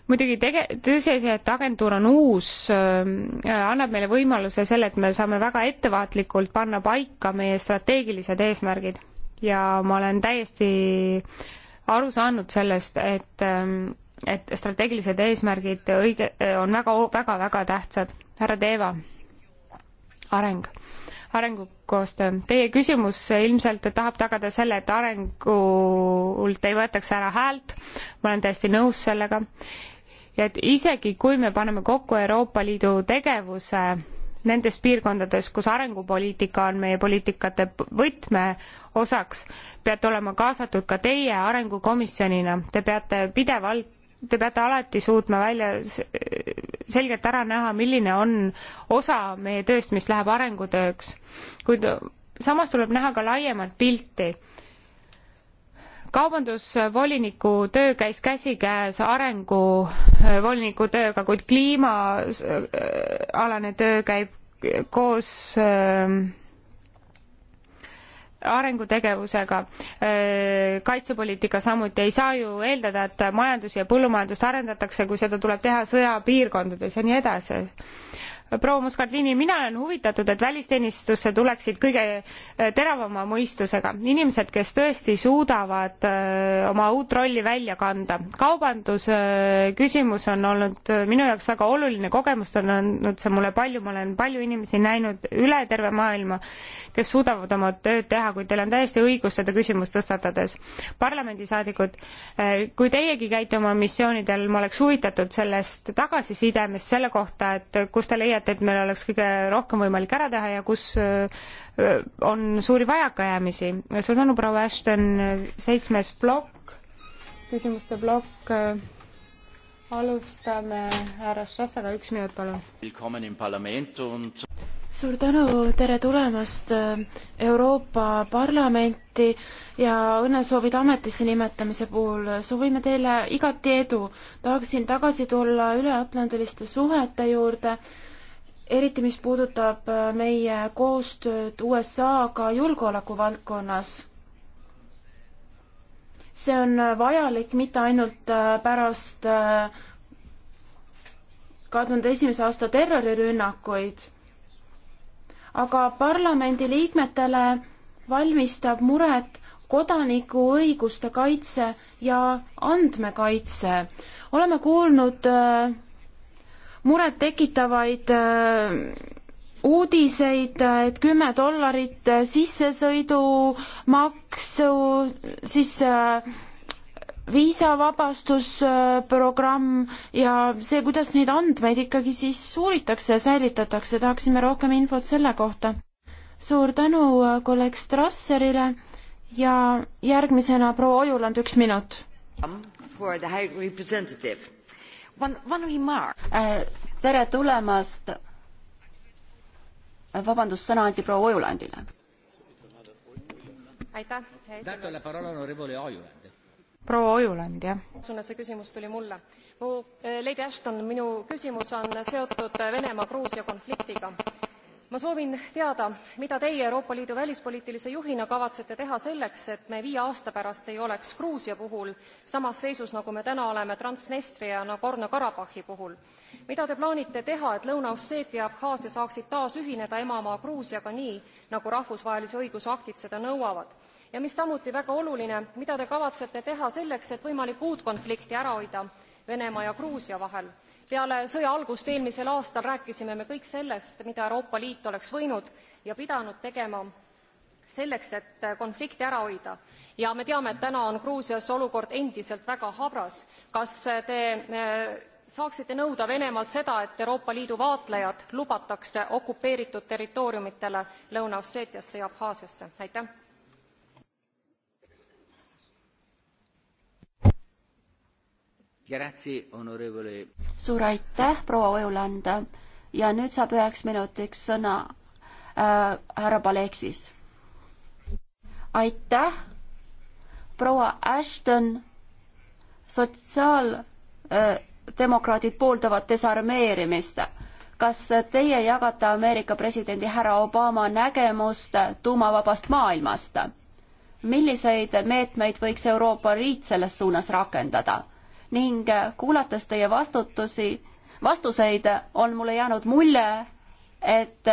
muidugi tege-, tõsiasi, et agentuur on uus äh,, annab meile võimaluse selle, et me saame väga ettevaatlikult panna paika meie strateegilised eesmärgid. ja ma olen täiesti aru saanud sellest, et äh, et strateegilised eesmärgid õige, on väga, väga, väga tähtsad. härra Teeva, areng arengukoostöö. Teie küsimus ilmselt tahab tagada selle, et arengult ei võetaks ära häält, ma olen täiesti nõus sellega, ja et isegi, kui me paneme kokku Euroopa Liidu tegevuse nendes piirkondades, kus arengupoliitika on meie poliitikate võtmeosaks, peate olema kaasatud ka teie arengukomisjonina, te peate pidevalt te peate alati suutma välja selgelt ära näha, milline on osa meie tööst, mis läheb arengutööks. kuid samas tuleb näha ka laiemat pilti. kaubandusvoliniku töö käis käsikäes arenguvoliniku tööga, kuid kliimaalane äh, töö käib koos äh, arengutegevusega, kaitsepoliitika samuti, ei saa ju eeldada, et majandus ja põllumajandust arendatakse, kui seda tuleb teha sõjapiirkondades ja nii edasi proua Muscardini, mina olen huvitatud, et välisteenistusse tuleksid kõige eh, teravama mõistusega inimesed, kes tõesti suudavad eh, oma uut rolli välja kanda. kaubandusküsimus eh, on olnud minu jaoks väga oluline kogemus, ta on andnud see mulle palju, ma olen palju inimesi näinud üle terve maailma, kes suudavad oma tööd teha, kuid teil on täiesti õigus seda küsimust tõstatades. parlamendisaadikud, kui teiegi käite oma missioonidel, ma oleks huvitatud sellest tagasisidemest selle kohta, et kus te leiate energiat, et meil oleks kõige rohkem võimalik ära teha ja kus on suuri vajakajäämisi. suur tänu, proua Ashton, seitsmes plokk, küsimuste plokk, alustame härra Strassaga, üks minut, palun. suur tänu, tere tulemast äh, Euroopa Parlamenti ja õnnesoovid ametisse nimetamise puhul. soovime teile igati edu. tahaksin tagasi tulla üleatlandiliste suhete juurde eriti mis puudutab äh, meie koostööd USA-ga julgeoleku valdkonnas. see on äh, vajalik mitte ainult äh, pärast kahe tuhande esimese aasta terrorirünnakuid, aga parlamendi liikmetele valmistab muret kodanikuõiguste kaitse ja andmekaitse. oleme kuulnud äh, murettekitavaid äh, uudiseid, äh, et kümme dollarit äh, sissesõidumaksu, siis viisavabastusprogramm ja see, kuidas neid andmeid ikkagi siis uuritakse ja säilitatakse, tahaksime rohkem infot selle kohta. suur tänu kolleeg Strasserile ja järgmisena proua Ojuland, üks minut. For the high representative One, one remark. tere tulemast. Äh, vabandust, sõna anti proua Ojulandile. aitäh, hea esimees proua Ojuland, jah. usun, et see küsimus tuli mulle. mu, äh, Lady Ashton, minu küsimus on seotud Venemaa-Gruusia konfliktiga ma soovin teada mida teie euroopa liidu välispoliitilise juhina kavatsete teha selleks et me viie aasta pärast ei oleks gruusia puhul samas seisus nagu me täna oleme transnistria ja nagorno karabahhi puhul? mida te plaanite teha et lõuna osseetia ja abhaasia saaksid taas ühineda emamaa gruusiaga nii nagu rahvusvahelise õiguse aktid seda nõuavad? ja mis samuti väga oluline mida te kavatsete teha selleks et võimalikku uut konflikti ära hoida venemaa ja gruusia vahel? peale sõja algust eelmisel aastal rääkisime me kõik sellest mida euroopa liit oleks võinud ja pidanud tegema selleks et konflikti ära hoida ja me teame et täna on gruusias olukord endiselt väga habras. kas te äh, saaksite nõuda venemaalt seda et euroopa liidu vaatlejad lubatakse okupeeritud territooriumitele lõuna osseetiasse ja abhaasiasse? suur aitäh, proua Ojuland ja nüüd saab üheks minutiks sõna äh, härra Paleksis. aitäh, proua Ashton, sotsiaaldemokraadid äh, pooldavad desarmeerimist. kas teie jagate Ameerika presidendi härra Obama nägemust tuumavabast maailmast? milliseid meetmeid võiks Euroopa Liit selles suunas rakendada? ning kuulates teie vastutusi, vastuseid, on mulle jäänud mulje, et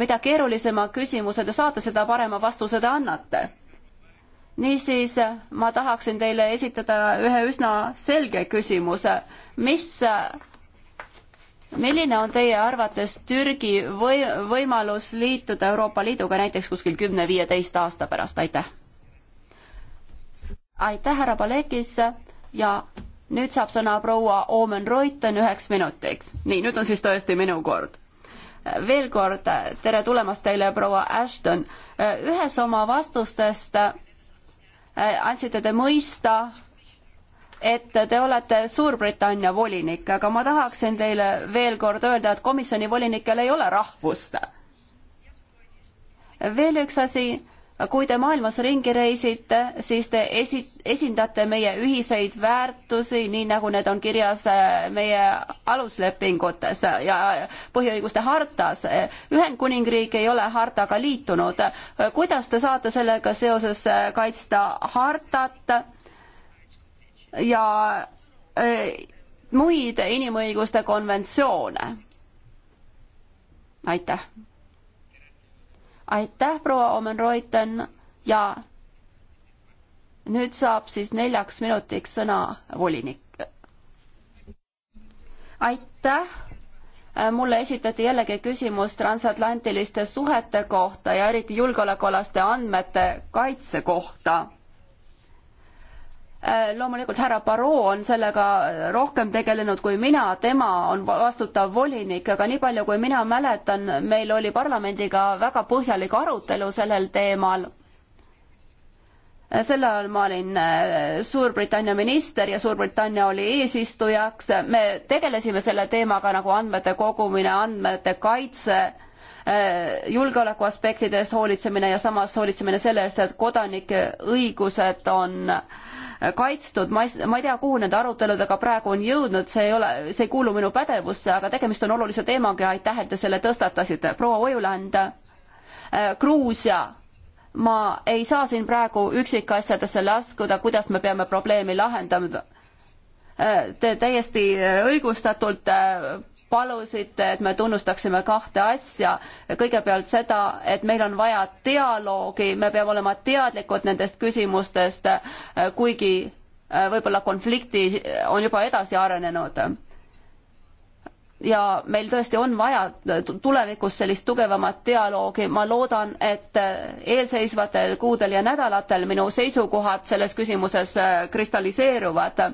mida keerulisema küsimuse te saate, seda parema vastuse te annate. niisiis ma tahaksin teile esitada ühe üsna selge küsimuse, mis milline on teie arvates Türgi või võimalus liituda Euroopa Liiduga näiteks kuskil kümne-viieteist aasta pärast, aitäh! aitäh, härra Palekis ja nüüd saab sõna proua Oomen Reuten üheks minutiks. nii, nüüd on siis tõesti minu kord veel kord tere tulemast teile, proua Ashton. ühes oma vastustest äh, andsite te mõista, et te olete Suurbritannia volinik, aga ma tahaksin teile veel kord öelda, et komisjoni volinikel ei ole rahvust. veel üks asi kui te maailmas ringi reisite, siis te esi-, esindate meie ühiseid väärtusi, nii nagu need on kirjas äh, meie aluslepingutes ja põhiõiguste hartas. Ühendkuningriik ei ole hartaga liitunud. kuidas te saate sellega seoses äh, kaitsta hartat ja äh, muid inimõiguste konventsioone? aitäh aitäh, proua Omen-Reuten ja nüüd saab siis neljaks minutiks sõna volinik. aitäh, mulle esitati jällegi küsimus transatlantiliste suhete kohta ja eriti julgeolekualaste andmete kaitse kohta Äh, loomulikult härra Barrot on sellega rohkem tegelenud kui mina, tema on vastutav volinik, aga nii palju, kui mina mäletan, meil oli parlamendiga väga põhjalik arutelu sellel teemal. Äh, sel ajal ma olin äh, Suurbritannia minister ja Suurbritannia oli eesistujaks, me tegelesime selle teemaga nagu andmete kogumine, andmete kaitse julgeoleku aspektide eest hoolitsemine ja samas hoolitsemine selle eest, et kodanike õigused on äh, kaitstud, ma ei, ma ei tea, kuhu nende aruteludega praegu on jõudnud, see ei ole, see ei kuulu minu pädevusse, aga tegemist on olulise teemaga ja aitäh, et te selle tõstatasite. proua Ojuland, äh, Gruusia ma ei saa siin praegu üksikasjadesse laskuda, kuidas me peame probleemi lahendama. Äh, te täiesti õigustatult äh, palusite, et me tunnustaksime kahte asja. kõigepealt seda, et meil on vaja dialoogi, me peame olema teadlikud nendest küsimustest, kuigi äh, võib-olla konflikti on juba edasi arenenud. ja meil tõesti on vaja tulevikus sellist tugevamat dialoogi, ma loodan, et äh, eelseisvatel kuudel ja nädalatel minu seisukohad selles küsimuses äh, kristalliseeruvad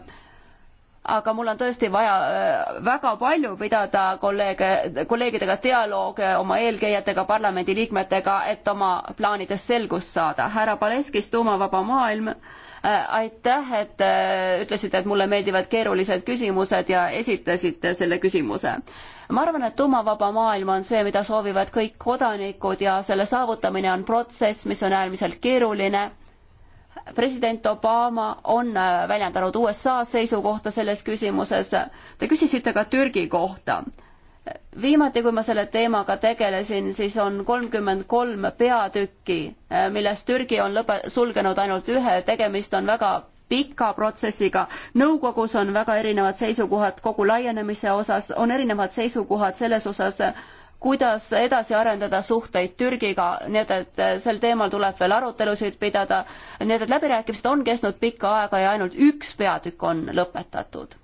aga mul on tõesti vaja äh, väga palju pidada kolleege, kolleegidega dialoog oma eelkäijatega, parlamendiliikmetega, et oma plaanides selgust saada. härra Paleskis, Tuumavaba maailm, äh, aitäh, et äh, ütlesite, et mulle meeldivad keerulised küsimused ja esitasite selle küsimuse. ma arvan, et tuumavaba maailm on see, mida soovivad kõik kodanikud ja selle saavutamine on protsess, mis on äärmiselt keeruline president Obama on äh, väljendanud USA seisukohta selles küsimuses. Te küsisite ka Türgi kohta. viimati, kui ma selle teemaga tegelesin, siis on kolmkümmend kolm peatükki, äh, millest Türgi on lõpe-, sulgenud ainult ühe, tegemist on väga pika protsessiga. nõukogus on väga erinevad seisukohad kogu laienemise osas, on erinevad seisukohad selles osas, kuidas edasi arendada suhteid Türgiga, nii et, et sel teemal tuleb veel arutelusid pidada, nii et, et läbirääkimised on kestnud pikka aega ja ainult üks peatükk on lõpetatud.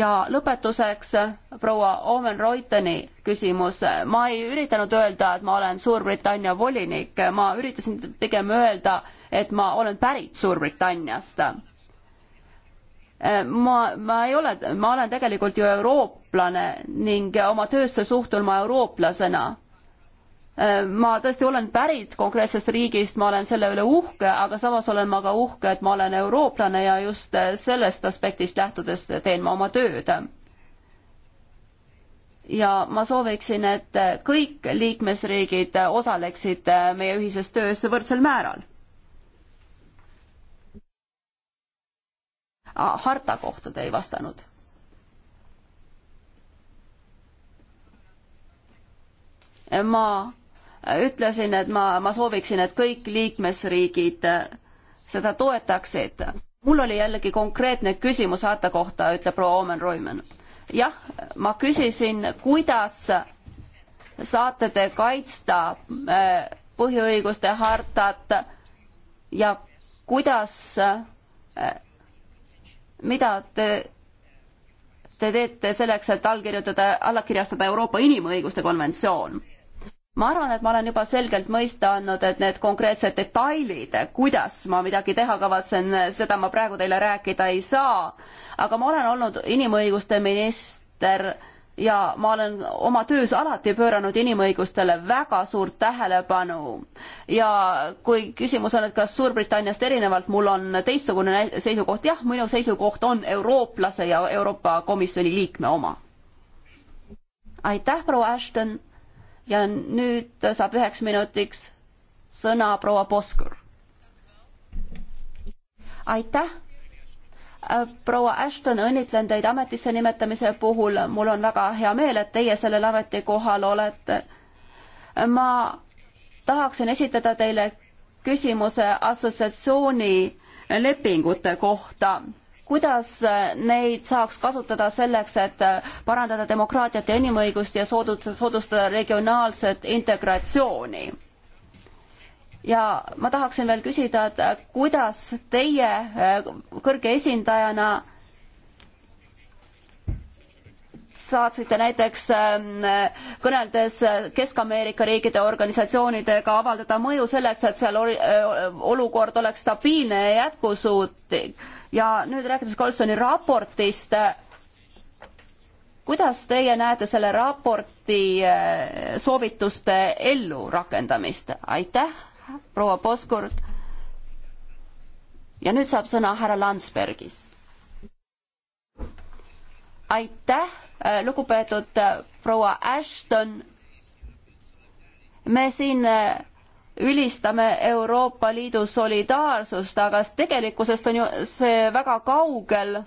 ja lõpetuseks proua Omen Reuteni küsimus. ma ei üritanud öelda, et ma olen Suurbritannia volinik, ma üritasin pigem öelda, et ma olen pärit Suurbritanniast Äh, ma, ma ei ole, ma olen tegelikult ju eurooplane ning oma töösse suhtun ma eurooplasena. Äh, ma tõesti olen pärit konkreetsest riigist, ma olen selle üle uhke, aga samas olen ma ka uhke, et ma olen eurooplane ja just äh, sellest aspektist lähtudes teen ma oma tööd. ja ma sooviksin, et kõik liikmesriigid osaleksid meie ühises töös võrdsel määral Ah, harta kohta te ei vastanud. ma ütlesin, et ma, ma sooviksin, et kõik liikmesriigid äh, seda toetaksid. mul oli jällegi konkreetne küsimus harta kohta, ütleb proua Omen Roimann. jah, ma küsisin, kuidas saate te kaitsta äh, põhiõiguste hartat ja kuidas äh, mida te te teete selleks, et allkirjutada, allakirjastada Euroopa Inimõiguste konventsioon? ma arvan, et ma olen juba selgelt mõista andnud, et need konkreetsed detailid, kuidas ma midagi teha kavatsen, seda ma praegu teile rääkida ei saa, aga ma olen olnud inimõiguste minister ja ma olen oma töös alati pööranud inimõigustele väga suurt tähelepanu. ja kui küsimus on, et kas Suurbritanniast erinevalt mul on teistsugune seisukoht, jah, minu seisukoht on eurooplase ja Euroopa Komisjoni liikme oma. aitäh, proua Ashton ja nüüd saab üheks minutiks sõna proua Poskur. aitäh proua Ashton, õnnitlen teid ametisse nimetamise puhul, mul on väga hea meel, et teie sellel ametikohal olete. ma tahaksin esitada teile küsimuse assotsiatsiooni lepingute kohta. kuidas neid saaks kasutada selleks, et parandada demokraatiat ja inimõigust ja soodustada regionaalset integratsiooni? ja ma tahaksin veel küsida, et äh, kuidas teie äh, kõrge esindajana saatsite näiteks ähm, äh, kõneldes Kesk-Ameerika riikide organisatsioonidega avaldada mõju selleks, et seal olukord oleks stabiilne ja jätkusuutlik. ja nüüd rääkides Colsoni raportist, kuidas teie näete selle raporti soovituste ellurakendamist? aitäh proua Poskurt. ja nüüd saab sõna härra Landsbergis. aitäh, äh, lugupeetud äh, proua Ashton. me siin äh, ülistame Euroopa Liidu solidaarsust, aga tegelikkusest on ju see väga kaugel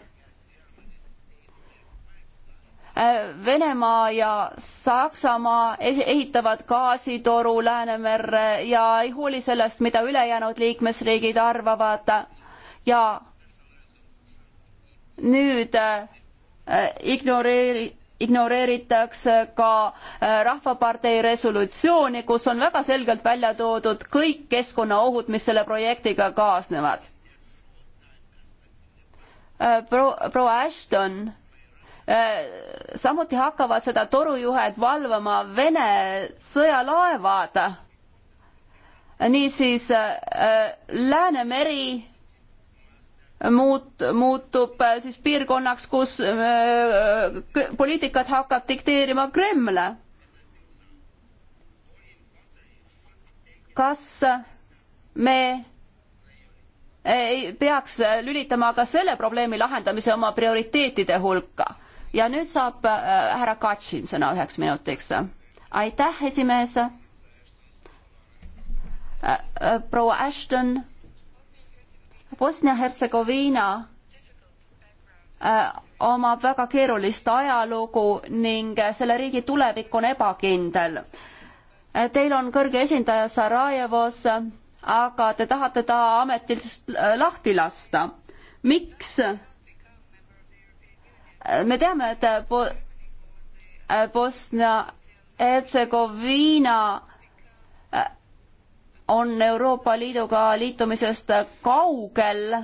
Äh, Venemaa ja Saksamaa ehitavad gaasitoru Läänemerre ja ei hooli sellest, mida ülejäänud liikmesriigid arvavad. ja nüüd äh, ignoreeri-, ignoreeritakse ka äh, Rahvapartei resolutsiooni, kus on väga selgelt välja toodud kõik keskkonnaohud, mis selle projektiga kaasnevad Pro,. proua Ashton Äh, samuti hakkavad seda torujuhet valvama Vene sõjalaevad. niisiis äh, Läänemeri muut-, muutub äh, siis piirkonnaks, kus poliitikat hakkab dikteerima Kreml. kas me ei peaks lülitama ka selle probleemi lahendamise oma prioriteetide hulka? ja nüüd saab äh, härra Katšin sõna üheks minutiks. aitäh, esimees. Äh, äh, proua Ashton, Bosnia-Hertsegoviina omab väga keerulist ajalugu ning selle riigi tulevik on ebakindel. Teil on kõrge esindaja Sarajevos, aga te tahate ta ametist lahti lasta. miks? me teame, et Bo-, äh, äh, Bosnia-Hertsegoviina äh, on Euroopa Liiduga liitumisest kaugel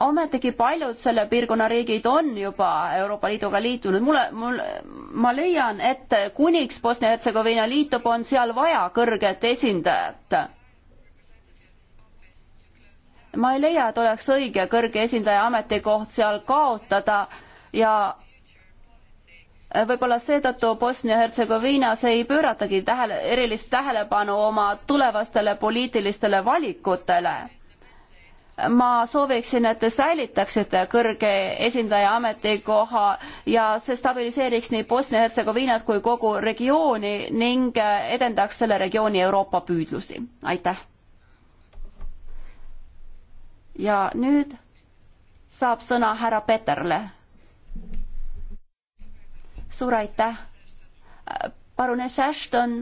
ometigi paljud selle piirkonna riigid on juba Euroopa Liiduga liitunud. mulle, mul, ma leian, et kuniks Bosnia-Hertsegoviina liitub, on seal vaja kõrget esindajat ma ei leia, et oleks õige kõrge esindaja ametikoht seal kaotada ja võib-olla seetõttu Bosnia-Hertsegoviinas ei pööratagi tähele, erilist tähelepanu oma tulevastele poliitilistele valikutele. ma sooviksin, et te säilitaksite kõrge esindaja ametikoha ja see stabiliseeriks nii Bosnia-Hertsegoviinat kui kogu regiooni ning edendaks selle regiooni Euroopa püüdlusi. aitäh! ja nüüd saab sõna härra Peterle. suur aitäh. parunes Ashton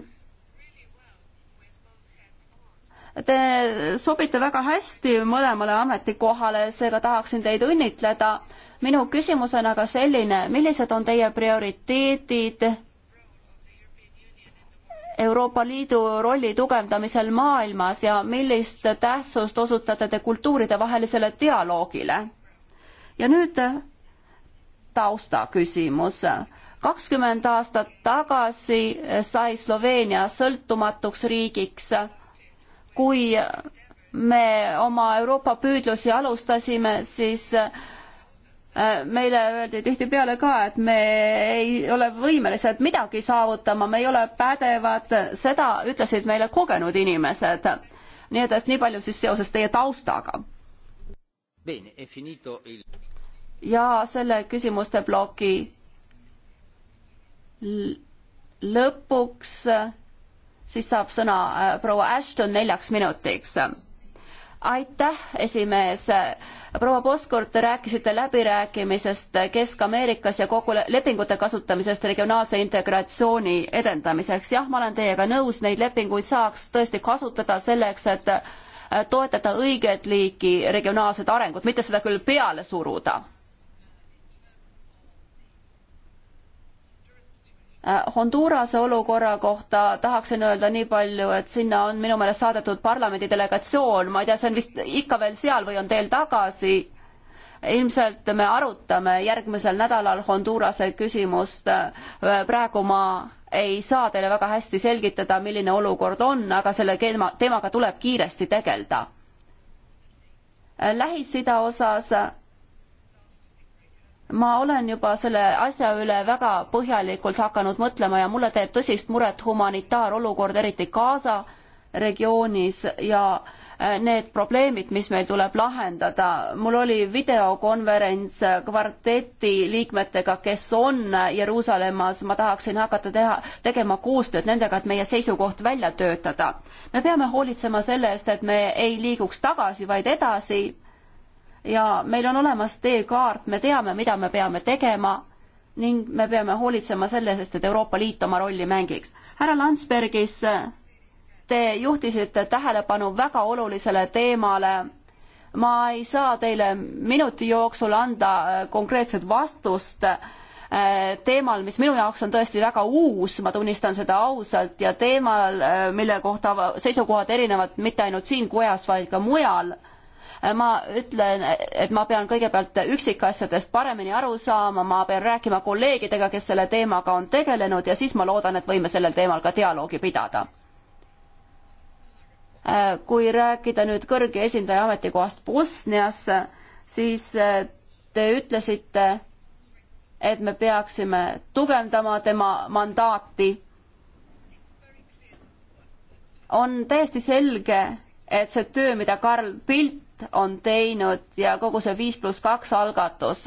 Te sobite väga hästi mõlemale ametikohale, seega tahaksin teid õnnitleda. minu küsimus on aga selline, millised on teie prioriteedid Euroopa Liidu rolli tugevdamisel maailmas ja millist tähtsust osutate te kultuuridevahelisele dialoogile? ja nüüd taustaküsimus. kakskümmend aastat tagasi sai Sloveenia sõltumatuks riigiks, kui me oma Euroopa püüdlusi alustasime, siis Äh, meile öeldi tihtipeale ka, et me ei ole võimelised midagi saavutama, me ei ole pädevad, seda ütlesid meile kogenud inimesed. nii et, et nii palju siis seoses teie taustaga. ja selle küsimuste ploki lõpuks äh, siis saab sõna äh, proua Ashton neljaks minutiks aitäh, esimees. proua Poskurt, te rääkisite läbirääkimisest Kesk-Ameerikas ja kogu lepingute kasutamisest regionaalse integratsiooni edendamiseks. jah, ma olen teiega nõus, neid lepinguid saaks tõesti kasutada selleks, et toetada õiget liiki regionaalset arengut, mitte seda küll peale suruda Äh, Hondurase olukorra kohta tahaksin öelda nii palju, et sinna on minu meelest saadetud parlamendi delegatsioon, ma ei tea, see on vist ikka veel seal või on teel tagasi. ilmselt me arutame järgmisel nädalal Hondurase küsimust. Äh, praegu ma ei saa teile väga hästi selgitada, milline olukord on, aga selle teema, teemaga tuleb kiiresti tegeleda. Äh, Lähis-Ida osas ma olen juba selle asja üle väga põhjalikult hakanud mõtlema ja mulle teeb tõsist muret humanitaarolukord, eriti Gaza regioonis ja äh, need probleemid, mis meil tuleb lahendada. mul oli videokonverents kvarteti liikmetega, kes on äh, Jeruusalemmas, ma tahaksin hakata teha, tegema koostööd nendega, et meie seisukoht välja töötada. me peame hoolitsema selle eest, et me ei liiguks tagasi, vaid edasi ja meil on olemas teekaart, me teame, mida me peame tegema ning me peame hoolitsema selle eest, et Euroopa Liit oma rolli mängiks. härra Landsbergis, te juhtisite tähelepanu väga olulisele teemale. ma ei saa teile minuti jooksul anda äh, konkreetset vastust äh, teemal, mis minu jaoks on tõesti väga uus, ma tunnistan seda ausalt, ja teemal, äh, mille kohta seisukohad erinevad mitte ainult siin kojas, vaid ka mujal Äh, ma ütlen, et ma pean kõigepealt üksikasjadest paremini aru saama, ma pean rääkima kolleegidega, kes selle teemaga on tegelenud ja siis ma loodan, et võime sellel teemal ka dialoogi pidada äh, kui rääkida nüüd kõrge esindaja ametikohast Bosnias, siis äh, te ütlesite, et me peaksime tugevdama tema mandaati. on täiesti selge, et see töö, mida Karl Pilt on teinud ja kogu see viis pluss kaks algatus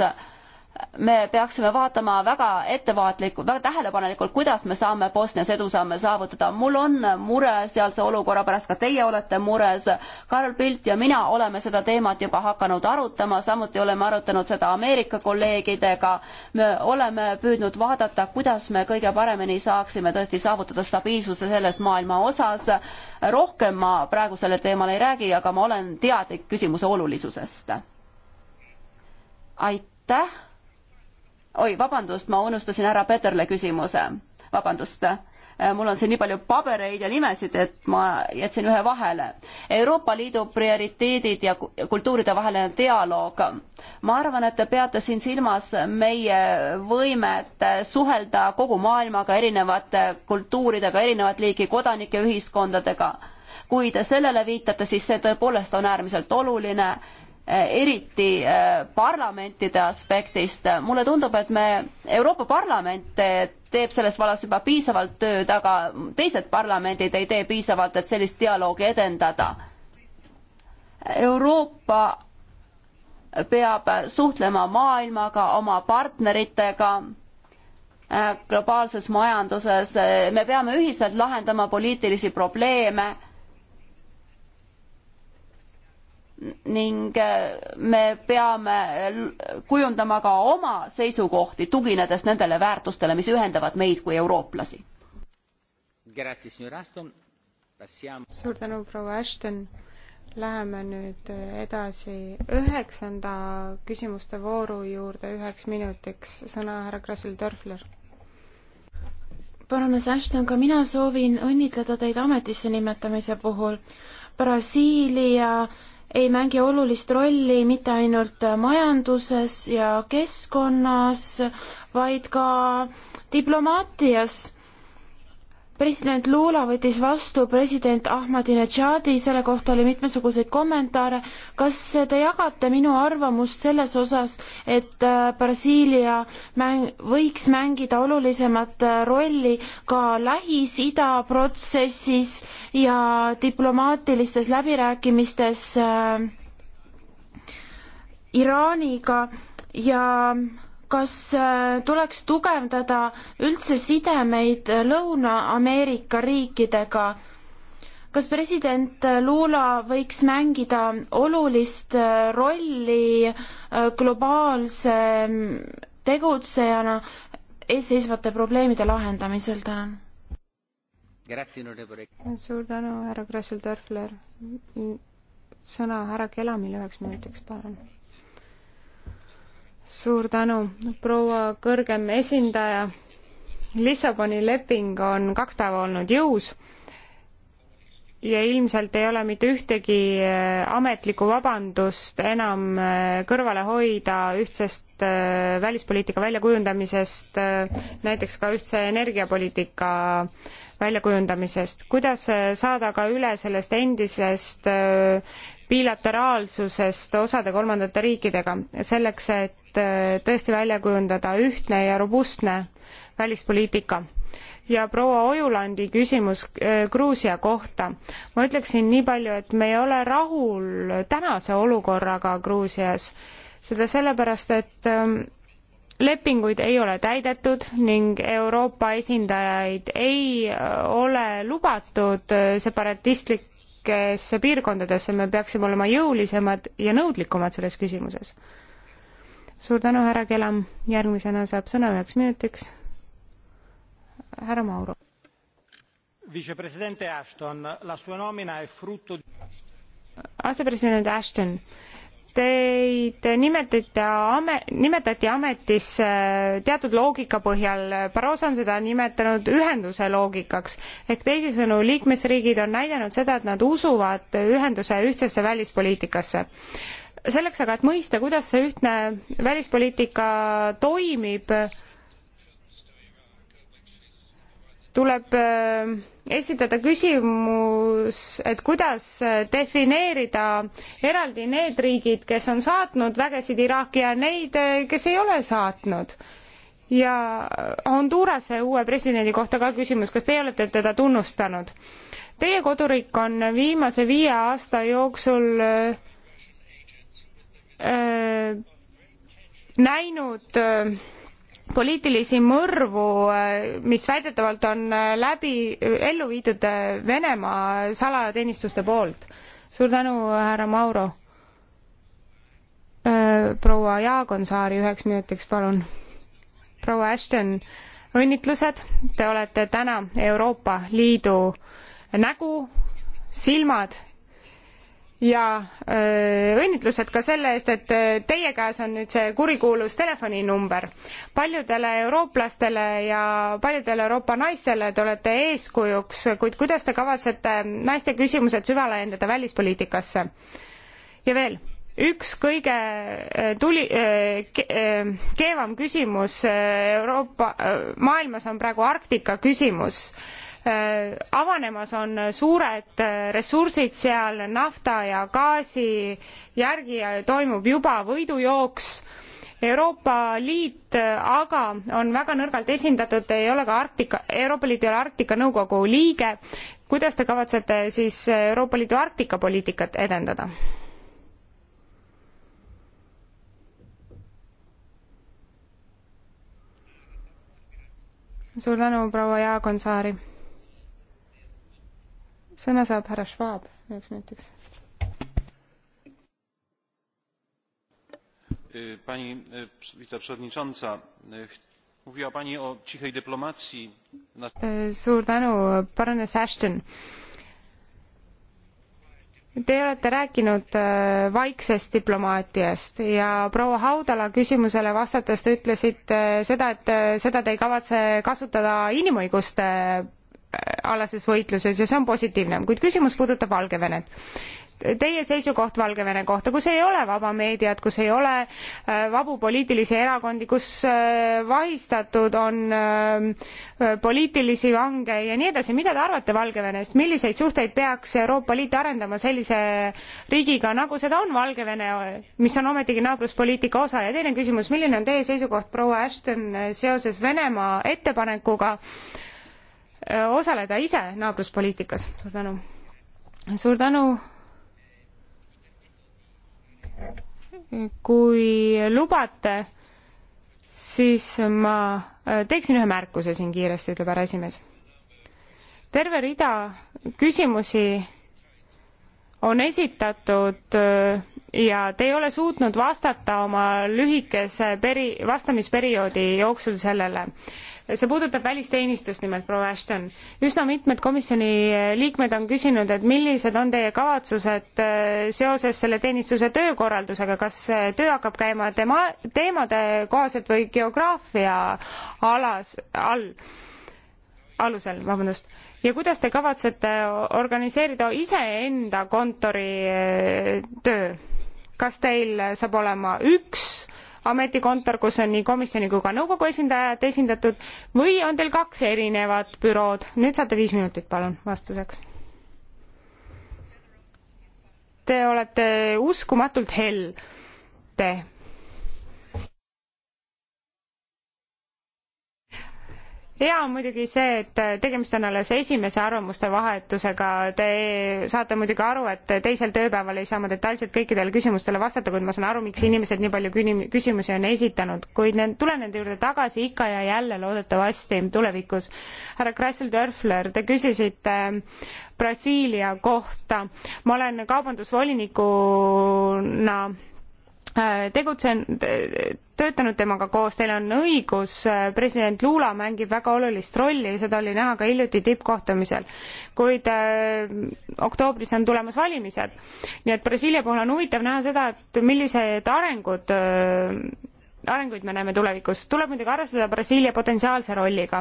me peaksime vaatama väga ettevaatlikult, väga tähelepanelikult, kuidas me saame Bosnias edusamme saavutada. mul on mure sealse olukorra pärast, ka teie olete mures. Karl Pilt ja mina oleme seda teemat juba hakanud arutama, samuti oleme arutanud seda Ameerika kolleegidega. me oleme püüdnud vaadata, kuidas me kõige paremini saaksime tõesti saavutada stabiilsuse selles maailma osas. rohkem ma praegu sellel teemal ei räägi, aga ma olen teadlik küsimuse olulisusest. aitäh oi, vabandust, ma unustasin ära Peterle küsimuse. vabandust äh, mul on siin nii palju pabereid ja nimesid, et ma jätsin ühe vahele. Euroopa Liidu prioriteedid ja kultuuride vaheline dialoog. ma arvan, et te peate siin silmas meie võimet suhelda kogu maailmaga, erinevate kultuuridega, erinevat liiki kodanike ühiskondadega. kui te sellele viitate, siis see tõepoolest on äärmiselt oluline Eh, eriti eh, parlamentide aspektist. mulle tundub, et me, Euroopa Parlament teeb selles vallas juba piisavalt tööd, aga teised parlamendid ei tee piisavalt, et sellist dialoogi edendada. Euroopa peab suhtlema maailmaga, oma partneritega eh, globaalses majanduses, me peame ühiselt lahendama poliitilisi probleeme ning äh, me peame kujundama ka oma seisukohti, tuginedes nendele väärtustele, mis ühendavad meid kui eurooplasi. suur tänu, proua Ashton. Läheme nüüd äh, edasi üheksanda küsimuste vooru juurde üheks minutiks. sõna härra Krassil-Dörfler. Baroness Ashton, ka mina soovin õnnitleda teid ametisse nimetamise puhul. Brasiilia ei mängi olulist rolli mitte ainult majanduses ja keskkonnas, vaid ka diplomaatias president Lula võttis vastu president Ahmadinejadi, selle kohta oli mitmesuguseid kommentaare. kas te jagate minu arvamust selles osas, et äh, Brasiilia mäng, võiks mängida olulisemat äh, rolli ka Lähis-Ida protsessis ja diplomaatilistes läbirääkimistes äh, Iraaniga ja kas äh, tuleks tugevdada üldse sidemeid Lõuna-Ameerika riikidega? kas president Lula võiks mängida olulist äh, rolli äh, globaalse mm, tegutsejana eesseisvate probleemide lahendamisel, tänan? suur tänu, härra Kressel-Dörfler. sõna härra Kelamile üheks minutiks, palun suur tänu, proua kõrgem esindaja. Lissaboni leping on kaks päeva olnud jõus ja ilmselt ei ole mitte ühtegi äh, ametlikku vabandust enam äh, kõrvale hoida ühtsest äh, välispoliitika väljakujundamisest, näiteks ka ühtse energiapoliitika väljakujundamisest. kuidas saada ka üle sellest endisest bilateraalsusest osade kolmandate riikidega, selleks et et äh, tõesti välja kujundada ühtne ja robustne välispoliitika ja proua Ojulandi küsimus äh, Gruusia kohta. ma ütleksin nii palju, et me ei ole rahul tänase olukorraga Gruusias, seda sellepärast, et ähm, lepinguid ei ole täidetud ning Euroopa esindajaid ei äh, ole lubatud separatistlikesse piirkondadesse, me peaksime olema jõulisemad ja nõudlikumad selles küsimuses suur tänu, härra Kelam, järgmisena saab sõna üheks minutiks härra Mauro. vicepresidente Ashton, la sua nomina è frutto asepresident Ashton, teid nimetate ame-, nimetati ametisse teatud loogika põhjal, Barroso on seda nimetanud ühenduse loogikaks, ehk teisisõnu, liikmesriigid on näidanud seda, et nad usuvad ühenduse ühtsesse välispoliitikasse selleks aga, et mõista, kuidas see ühtne välispoliitika toimib, tuleb äh, esitada küsimus, et kuidas äh, defineerida eraldi need riigid, kes on saatnud vägesid Iraaki ja neid, äh, kes ei ole saatnud. ja Hondurase uue presidendi kohta ka küsimus, kas teie olete teda tunnustanud? Teie koduriik on viimase viie aasta jooksul Äh, näinud äh, poliitilisi mõrvu, äh, mis väidetavalt on läbi, ellu viidud Venemaa salateenistuste poolt. suur tänu, härra Mauro. proua Jaagonsaari üheks minutiks, palun. proua Ashton, õnnitlused, te olete täna Euroopa Liidu nägu, silmad ja öö, äh, õnnitlused ka selle eest, et äh, teie käes on nüüd see kurikuulus telefoninumber. paljudele eurooplastele ja paljudele Euroopa naistele te olete eeskujuks, kuid kuidas te kavatsete naiste küsimused süvale endada välispoliitikasse? ja veel, üks kõige äh, tuli- ke,, keevam küsimus Euroopa, maailmas on praegu Arktika küsimus Äh, avanemas on suured ressursid seal, nafta ja gaasi järgi toimub juba võidujooks. Euroopa Liit aga on väga nõrgalt esindatud, ei ole ka Arktika, Euroopa Liit ei ole Arktika Nõukogu liige. kuidas te kavatsete siis Euroopa Liidu Arktika poliitikat edendada? suur tänu, proua Jaagonsaari sõna saab härra Schwab üheks minutiks. pani e, wiceprzewodnicząca e, mówiła pani o cichej dyplomacji e, suur tänu baroness ashton te olete rääkinud vaiksest diplomaatiast ja proua haudala küsimusele vastates te ütlesite seda et seda te ei kavatse kasutada inimõiguste alases võitluses ja see on positiivne, kuid küsimus puudutab Valgevenet. Teie seisukoht Valgevene kohta, kus ei ole vaba meediat, kus ei ole äh, vabu poliitilisi erakondi, kus äh, vahistatud on äh, poliitilisi vange ja nii edasi, mida te arvate Valgevenest, milliseid suhteid peaks Euroopa Liit arendama sellise riigiga, nagu seda on Valgevene, mis on ometigi naabruspoliitika osa ja teine küsimus, milline on teie seisukoht, proua Ashton, seoses Venemaa ettepanekuga Äh, osaleda ise naabruspoliitikas. suur tänu. suur tänu. kui lubate, siis ma äh, teeksin ühe märkuse siin kiiresti, ütleb härra esimees. terve rida küsimusi on esitatud äh, ja te ei ole suutnud vastata oma lühikese peri-, vastamisperioodi jooksul sellele. see puudutab välisteenistust nimelt, proua Ashton. üsna mitmed komisjoni äh, liikmed on küsinud, et millised on teie kavatsused äh, seoses selle teenistuse töökorraldusega, kas töö hakkab käima tema, teemade kohaselt või geograafia alas, all, alusel, vabandust ja kuidas te kavatsete organiseerida iseenda kontori eh, töö? kas teil saab olema üks ametikontor, kus on nii komisjoni kui ka nõukogu esindajad esindatud või on teil kaks erinevat bürood? nüüd saate viis minutit, palun, vastuseks. Te olete uskumatult hell, te hea on muidugi see, et tegemist on alles esimese arvamuste vahetusega, te saate muidugi aru, et teisel tööpäeval ei saa ma detailselt kõikidele küsimustele vastata, kuid ma saan aru, miks inimesed nii palju küsimusi on esitanud, kuid need, tulen nende juurde tagasi ikka ja jälle loodetavasti tulevikus. härra Kressel-Dörfler, te küsisite äh, Brasiilia kohta, ma olen kaubandusvolinikuna Äh, tegutsen, töötanud temaga koos, teil on õigus, äh, president Lula mängib väga olulist rolli, seda oli näha ka hiljuti tippkohtumisel. kuid öö, äh, oktoobris on tulemas valimised. nii et Brasiilia puhul on huvitav näha seda, et millised arengud öö, arenguid me näeme tulevikus. tuleb muidugi arvestada Brasiilia potentsiaalse rolliga,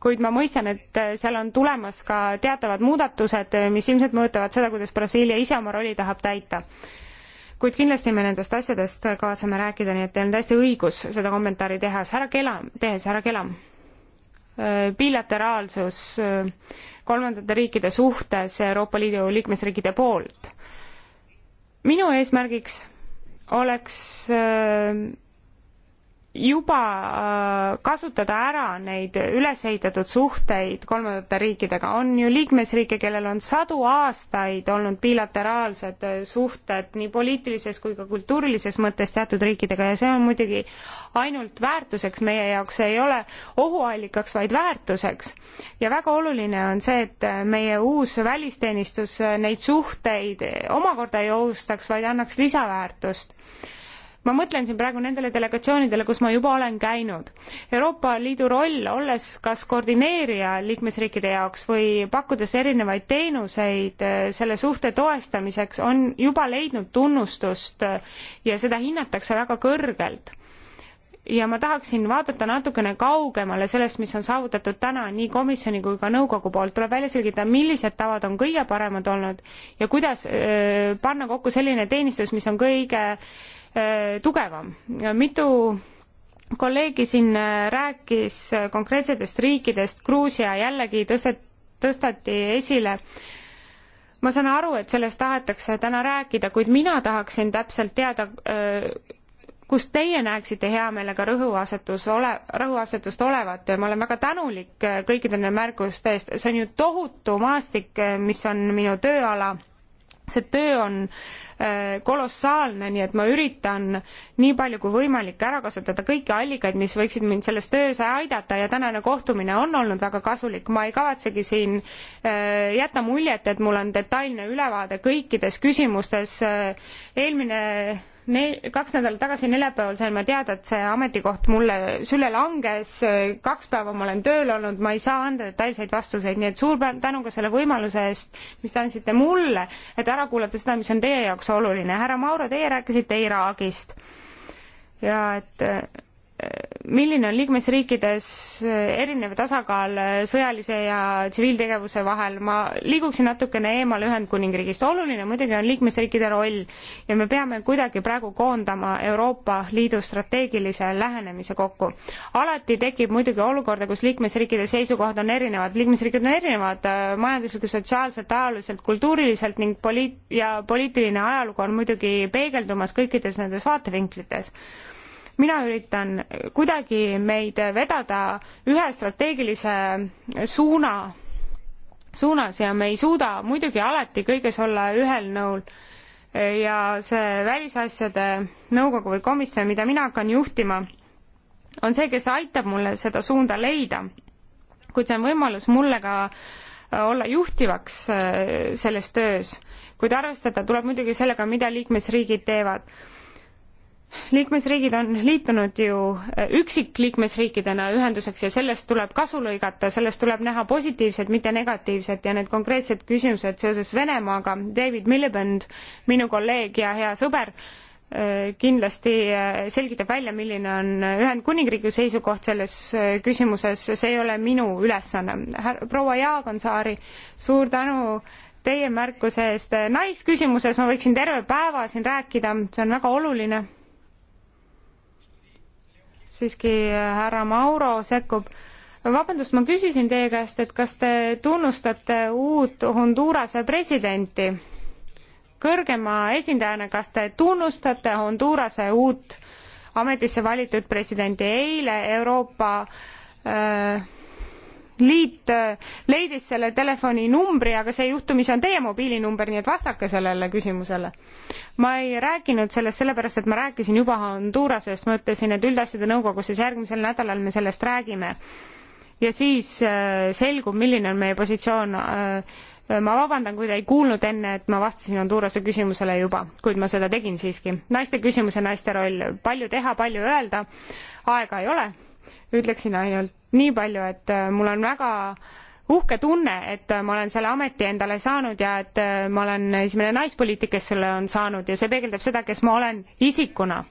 kuid ma mõistan, et seal on tulemas ka teatavad muudatused, mis ilmselt mõjutavad seda, kuidas Brasiilia ise oma rolli tahab täita kuid kindlasti me nendest asjadest kavatseme rääkida, nii et teil on täiesti õigus seda kommentaari tehas, härra Kelam, tehes, härra Kelam, bilateraalsus kolmandate riikide suhtes Euroopa Liidu liikmesriikide poolt. minu eesmärgiks oleks juba äh, kasutada ära neid üles ehitatud suhteid kolmandate riikidega, on ju liikmesriike, kellel on sadu aastaid olnud bilateraalsed äh, suhted nii poliitilises kui ka kultuurilises mõttes teatud riikidega ja see on muidugi ainult väärtuseks meie jaoks, see ei ole ohuallikaks, vaid väärtuseks. ja väga oluline on see, et äh, meie uus välisteenistus neid suhteid omakorda ei ohustaks, vaid annaks lisaväärtust ma mõtlen siin praegu nendele delegatsioonidele, kus ma juba olen käinud. Euroopa Liidu roll, olles kas koordineerija liikmesriikide jaoks või pakkudes erinevaid teenuseid äh, selle suhte toestamiseks, on juba leidnud tunnustust äh, ja seda hinnatakse väga kõrgelt ja ma tahaksin vaadata natukene kaugemale sellest, mis on saavutatud täna nii komisjoni kui ka nõukogu poolt, tuleb välja selgitada, millised tavad on kõige paremad olnud ja kuidas öö, äh, panna kokku selline teenistus, mis on kõige öö, Äh, tugevam. mitu kolleegi siin äh, rääkis äh, konkreetsetest riikidest, Gruusia jällegi tõstet-, tõsteti esile. ma saan aru, et sellest tahetakse täna rääkida, kuid mina tahaksin täpselt teada, kus teie näeksite hea meelega rõhuasetus ole, rõhuasetust olevat ja ma olen väga tänulik kõikide nende märkuste eest, see on ju tohutu maastik, mis on minu tööala see töö on äh, kolossaalne, nii et ma üritan nii palju kui võimalik ära kasutada kõiki allikaid, mis võiksid mind selles töös aidata ja tänane kohtumine on olnud väga kasulik. ma ei kavatsegi siin äh, jätta muljet, et mul on detailne ülevaade kõikides küsimustes. Äh, eelmine ne-, kaks nädalat tagasi neljapäeval sain ma teada, et see ametikoht mulle sülle langes, kaks päeva ma olen tööl olnud, ma ei saa anda detailseid vastuseid, nii et suur tänu ka selle võimaluse eest, mis te andsite mulle, et ära kuulata seda, mis on teie jaoks oluline. härra Mauro, teie rääkisite Iraagist ja et milline on liikmesriikides erinev tasakaal sõjalise ja tsiviiltegevuse vahel, ma liiguksin natukene eemale Ühendkuningriigist, oluline muidugi on liikmesriikide roll ja me peame kuidagi praegu koondama Euroopa Liidu strateegilise lähenemise kokku. alati tekib muidugi olukorda, kus liikmesriikide seisukohad on erinevad, liikmesriigid on erinevad majanduslikult, sotsiaalselt, ajalooliselt, kultuuriliselt ning poliit- ja poliitiline ajalugu on muidugi peegeldumas kõikides nendes vaatevinklites mina üritan kuidagi meid vedada ühe strateegilise suuna suunas ja me ei suuda muidugi alati kõiges olla ühel nõul. ja see välisasjade nõukogu või komisjon, mida mina hakkan juhtima, on see, kes aitab mulle seda suunda leida. kuid see on võimalus mulle ka äh, olla juhtivaks äh, selles töös, kuid arvestada tuleb muidugi sellega, mida liikmesriigid teevad liikmesriigid on liitunud ju äh, üksikliikmesriikidena ühenduseks ja sellest tuleb kasu lõigata, sellest tuleb näha positiivset, mitte negatiivset ja need konkreetsed küsimused seoses Venemaaga, David Milliband, minu kolleeg ja hea sõber, äh, kindlasti äh, selgitab välja, milline on Ühendkuningriigi seisukoht selles küsimuses, see ei ole minu ülesanne. proua Jaagonsaari, suur tänu teie märkuse eest. naisküsimuses ma võiksin terve päeva siin rääkida, see on väga oluline siiski äh, härra Mauro sekkub. vabandust, ma küsisin teie käest, et kas te tunnustate uut Hondurase presidenti? kõrgema esindajana, kas te tunnustate Hondurase uut ametisse valitud presidenti? eile Euroopa öö, äh, liit äh, leidis selle telefoninumbri, aga see juhtumisi on teie mobiilinumber, nii et vastake sellele küsimusele. ma ei rääkinud sellest sellepärast, et ma rääkisin juba Hondurasest, ma ütlesin, et üldasjade nõukogus siis järgmisel nädalal me sellest räägime. ja siis äh, selgub, milline on meie positsioon. Äh, ma vabandan, kui te ei kuulnud enne, et ma vastasin Hondurase küsimusele juba, kuid ma seda tegin siiski. naiste küsimus ja naiste roll, palju teha, palju öelda, aega ei ole, ütleksin ainult nii palju, et äh, mul on väga uhke tunne, et äh, ma olen selle ameti endale saanud ja et äh, ma olen esimene naispoliitik, kes selle on saanud ja see peegeldab seda, kes ma olen isikuna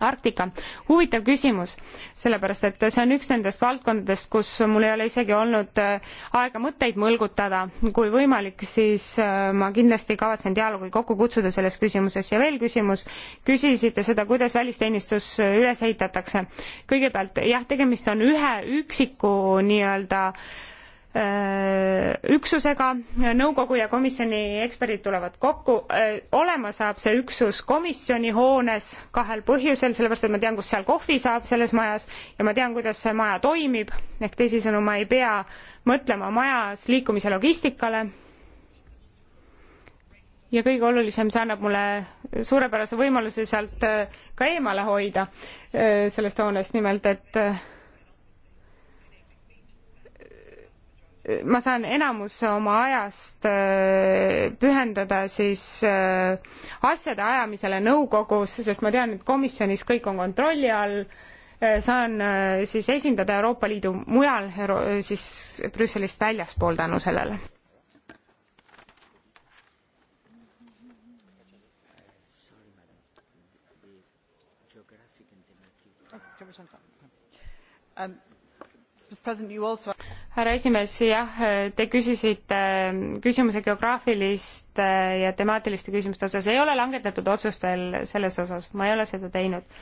Arktika, huvitav küsimus, sellepärast et see on üks nendest valdkondadest, kus mul ei ole isegi olnud äh, aega mõtteid mõlgutada. kui võimalik, siis äh, ma kindlasti kavatsen dialoogi kokku kutsuda selles küsimuses ja veel küsimus, küsisite seda, kuidas välisteenistus äh, üles ehitatakse. kõigepealt jah, tegemist on ühe üksiku nii-öelda äh, Äh, üksusega, nõukogu ja komisjoni eksperdid tulevad kokku, äh, olema saab see üksus komisjoni hoones kahel põhjusel, sellepärast et ma tean, kus seal kohvi saab selles majas ja ma tean, kuidas see maja toimib, ehk teisisõnu, ma ei pea mõtlema majas liikumise logistikale. ja kõige olulisem, see annab mulle suurepärase võimaluse sealt äh, ka eemale hoida sellest hoonest, nimelt et ma saan enamus oma ajast äh, pühendada siis äh, asjade ajamisele nõukogus, sest ma tean, et komisjonis kõik on kontrolli all, äh, saan siis esindada Euroopa Liidu mujal, siis Brüsselist väljaspool tänu sellele. Um, Mr. President, you also härra esimees, jah, te küsisite küsimuse geograafiliste ja temaatiliste küsimuste osas, ei ole langetatud otsust veel selles osas, ma ei ole seda teinud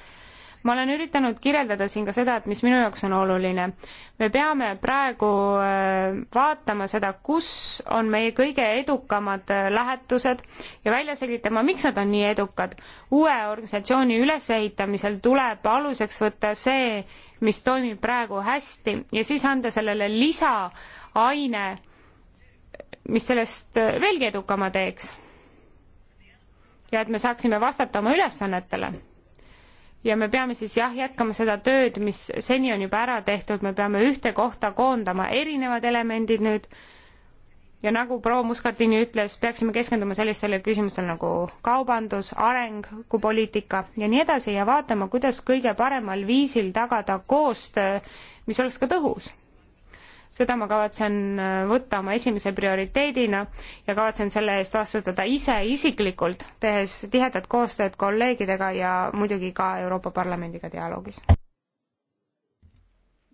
ma olen üritanud kirjeldada siin ka seda, et mis minu jaoks on oluline. me peame praegu äh, vaatama seda, kus on meie kõige edukamad äh, lähetused ja välja selgitama, miks nad on nii edukad. uue organisatsiooni ülesehitamisel tuleb aluseks võtta see, mis toimib praegu hästi ja siis anda sellele lisaaine, mis sellest äh, veelgi edukama teeks ja et me saaksime vastata oma ülesannetele ja me peame siis jah, jätkama seda tööd, mis seni on juba ära tehtud, me peame ühte kohta koondama erinevad elemendid nüüd ja nagu proua Muskatini ütles, peaksime keskenduma sellistele küsimustele nagu kaubandus, areng kui poliitika ja nii edasi ja vaatama, kuidas kõige paremal viisil tagada koostöö, mis oleks ka tõhus seda ma kavatsen äh, võtta oma esimese prioriteedina ja kavatsen selle eest vastutada ise isiklikult, tehes tihedat koostööd kolleegidega ja muidugi ka Euroopa Parlamendiga dialoogis.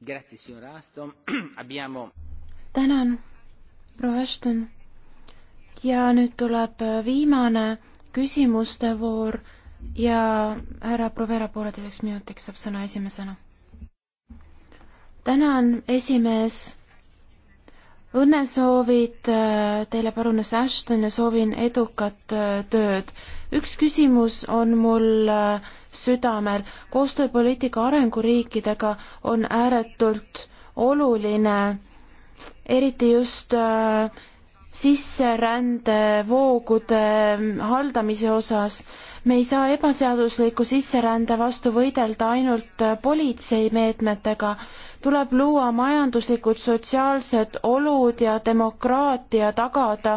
[CLEARS THROAT] tänan, proua Ashton. ja nüüd tuleb äh, viimane küsimuste voor ja härra Provera pooleteiseks minutiks saab sõna esimesena. tänan, esimees õnnesoovid äh, teile, parunes Ashton ja soovin edukat äh, tööd. üks küsimus on mul äh, südamel. koostööpoliitika arenguriikidega on ääretult oluline, eriti just sisserändevoogude ähm, haldamise osas. me ei saa ebaseadusliku sisserände vastu võidelda ainult äh, politseimeetmetega, tuleb luua majanduslikud, sotsiaalsed olud ja demokraatia tagada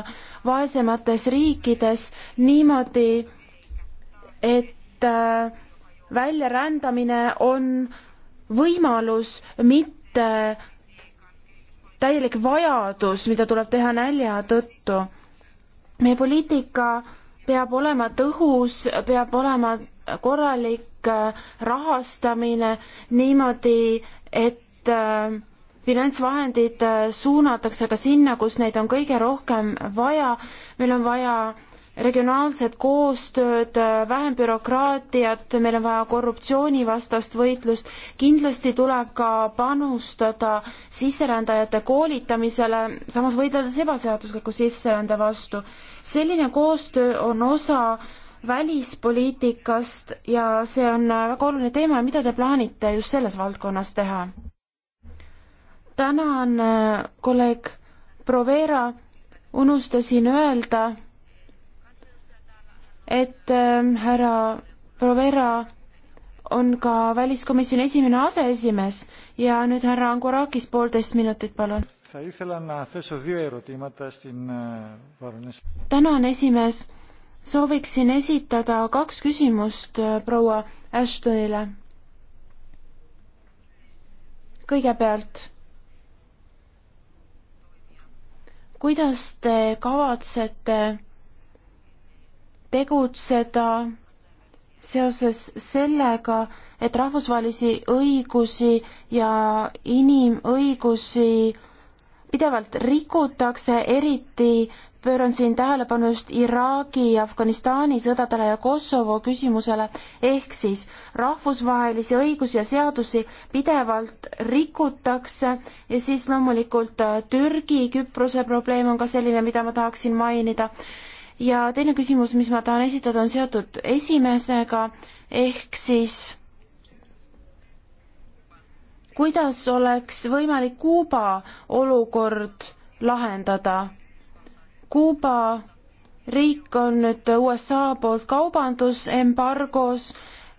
vaesemates riikides niimoodi, et äh, väljarändamine on võimalus, mitte täielik vajadus, mida tuleb teha nälja tõttu. meie poliitika peab olema tõhus, peab olema korralik äh, rahastamine niimoodi, et äh, finantsvahendid äh, suunatakse ka sinna, kus neid on kõige rohkem vaja. meil on vaja regionaalset koostööd, vähem bürokraatiat, meil on vaja korruptsioonivastast võitlust, kindlasti tuleb ka panustada sisserändajate koolitamisele, samas võideldes ebaseadusliku sisserände vastu. selline koostöö on osa välispoliitikast ja see on väga oluline teema ja mida te plaanite just selles valdkonnas teha? tänan, kolleeg Provera, unustasin öelda et ähm, härra Provera on ka väliskomisjoni esimene aseesimees ja nüüd härra Angurakis poolteist minutit, palun. tänan, esimees. sooviksin esitada kaks küsimust äh, proua Ashtonile. kõigepealt, kuidas te kavatsete tegutseda seoses sellega, et rahvusvahelisi õigusi ja inimõigusi pidevalt rikutakse, eriti pööran siin tähelepanu just Iraagi ja Afganistani sõdadele ja Kosovo küsimusele, ehk siis rahvusvahelisi õigusi ja seadusi pidevalt rikutakse ja siis loomulikult äh, Türgi, Küprose probleem on ka selline, mida ma tahaksin mainida ja teine küsimus, mis ma tahan esitada, on seotud esimesega, ehk siis kuidas oleks võimalik Kuuba olukord lahendada? Kuuba riik on nüüd USA poolt kaubandusembargos,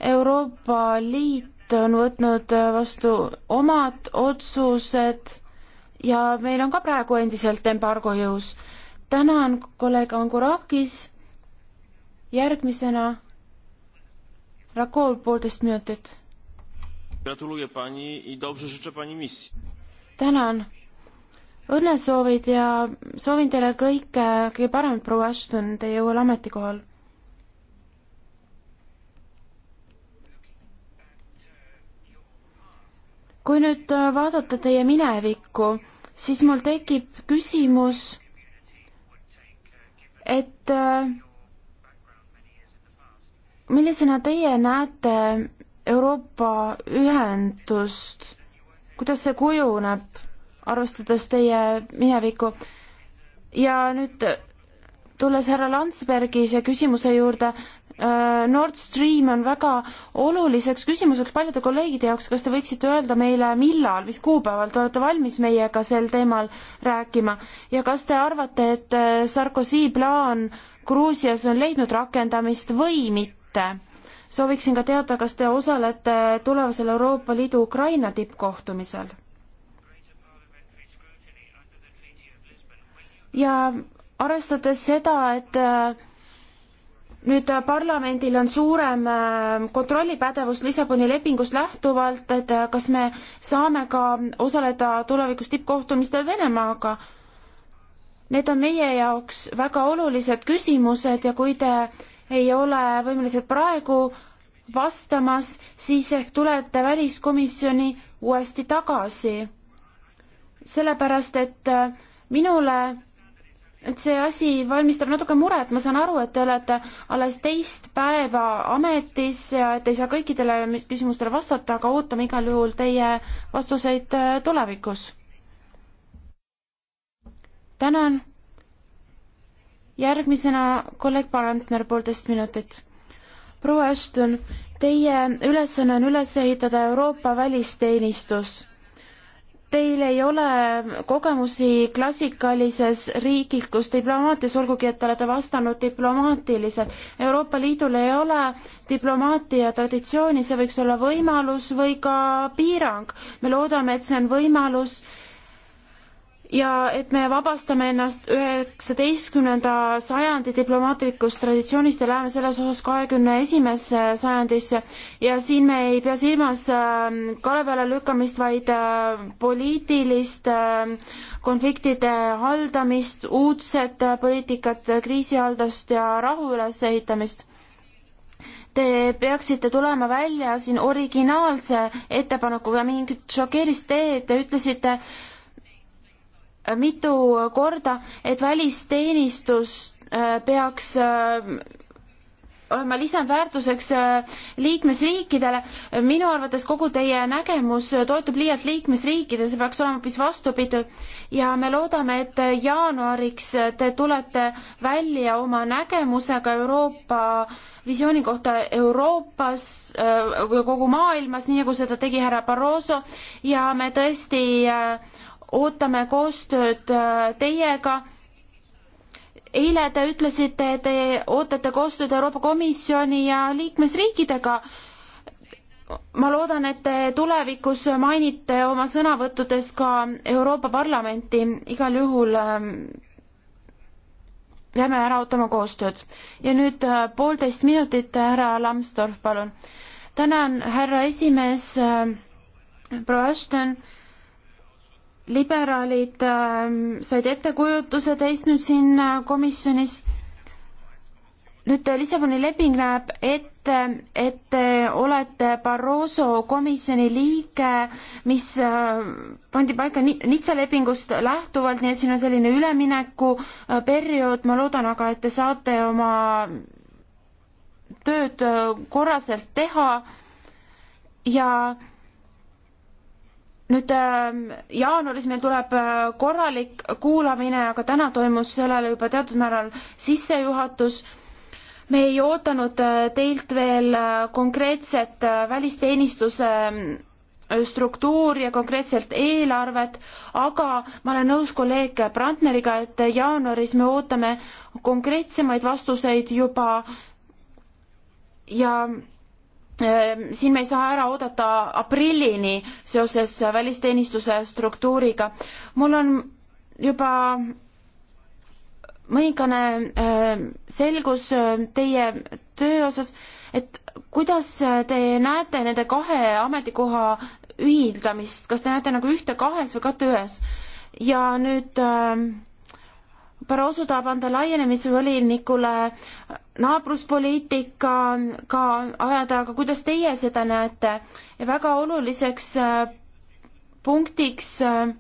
Euroopa Liit on võtnud vastu omad otsused ja meil on ka praegu endiselt embargo jõus tänan kolleeg Angurakis. järgmisena Rakol poolteist minutit. tänan. õnnesoovid ja soovin teile kõike kõige paremat, proua Ashton, teie uuel ametikohal. kui nüüd vaadata teie minevikku, siis mul tekib küsimus et äh, millisena teie näete Euroopa ühendust, kuidas see kujuneb, arvestades teie minevikku? ja nüüd äh, tulles härra Landsbergi see küsimuse juurde, Äh, Nord Stream on väga oluliseks küsimuseks paljude kolleegide jaoks, kas te võiksite öelda meile, millal, mis kuupäeval te olete valmis meiega sel teemal rääkima ja kas te arvate, et äh, Sarkozy plaan Gruusias on leidnud rakendamist või mitte? sooviksin ka teada, kas te osalete tulevasel Euroopa Liidu Ukraina tippkohtumisel? ja arvestades seda, et äh, nüüd äh, parlamendil on suurem äh, kontrollipädevus Lissaboni lepingust lähtuvalt, et äh, kas me saame ka osaleda tulevikus tippkohtumistel Venemaaga. Need on meie jaoks väga olulised küsimused ja kui te ei ole võimelised praegu vastamas, siis ehk tulete väliskomisjoni uuesti tagasi. sellepärast, et minule et see asi valmistab natuke muret, ma saan aru, et te olete alles teist päeva ametis ja et ei saa kõikidele küsimustele vastata, aga ootame igal juhul teie vastuseid äh, tulevikus. tänan. järgmisena kolleeg Parandner, poolteist minutit. proua Ashton, teie ülesanne on üles ehitada Euroopa välisteenistus Teil ei ole kogemusi klassikalises riiklikus diplomaatias, olgugi et te olete vastanud diplomaatiliselt. Euroopa Liidul ei ole diplomaatia traditsiooni, see võiks olla võimalus või ka piirang. me loodame, et see on võimalus äh, ja et me vabastame ennast üheksateistkümnenda sajandi diplomaatilikust traditsioonist ja läheme selles osas kahekümne esimesse sajandisse ja siin me ei pea silmas ähm, kalevi alla lükkamist, vaid äh, poliitilist ähm, konfliktide haldamist, uudset äh, poliitikat, äh, kriisihaldust ja rahu ülesehitamist te peaksite tulema välja siin originaalse ettepanekuga, mingit šokeerist teed, te ütlesite äh, mitu korda, et välisteenistus äh, peaks äh, olema lisandväärtuseks äh, liikmesriikidele. minu arvates kogu teie nägemus toetub liialt liikmesriikidele, see peaks olema hoopis vastupidi. ja me loodame, et jaanuariks te tulete välja oma nägemusega Euroopa visiooni kohta Euroopas või kogu maailmas, nii nagu seda tegi härra Barroso ja me tõesti ootame koostööd äh, teiega. eile te ütlesite, te ootate koostööd Euroopa Komisjoni ja liikmesriikidega. ma loodan, et te tulevikus mainite oma sõnavõttudes ka Euroopa Parlamenti, igal juhul ähm, jääme ära ootama koostööd. ja nüüd äh, poolteist minutit, härra Lambsdorff, palun. tänan, härra esimees, äh, proua Ashton liberaalid ähm, said ettekujutuse teist nüüd siin äh, komisjonis. nüüd äh, Lissaboni leping näeb ette, et te äh, olete Barroso komisjoni liige, mis pandi paika Nitsa lepingust lähtuvalt, nii et siin on selline üleminekuperiood, ma loodan aga, et te saate oma tööd korraselt teha ja nüüd ähm, jaanuaris meil tuleb äh, korralik kuulamine, aga täna toimus sellele juba teatud määral sissejuhatus. me ei oodanud äh, teilt veel äh, konkreetset välisteenistuse struktuuri ja konkreetselt eelarvet, aga ma olen nõus kolleeg Brandneriga, et jaanuaris me ootame konkreetsemaid vastuseid juba ja Ehm, siin me ei saa ära oodata aprillini seoses välisteenistuse struktuuriga. mul on juba mõningane ehm, selgus ehm, teie töö osas, et kuidas te näete nende kahe ametikoha ühildamist, kas te näete nagu ühte kahes või ka töös? ja nüüd äh, Barroso tahab anda laienemisvolinikule naabruspoliitika ka ajada, aga kuidas teie seda näete? ja väga oluliseks äh, punktiks äh,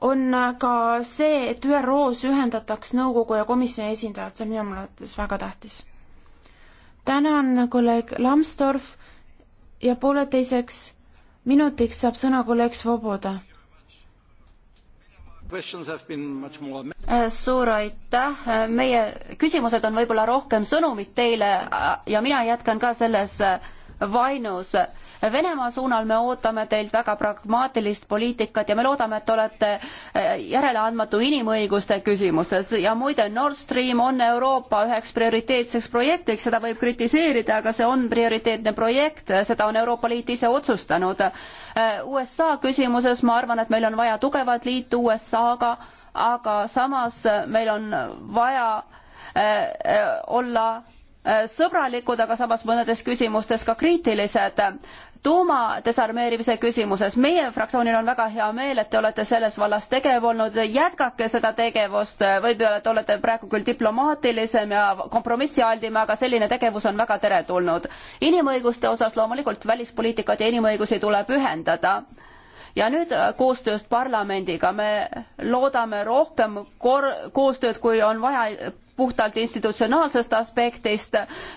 on äh, ka see, et ÜRO-s ühendataks nõukogu ja komisjoni esindajad, see on minu arvates väga tähtis. tänan kolleeg Lambsdorff ja pooleteiseks minutiks saab sõna kolleeg Svoboda Äh, suur aitäh, äh, meie küsimused on võib-olla rohkem sõnumid teile äh, ja mina jätkan ka selles äh, vainus. Venemaa suunal me ootame teilt väga pragmaatilist poliitikat ja me loodame, et te olete eh, järeleandmatu inimõiguste küsimustes ja muide, Nord Stream on Euroopa üheks prioriteetseks projektiks, seda võib kritiseerida, aga see on prioriteetne projekt, seda on Euroopa Liit ise otsustanud. Eh, USA küsimuses ma arvan, et meil on vaja tugevat liitu USA-ga, aga samas meil on vaja eh, olla Äh, sõbralikud, aga samas mõnedes küsimustes ka kriitilised. tuuma desarmeerimise küsimuses, meie fraktsioonil on väga hea meel, et te olete selles vallas tegev olnud, jätkake seda tegevust, võib-olla te olete praegu küll diplomaatilisem ja kompromissialdim, aga selline tegevus on väga teretulnud. inimõiguste osas loomulikult välispoliitikat ja inimõigusi tuleb ühendada ja nüüd äh, koostööst parlamendiga, me loodame rohkem kor-, koostööd, kui on vaja puhtalt institutsionaalsest aspektist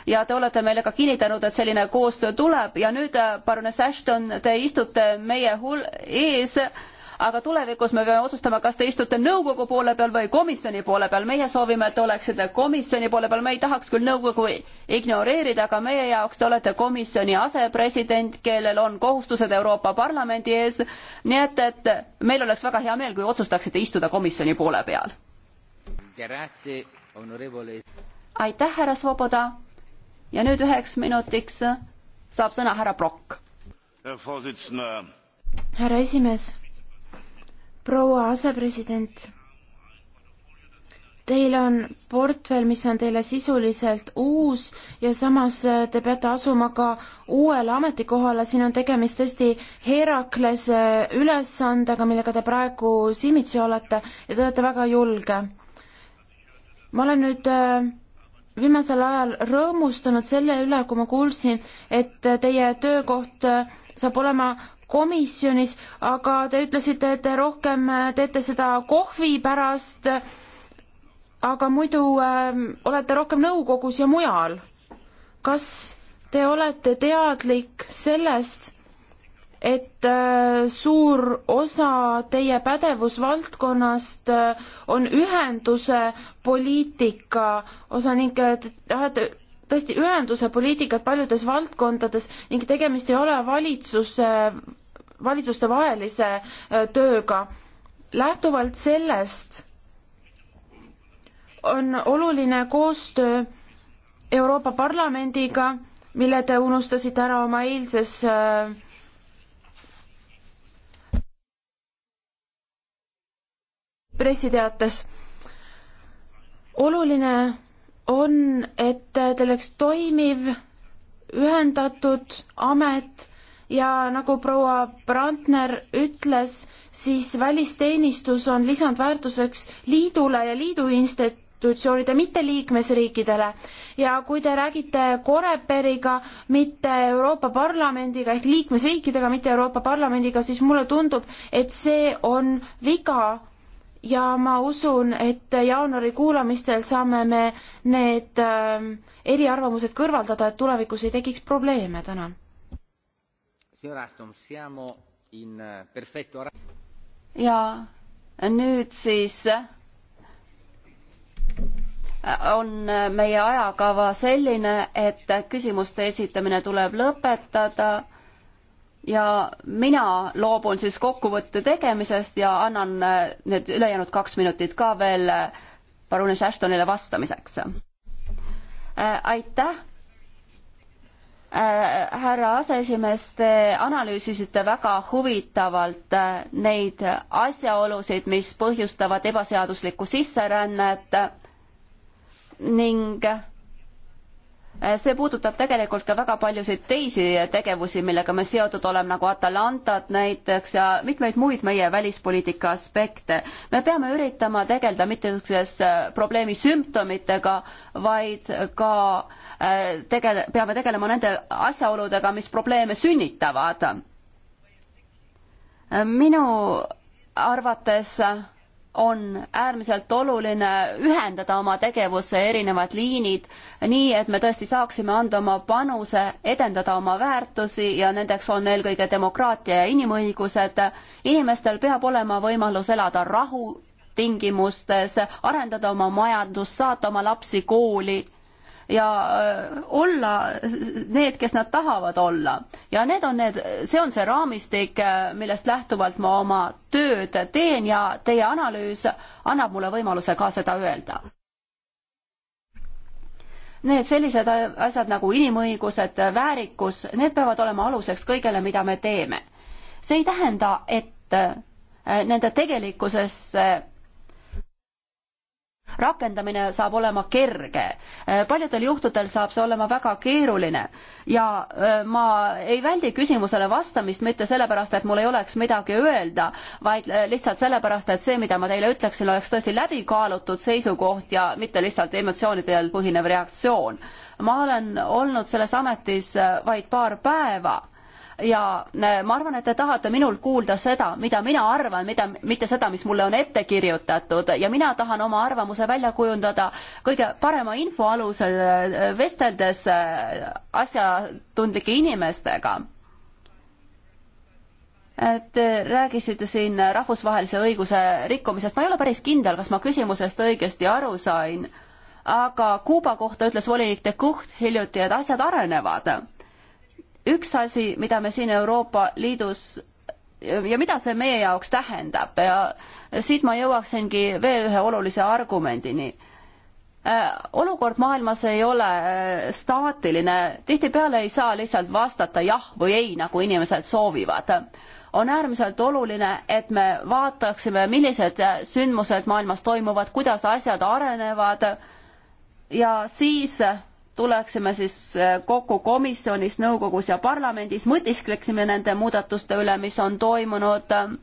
ja te olete meile ka kinnitanud, et selline koostöö tuleb ja nüüd, parunes äh, Ashton, te istute meie hul-, ees aga tulevikus me peame otsustama, kas te istute nõukogu poole peal või komisjoni poole peal. meie soovime, et te oleksite komisjoni poole peal, me ei tahaks küll nõukogu ignoreerida, aga meie jaoks te olete komisjoni asepresident, kellel on kohustused Euroopa Parlamendi ees. nii et, et meil oleks väga hea meel, kui otsustaksite istuda komisjoni poole peal aitäh, härra Svoboda ja nüüd üheks minutiks saab sõna härra Brock. härra esimees, proua asepresident, teil on portfell, mis on teile sisuliselt uus ja samas te peate asuma ka uuele ametikohale, siin on tegemist tõesti Heraklese ülesandega, millega te praegu silmitsi olete ja te olete väga julge ma olen nüüd äh, viimasel ajal rõõmustanud selle üle, kui ma kuulsin, et teie töökoht äh, saab olema komisjonis, aga te ütlesite, et te rohkem äh, teete seda kohvi pärast, aga muidu äh, olete rohkem nõukogus ja mujal. kas te olete teadlik sellest, et äh, suur osa teie pädevusvaldkonnast äh, on ühenduse poliitika osa ning äh, te tahate tõesti ühenduse poliitikat paljudes valdkondades ning tegemist ei ole valitsuse, valitsuste vahelise tööga. lähtuvalt sellest on oluline koostöö Euroopa Parlamendiga, mille te unustasite ära oma eilses äh, pressiteates. oluline on, et teil oleks toimiv ühendatud amet ja nagu proua Brandner ütles, siis välisteenistus on lisandväärtuseks liidule ja liidu institutsioonide, mitte liikmesriikidele. ja kui te räägite Coreperiga, mitte Euroopa Parlamendiga ehk liikmesriikidega, mitte Euroopa Parlamendiga, siis mulle tundub, et see on viga ja ma usun, et jaanuari kuulamistel saame me need äh, eriarvamused kõrvaldada, et tulevikus ei tekiks probleeme, tänan. ja nüüd siis on meie ajakava selline, et küsimuste esitamine tuleb lõpetada ja mina loobun siis kokkuvõtte tegemisest ja annan äh, need ülejäänud kaks minutit ka veel parunes äh, Ashtonile vastamiseks. Äh, aitäh härra aseesimees, te analüüsisite väga huvitavalt neid asjaolusid, mis põhjustavad ebaseaduslikku sisserännet ning Eh, see puudutab tegelikult ka väga paljusid teisi tegevusi, millega me seotud oleme, nagu Atalantat näiteks ja mitmeid muid meie välispoliitika aspekte. me peame üritama tegeleda mitte niisuguses eh, probleemi sümptomitega, vaid ka eh, tegele-, peame tegelema nende asjaoludega, mis probleeme sünnitavad. minu arvates on äärmiselt oluline ühendada oma tegevusse erinevad liinid, nii et me tõesti saaksime anda oma panuse, edendada oma väärtusi ja nendeks on eelkõige demokraatia ja inimõigused. inimestel peab olema võimalus elada rahu tingimustes, arendada oma majandust, saata oma lapsi kooli ja äh, olla need, kes nad tahavad olla. ja need on need, see on see raamistik, äh, millest lähtuvalt ma oma tööd teen ja teie analüüs annab mulle võimaluse ka seda öelda. Need sellised asjad nagu inimõigused, väärikus, need peavad olema aluseks kõigele, mida me teeme. see ei tähenda, et äh, nende tegelikkusesse rakendamine saab olema kerge. Äh, paljudel juhtudel saab see olema väga keeruline ja äh, ma ei väldi küsimusele vastamist mitte sellepärast, et mul ei oleks midagi öelda, vaid äh, lihtsalt sellepärast, et see, mida ma teile ütleksin, oleks tõesti läbikaalutud seisukoht ja mitte lihtsalt emotsioonidel põhinev reaktsioon. ma olen olnud selles ametis vaid paar päeva ja äh, ma arvan, et te tahate minult kuulda seda, mida mina arvan, mida, mitte seda, mis mulle on ette kirjutatud ja mina tahan oma arvamuse välja kujundada kõige parema info alusel, äh, vesteldes äh, asjatundlike inimestega. Te rääkisite siin rahvusvahelise õiguse rikkumisest, ma ei ole päris kindel, kas ma küsimusest õigesti aru sain, aga Kuuba kohta ütles volinik de Gucht hiljuti, et asjad arenevad üks asi, mida me siin Euroopa Liidus ja mida see meie jaoks tähendab ja siit ma jõuaksingi veel ühe olulise argumendini. Äh, olukord maailmas ei ole äh, staatiline, tihtipeale ei saa lihtsalt vastata jah või ei, nagu inimesed soovivad. on äärmiselt oluline, et me vaataksime, millised äh, sündmused maailmas toimuvad, kuidas asjad arenevad ja siis tuleksime siis äh, kokku komisjonis, nõukogus ja parlamendis, mõtiskleksime nende muudatuste üle, mis on toimunud äh,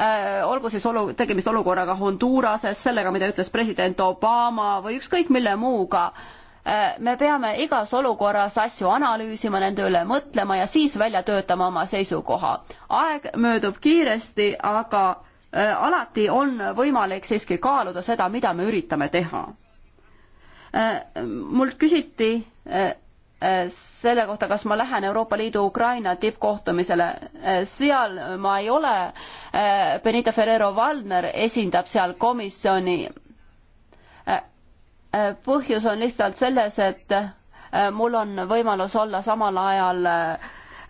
äh, olgu siis olu, tegemist olukorraga Honduras'es, sellega, mida ütles president Obama või ükskõik mille muuga, me peame igas olukorras asju analüüsima, nende üle mõtlema ja siis välja töötama oma seisukoha. aeg möödub kiiresti, aga alati on võimalik siiski kaaluda seda, mida me üritame teha Äh, mult küsiti äh, äh, selle kohta, kas ma lähen Euroopa Liidu Ukraina tippkohtumisele. seal ma ei ole. Benita Ferrero-Valdner esindab seal komisjoni. põhjus on lihtsalt selles, et mul on võimalus olla samal ajal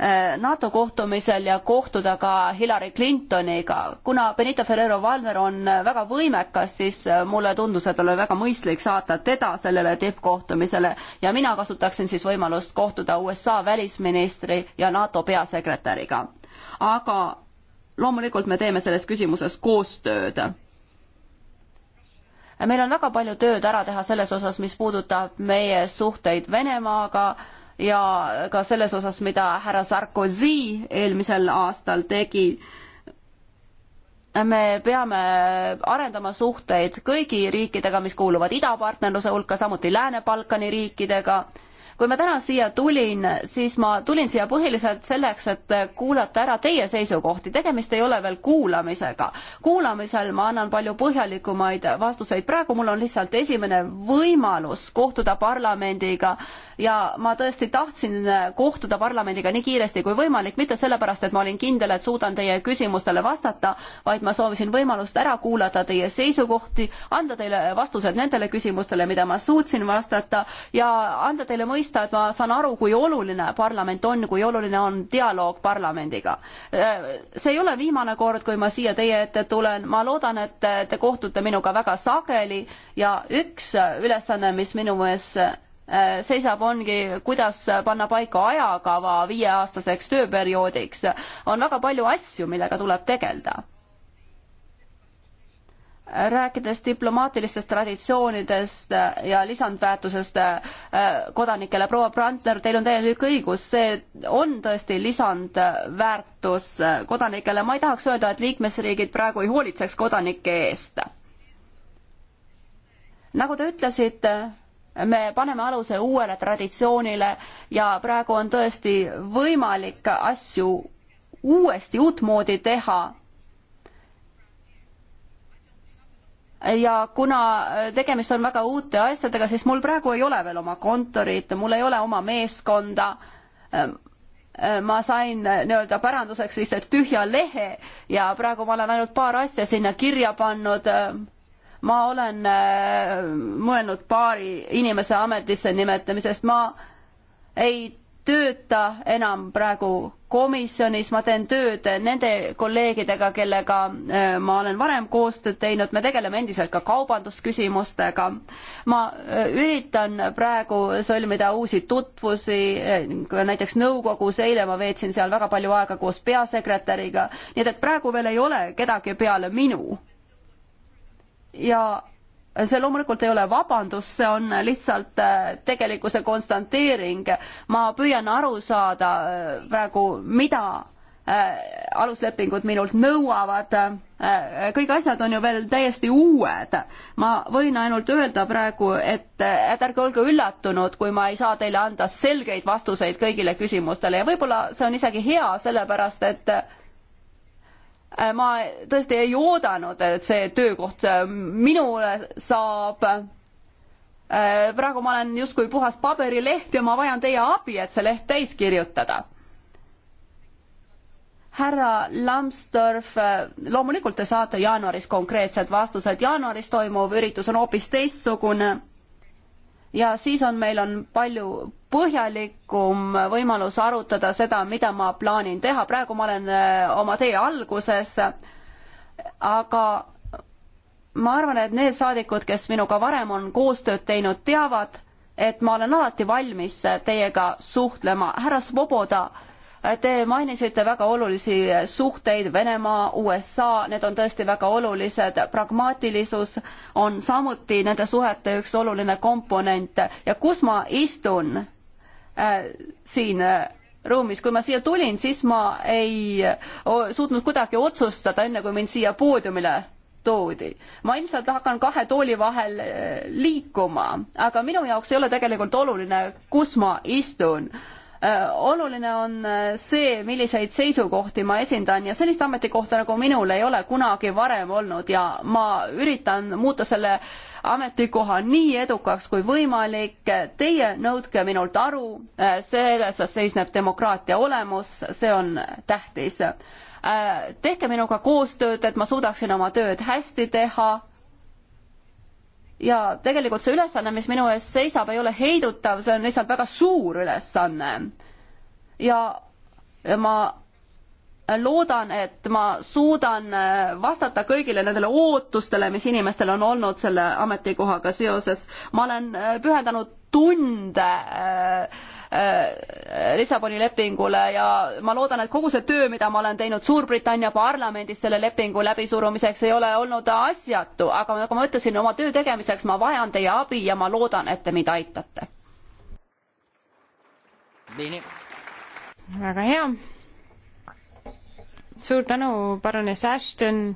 Äh, NATO kohtumisel ja kohtuda ka Hillary Clintoniga. kuna Benito Ferrero Valner on äh, väga võimekas, siis äh, mulle tundus, et oli väga mõistlik saata teda sellele tippkohtumisele ja mina kasutaksin siis võimalust kohtuda USA välisministri ja NATO peasekretäriga. aga loomulikult me teeme selles küsimuses koostööd meil on väga palju tööd ära teha selles osas, mis puudutab meie suhteid Venemaaga, ja ka selles osas, mida härra Sarkozy eelmisel aastal tegi. me peame arendama suhteid kõigi riikidega, mis kuuluvad idapartnerluse hulka, samuti Lääne-Balkani riikidega kui ma täna siia tulin, siis ma tulin siia põhiliselt selleks, et kuulata ära teie seisukohti, tegemist ei ole veel kuulamisega. kuulamisel ma annan palju põhjalikumaid vastuseid, praegu mul on lihtsalt esimene võimalus kohtuda parlamendiga ja ma tõesti tahtsin kohtuda parlamendiga nii kiiresti kui võimalik, mitte sellepärast, et ma olin kindel, et suudan teie küsimustele vastata, vaid ma soovisin võimalust ära kuulata teie seisukohti, anda teile vastused nendele küsimustele, mida ma suutsin vastata ja anda teile mõista, mõista, et ma saan aru, kui oluline parlament on, kui oluline on dialoog parlamendiga. see ei ole viimane kord, kui ma siia teie ette tulen, ma loodan, et te kohtute minuga väga sageli ja üks ülesanne, mis minu meelest äh, seisab, ongi, kuidas panna paika ajakava viieaastaseks tööperioodiks. on väga palju asju, millega tuleb tegeleda rääkides diplomaatilistest traditsioonidest ja lisandväärtusest äh, kodanikele, proua Brandner, teil on täielik õigus, see on tõesti lisandväärtus äh, kodanikele, ma ei tahaks öelda, et liikmesriigid praegu ei hoolitseks kodanike eest. nagu te ütlesite, me paneme aluse uuele traditsioonile ja praegu on tõesti võimalik asju uuesti, uutmoodi teha ja kuna äh, tegemist on väga uute asjadega, siis mul praegu ei ole veel oma kontorit, mul ei ole oma meeskonda. Ähm, äh, ma sain äh, nii-öelda päranduseks lihtsalt tühja lehe ja praegu ma olen ainult paar asja sinna kirja pannud. Ähm, ma olen mõelnud paari inimese ametisse nimetamisest, ma ei tööta enam praegu komisjonis, ma teen tööd nende kolleegidega, kellega äh, ma olen varem koostööd teinud, me tegeleme endiselt ka kaubandusküsimustega. ma äh, üritan praegu sõlmida uusi tutvusi, äh, näiteks nõukogus, eile ma veetsin seal väga palju aega koos peasekretäriga, nii et, et praegu veel ei ole kedagi peale minu. ja see loomulikult ei ole vabandus, see on lihtsalt äh, tegelikkuse konstanteering. ma püüan aru saada äh, praegu, mida äh, aluslepingud minult nõuavad. kõik asjad on ju veel täiesti uued. ma võin ainult öelda praegu, et, et ärge olge üllatunud, kui ma ei saa teile anda selgeid vastuseid kõigile küsimustele ja võib-olla see on isegi hea, sellepärast et äh, Äh, ma tõesti ei oodanud, et see töökoht äh, minule saab. Äh, praegu ma olen justkui puhas paberileht ja ma vajan teie abi, et see leht täis kirjutada. härra Lambsdorff, loomulikult te saate jaanuaris konkreetsed vastused, jaanuaris toimuv üritus on hoopis teistsugune ja siis on, meil on palju põhjalikum võimalus arutada seda, mida ma plaanin teha, praegu ma olen äh, oma tee alguses, aga ma arvan, et need saadikud, kes minuga varem on koostööd teinud, teavad, et ma olen alati valmis äh, teiega suhtlema. härra Svoboda, äh, te mainisite väga olulisi suhteid Venemaa, USA, need on tõesti väga olulised, pragmaatilisus on samuti nende suhete üks oluline komponent ja kus ma istun, Äh, siin äh, ruumis, kui ma siia tulin, siis ma ei suutnud kuidagi otsustada, enne kui mind siia poodiumile toodi. ma ilmselt hakkan kahe tooli vahel äh, liikuma, aga minu jaoks ei ole tegelikult oluline, kus ma istun Äh, oluline on äh, see, milliseid seisukohti ma esindan ja sellist ametikohta nagu minul ei ole kunagi varem olnud ja ma üritan muuta selle ametikoha nii edukaks kui võimalik. Teie nõudke minult aru, äh, selles seisneb demokraatia olemus, see on tähtis. tehke minuga koostööd, et ma suudaksin oma tööd hästi teha ja tegelikult see ülesanne, mis minu ees seisab, ei ole heidutav, see on lihtsalt väga suur ülesanne. ja ma loodan, et ma suudan äh, vastata kõigile nendele ootustele, mis inimestel on olnud selle ametikohaga seoses. ma olen äh, pühendanud tunde äh, Lissaboni lepingule ja ma loodan, et kogu see töö, mida ma olen teinud Suurbritannia parlamendis selle lepingu läbisurumiseks, ei ole olnud asjatu, aga nagu ma ütlesin, oma töö tegemiseks ma vajan teie abi ja ma loodan, et te mind aitate. väga hea suur tänu, baroness Ashton.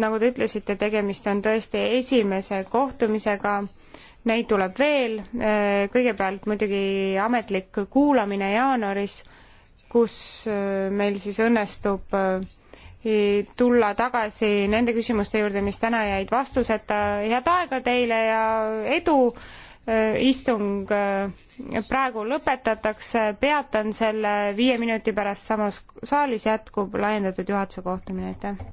nagu te ütlesite, tegemist on tõesti esimese kohtumisega, neid tuleb veel, eh, kõigepealt muidugi ametlik kuulamine jaanuaris, kus eh, meil siis õnnestub eh, tulla tagasi nende küsimuste juurde, mis täna jäid vastuseta. head aega teile ja edu, istung praegu lõpetatakse, peatan selle viie minuti pärast samas saalis jätkub laiendatud juhatuse kohtumine, aitäh!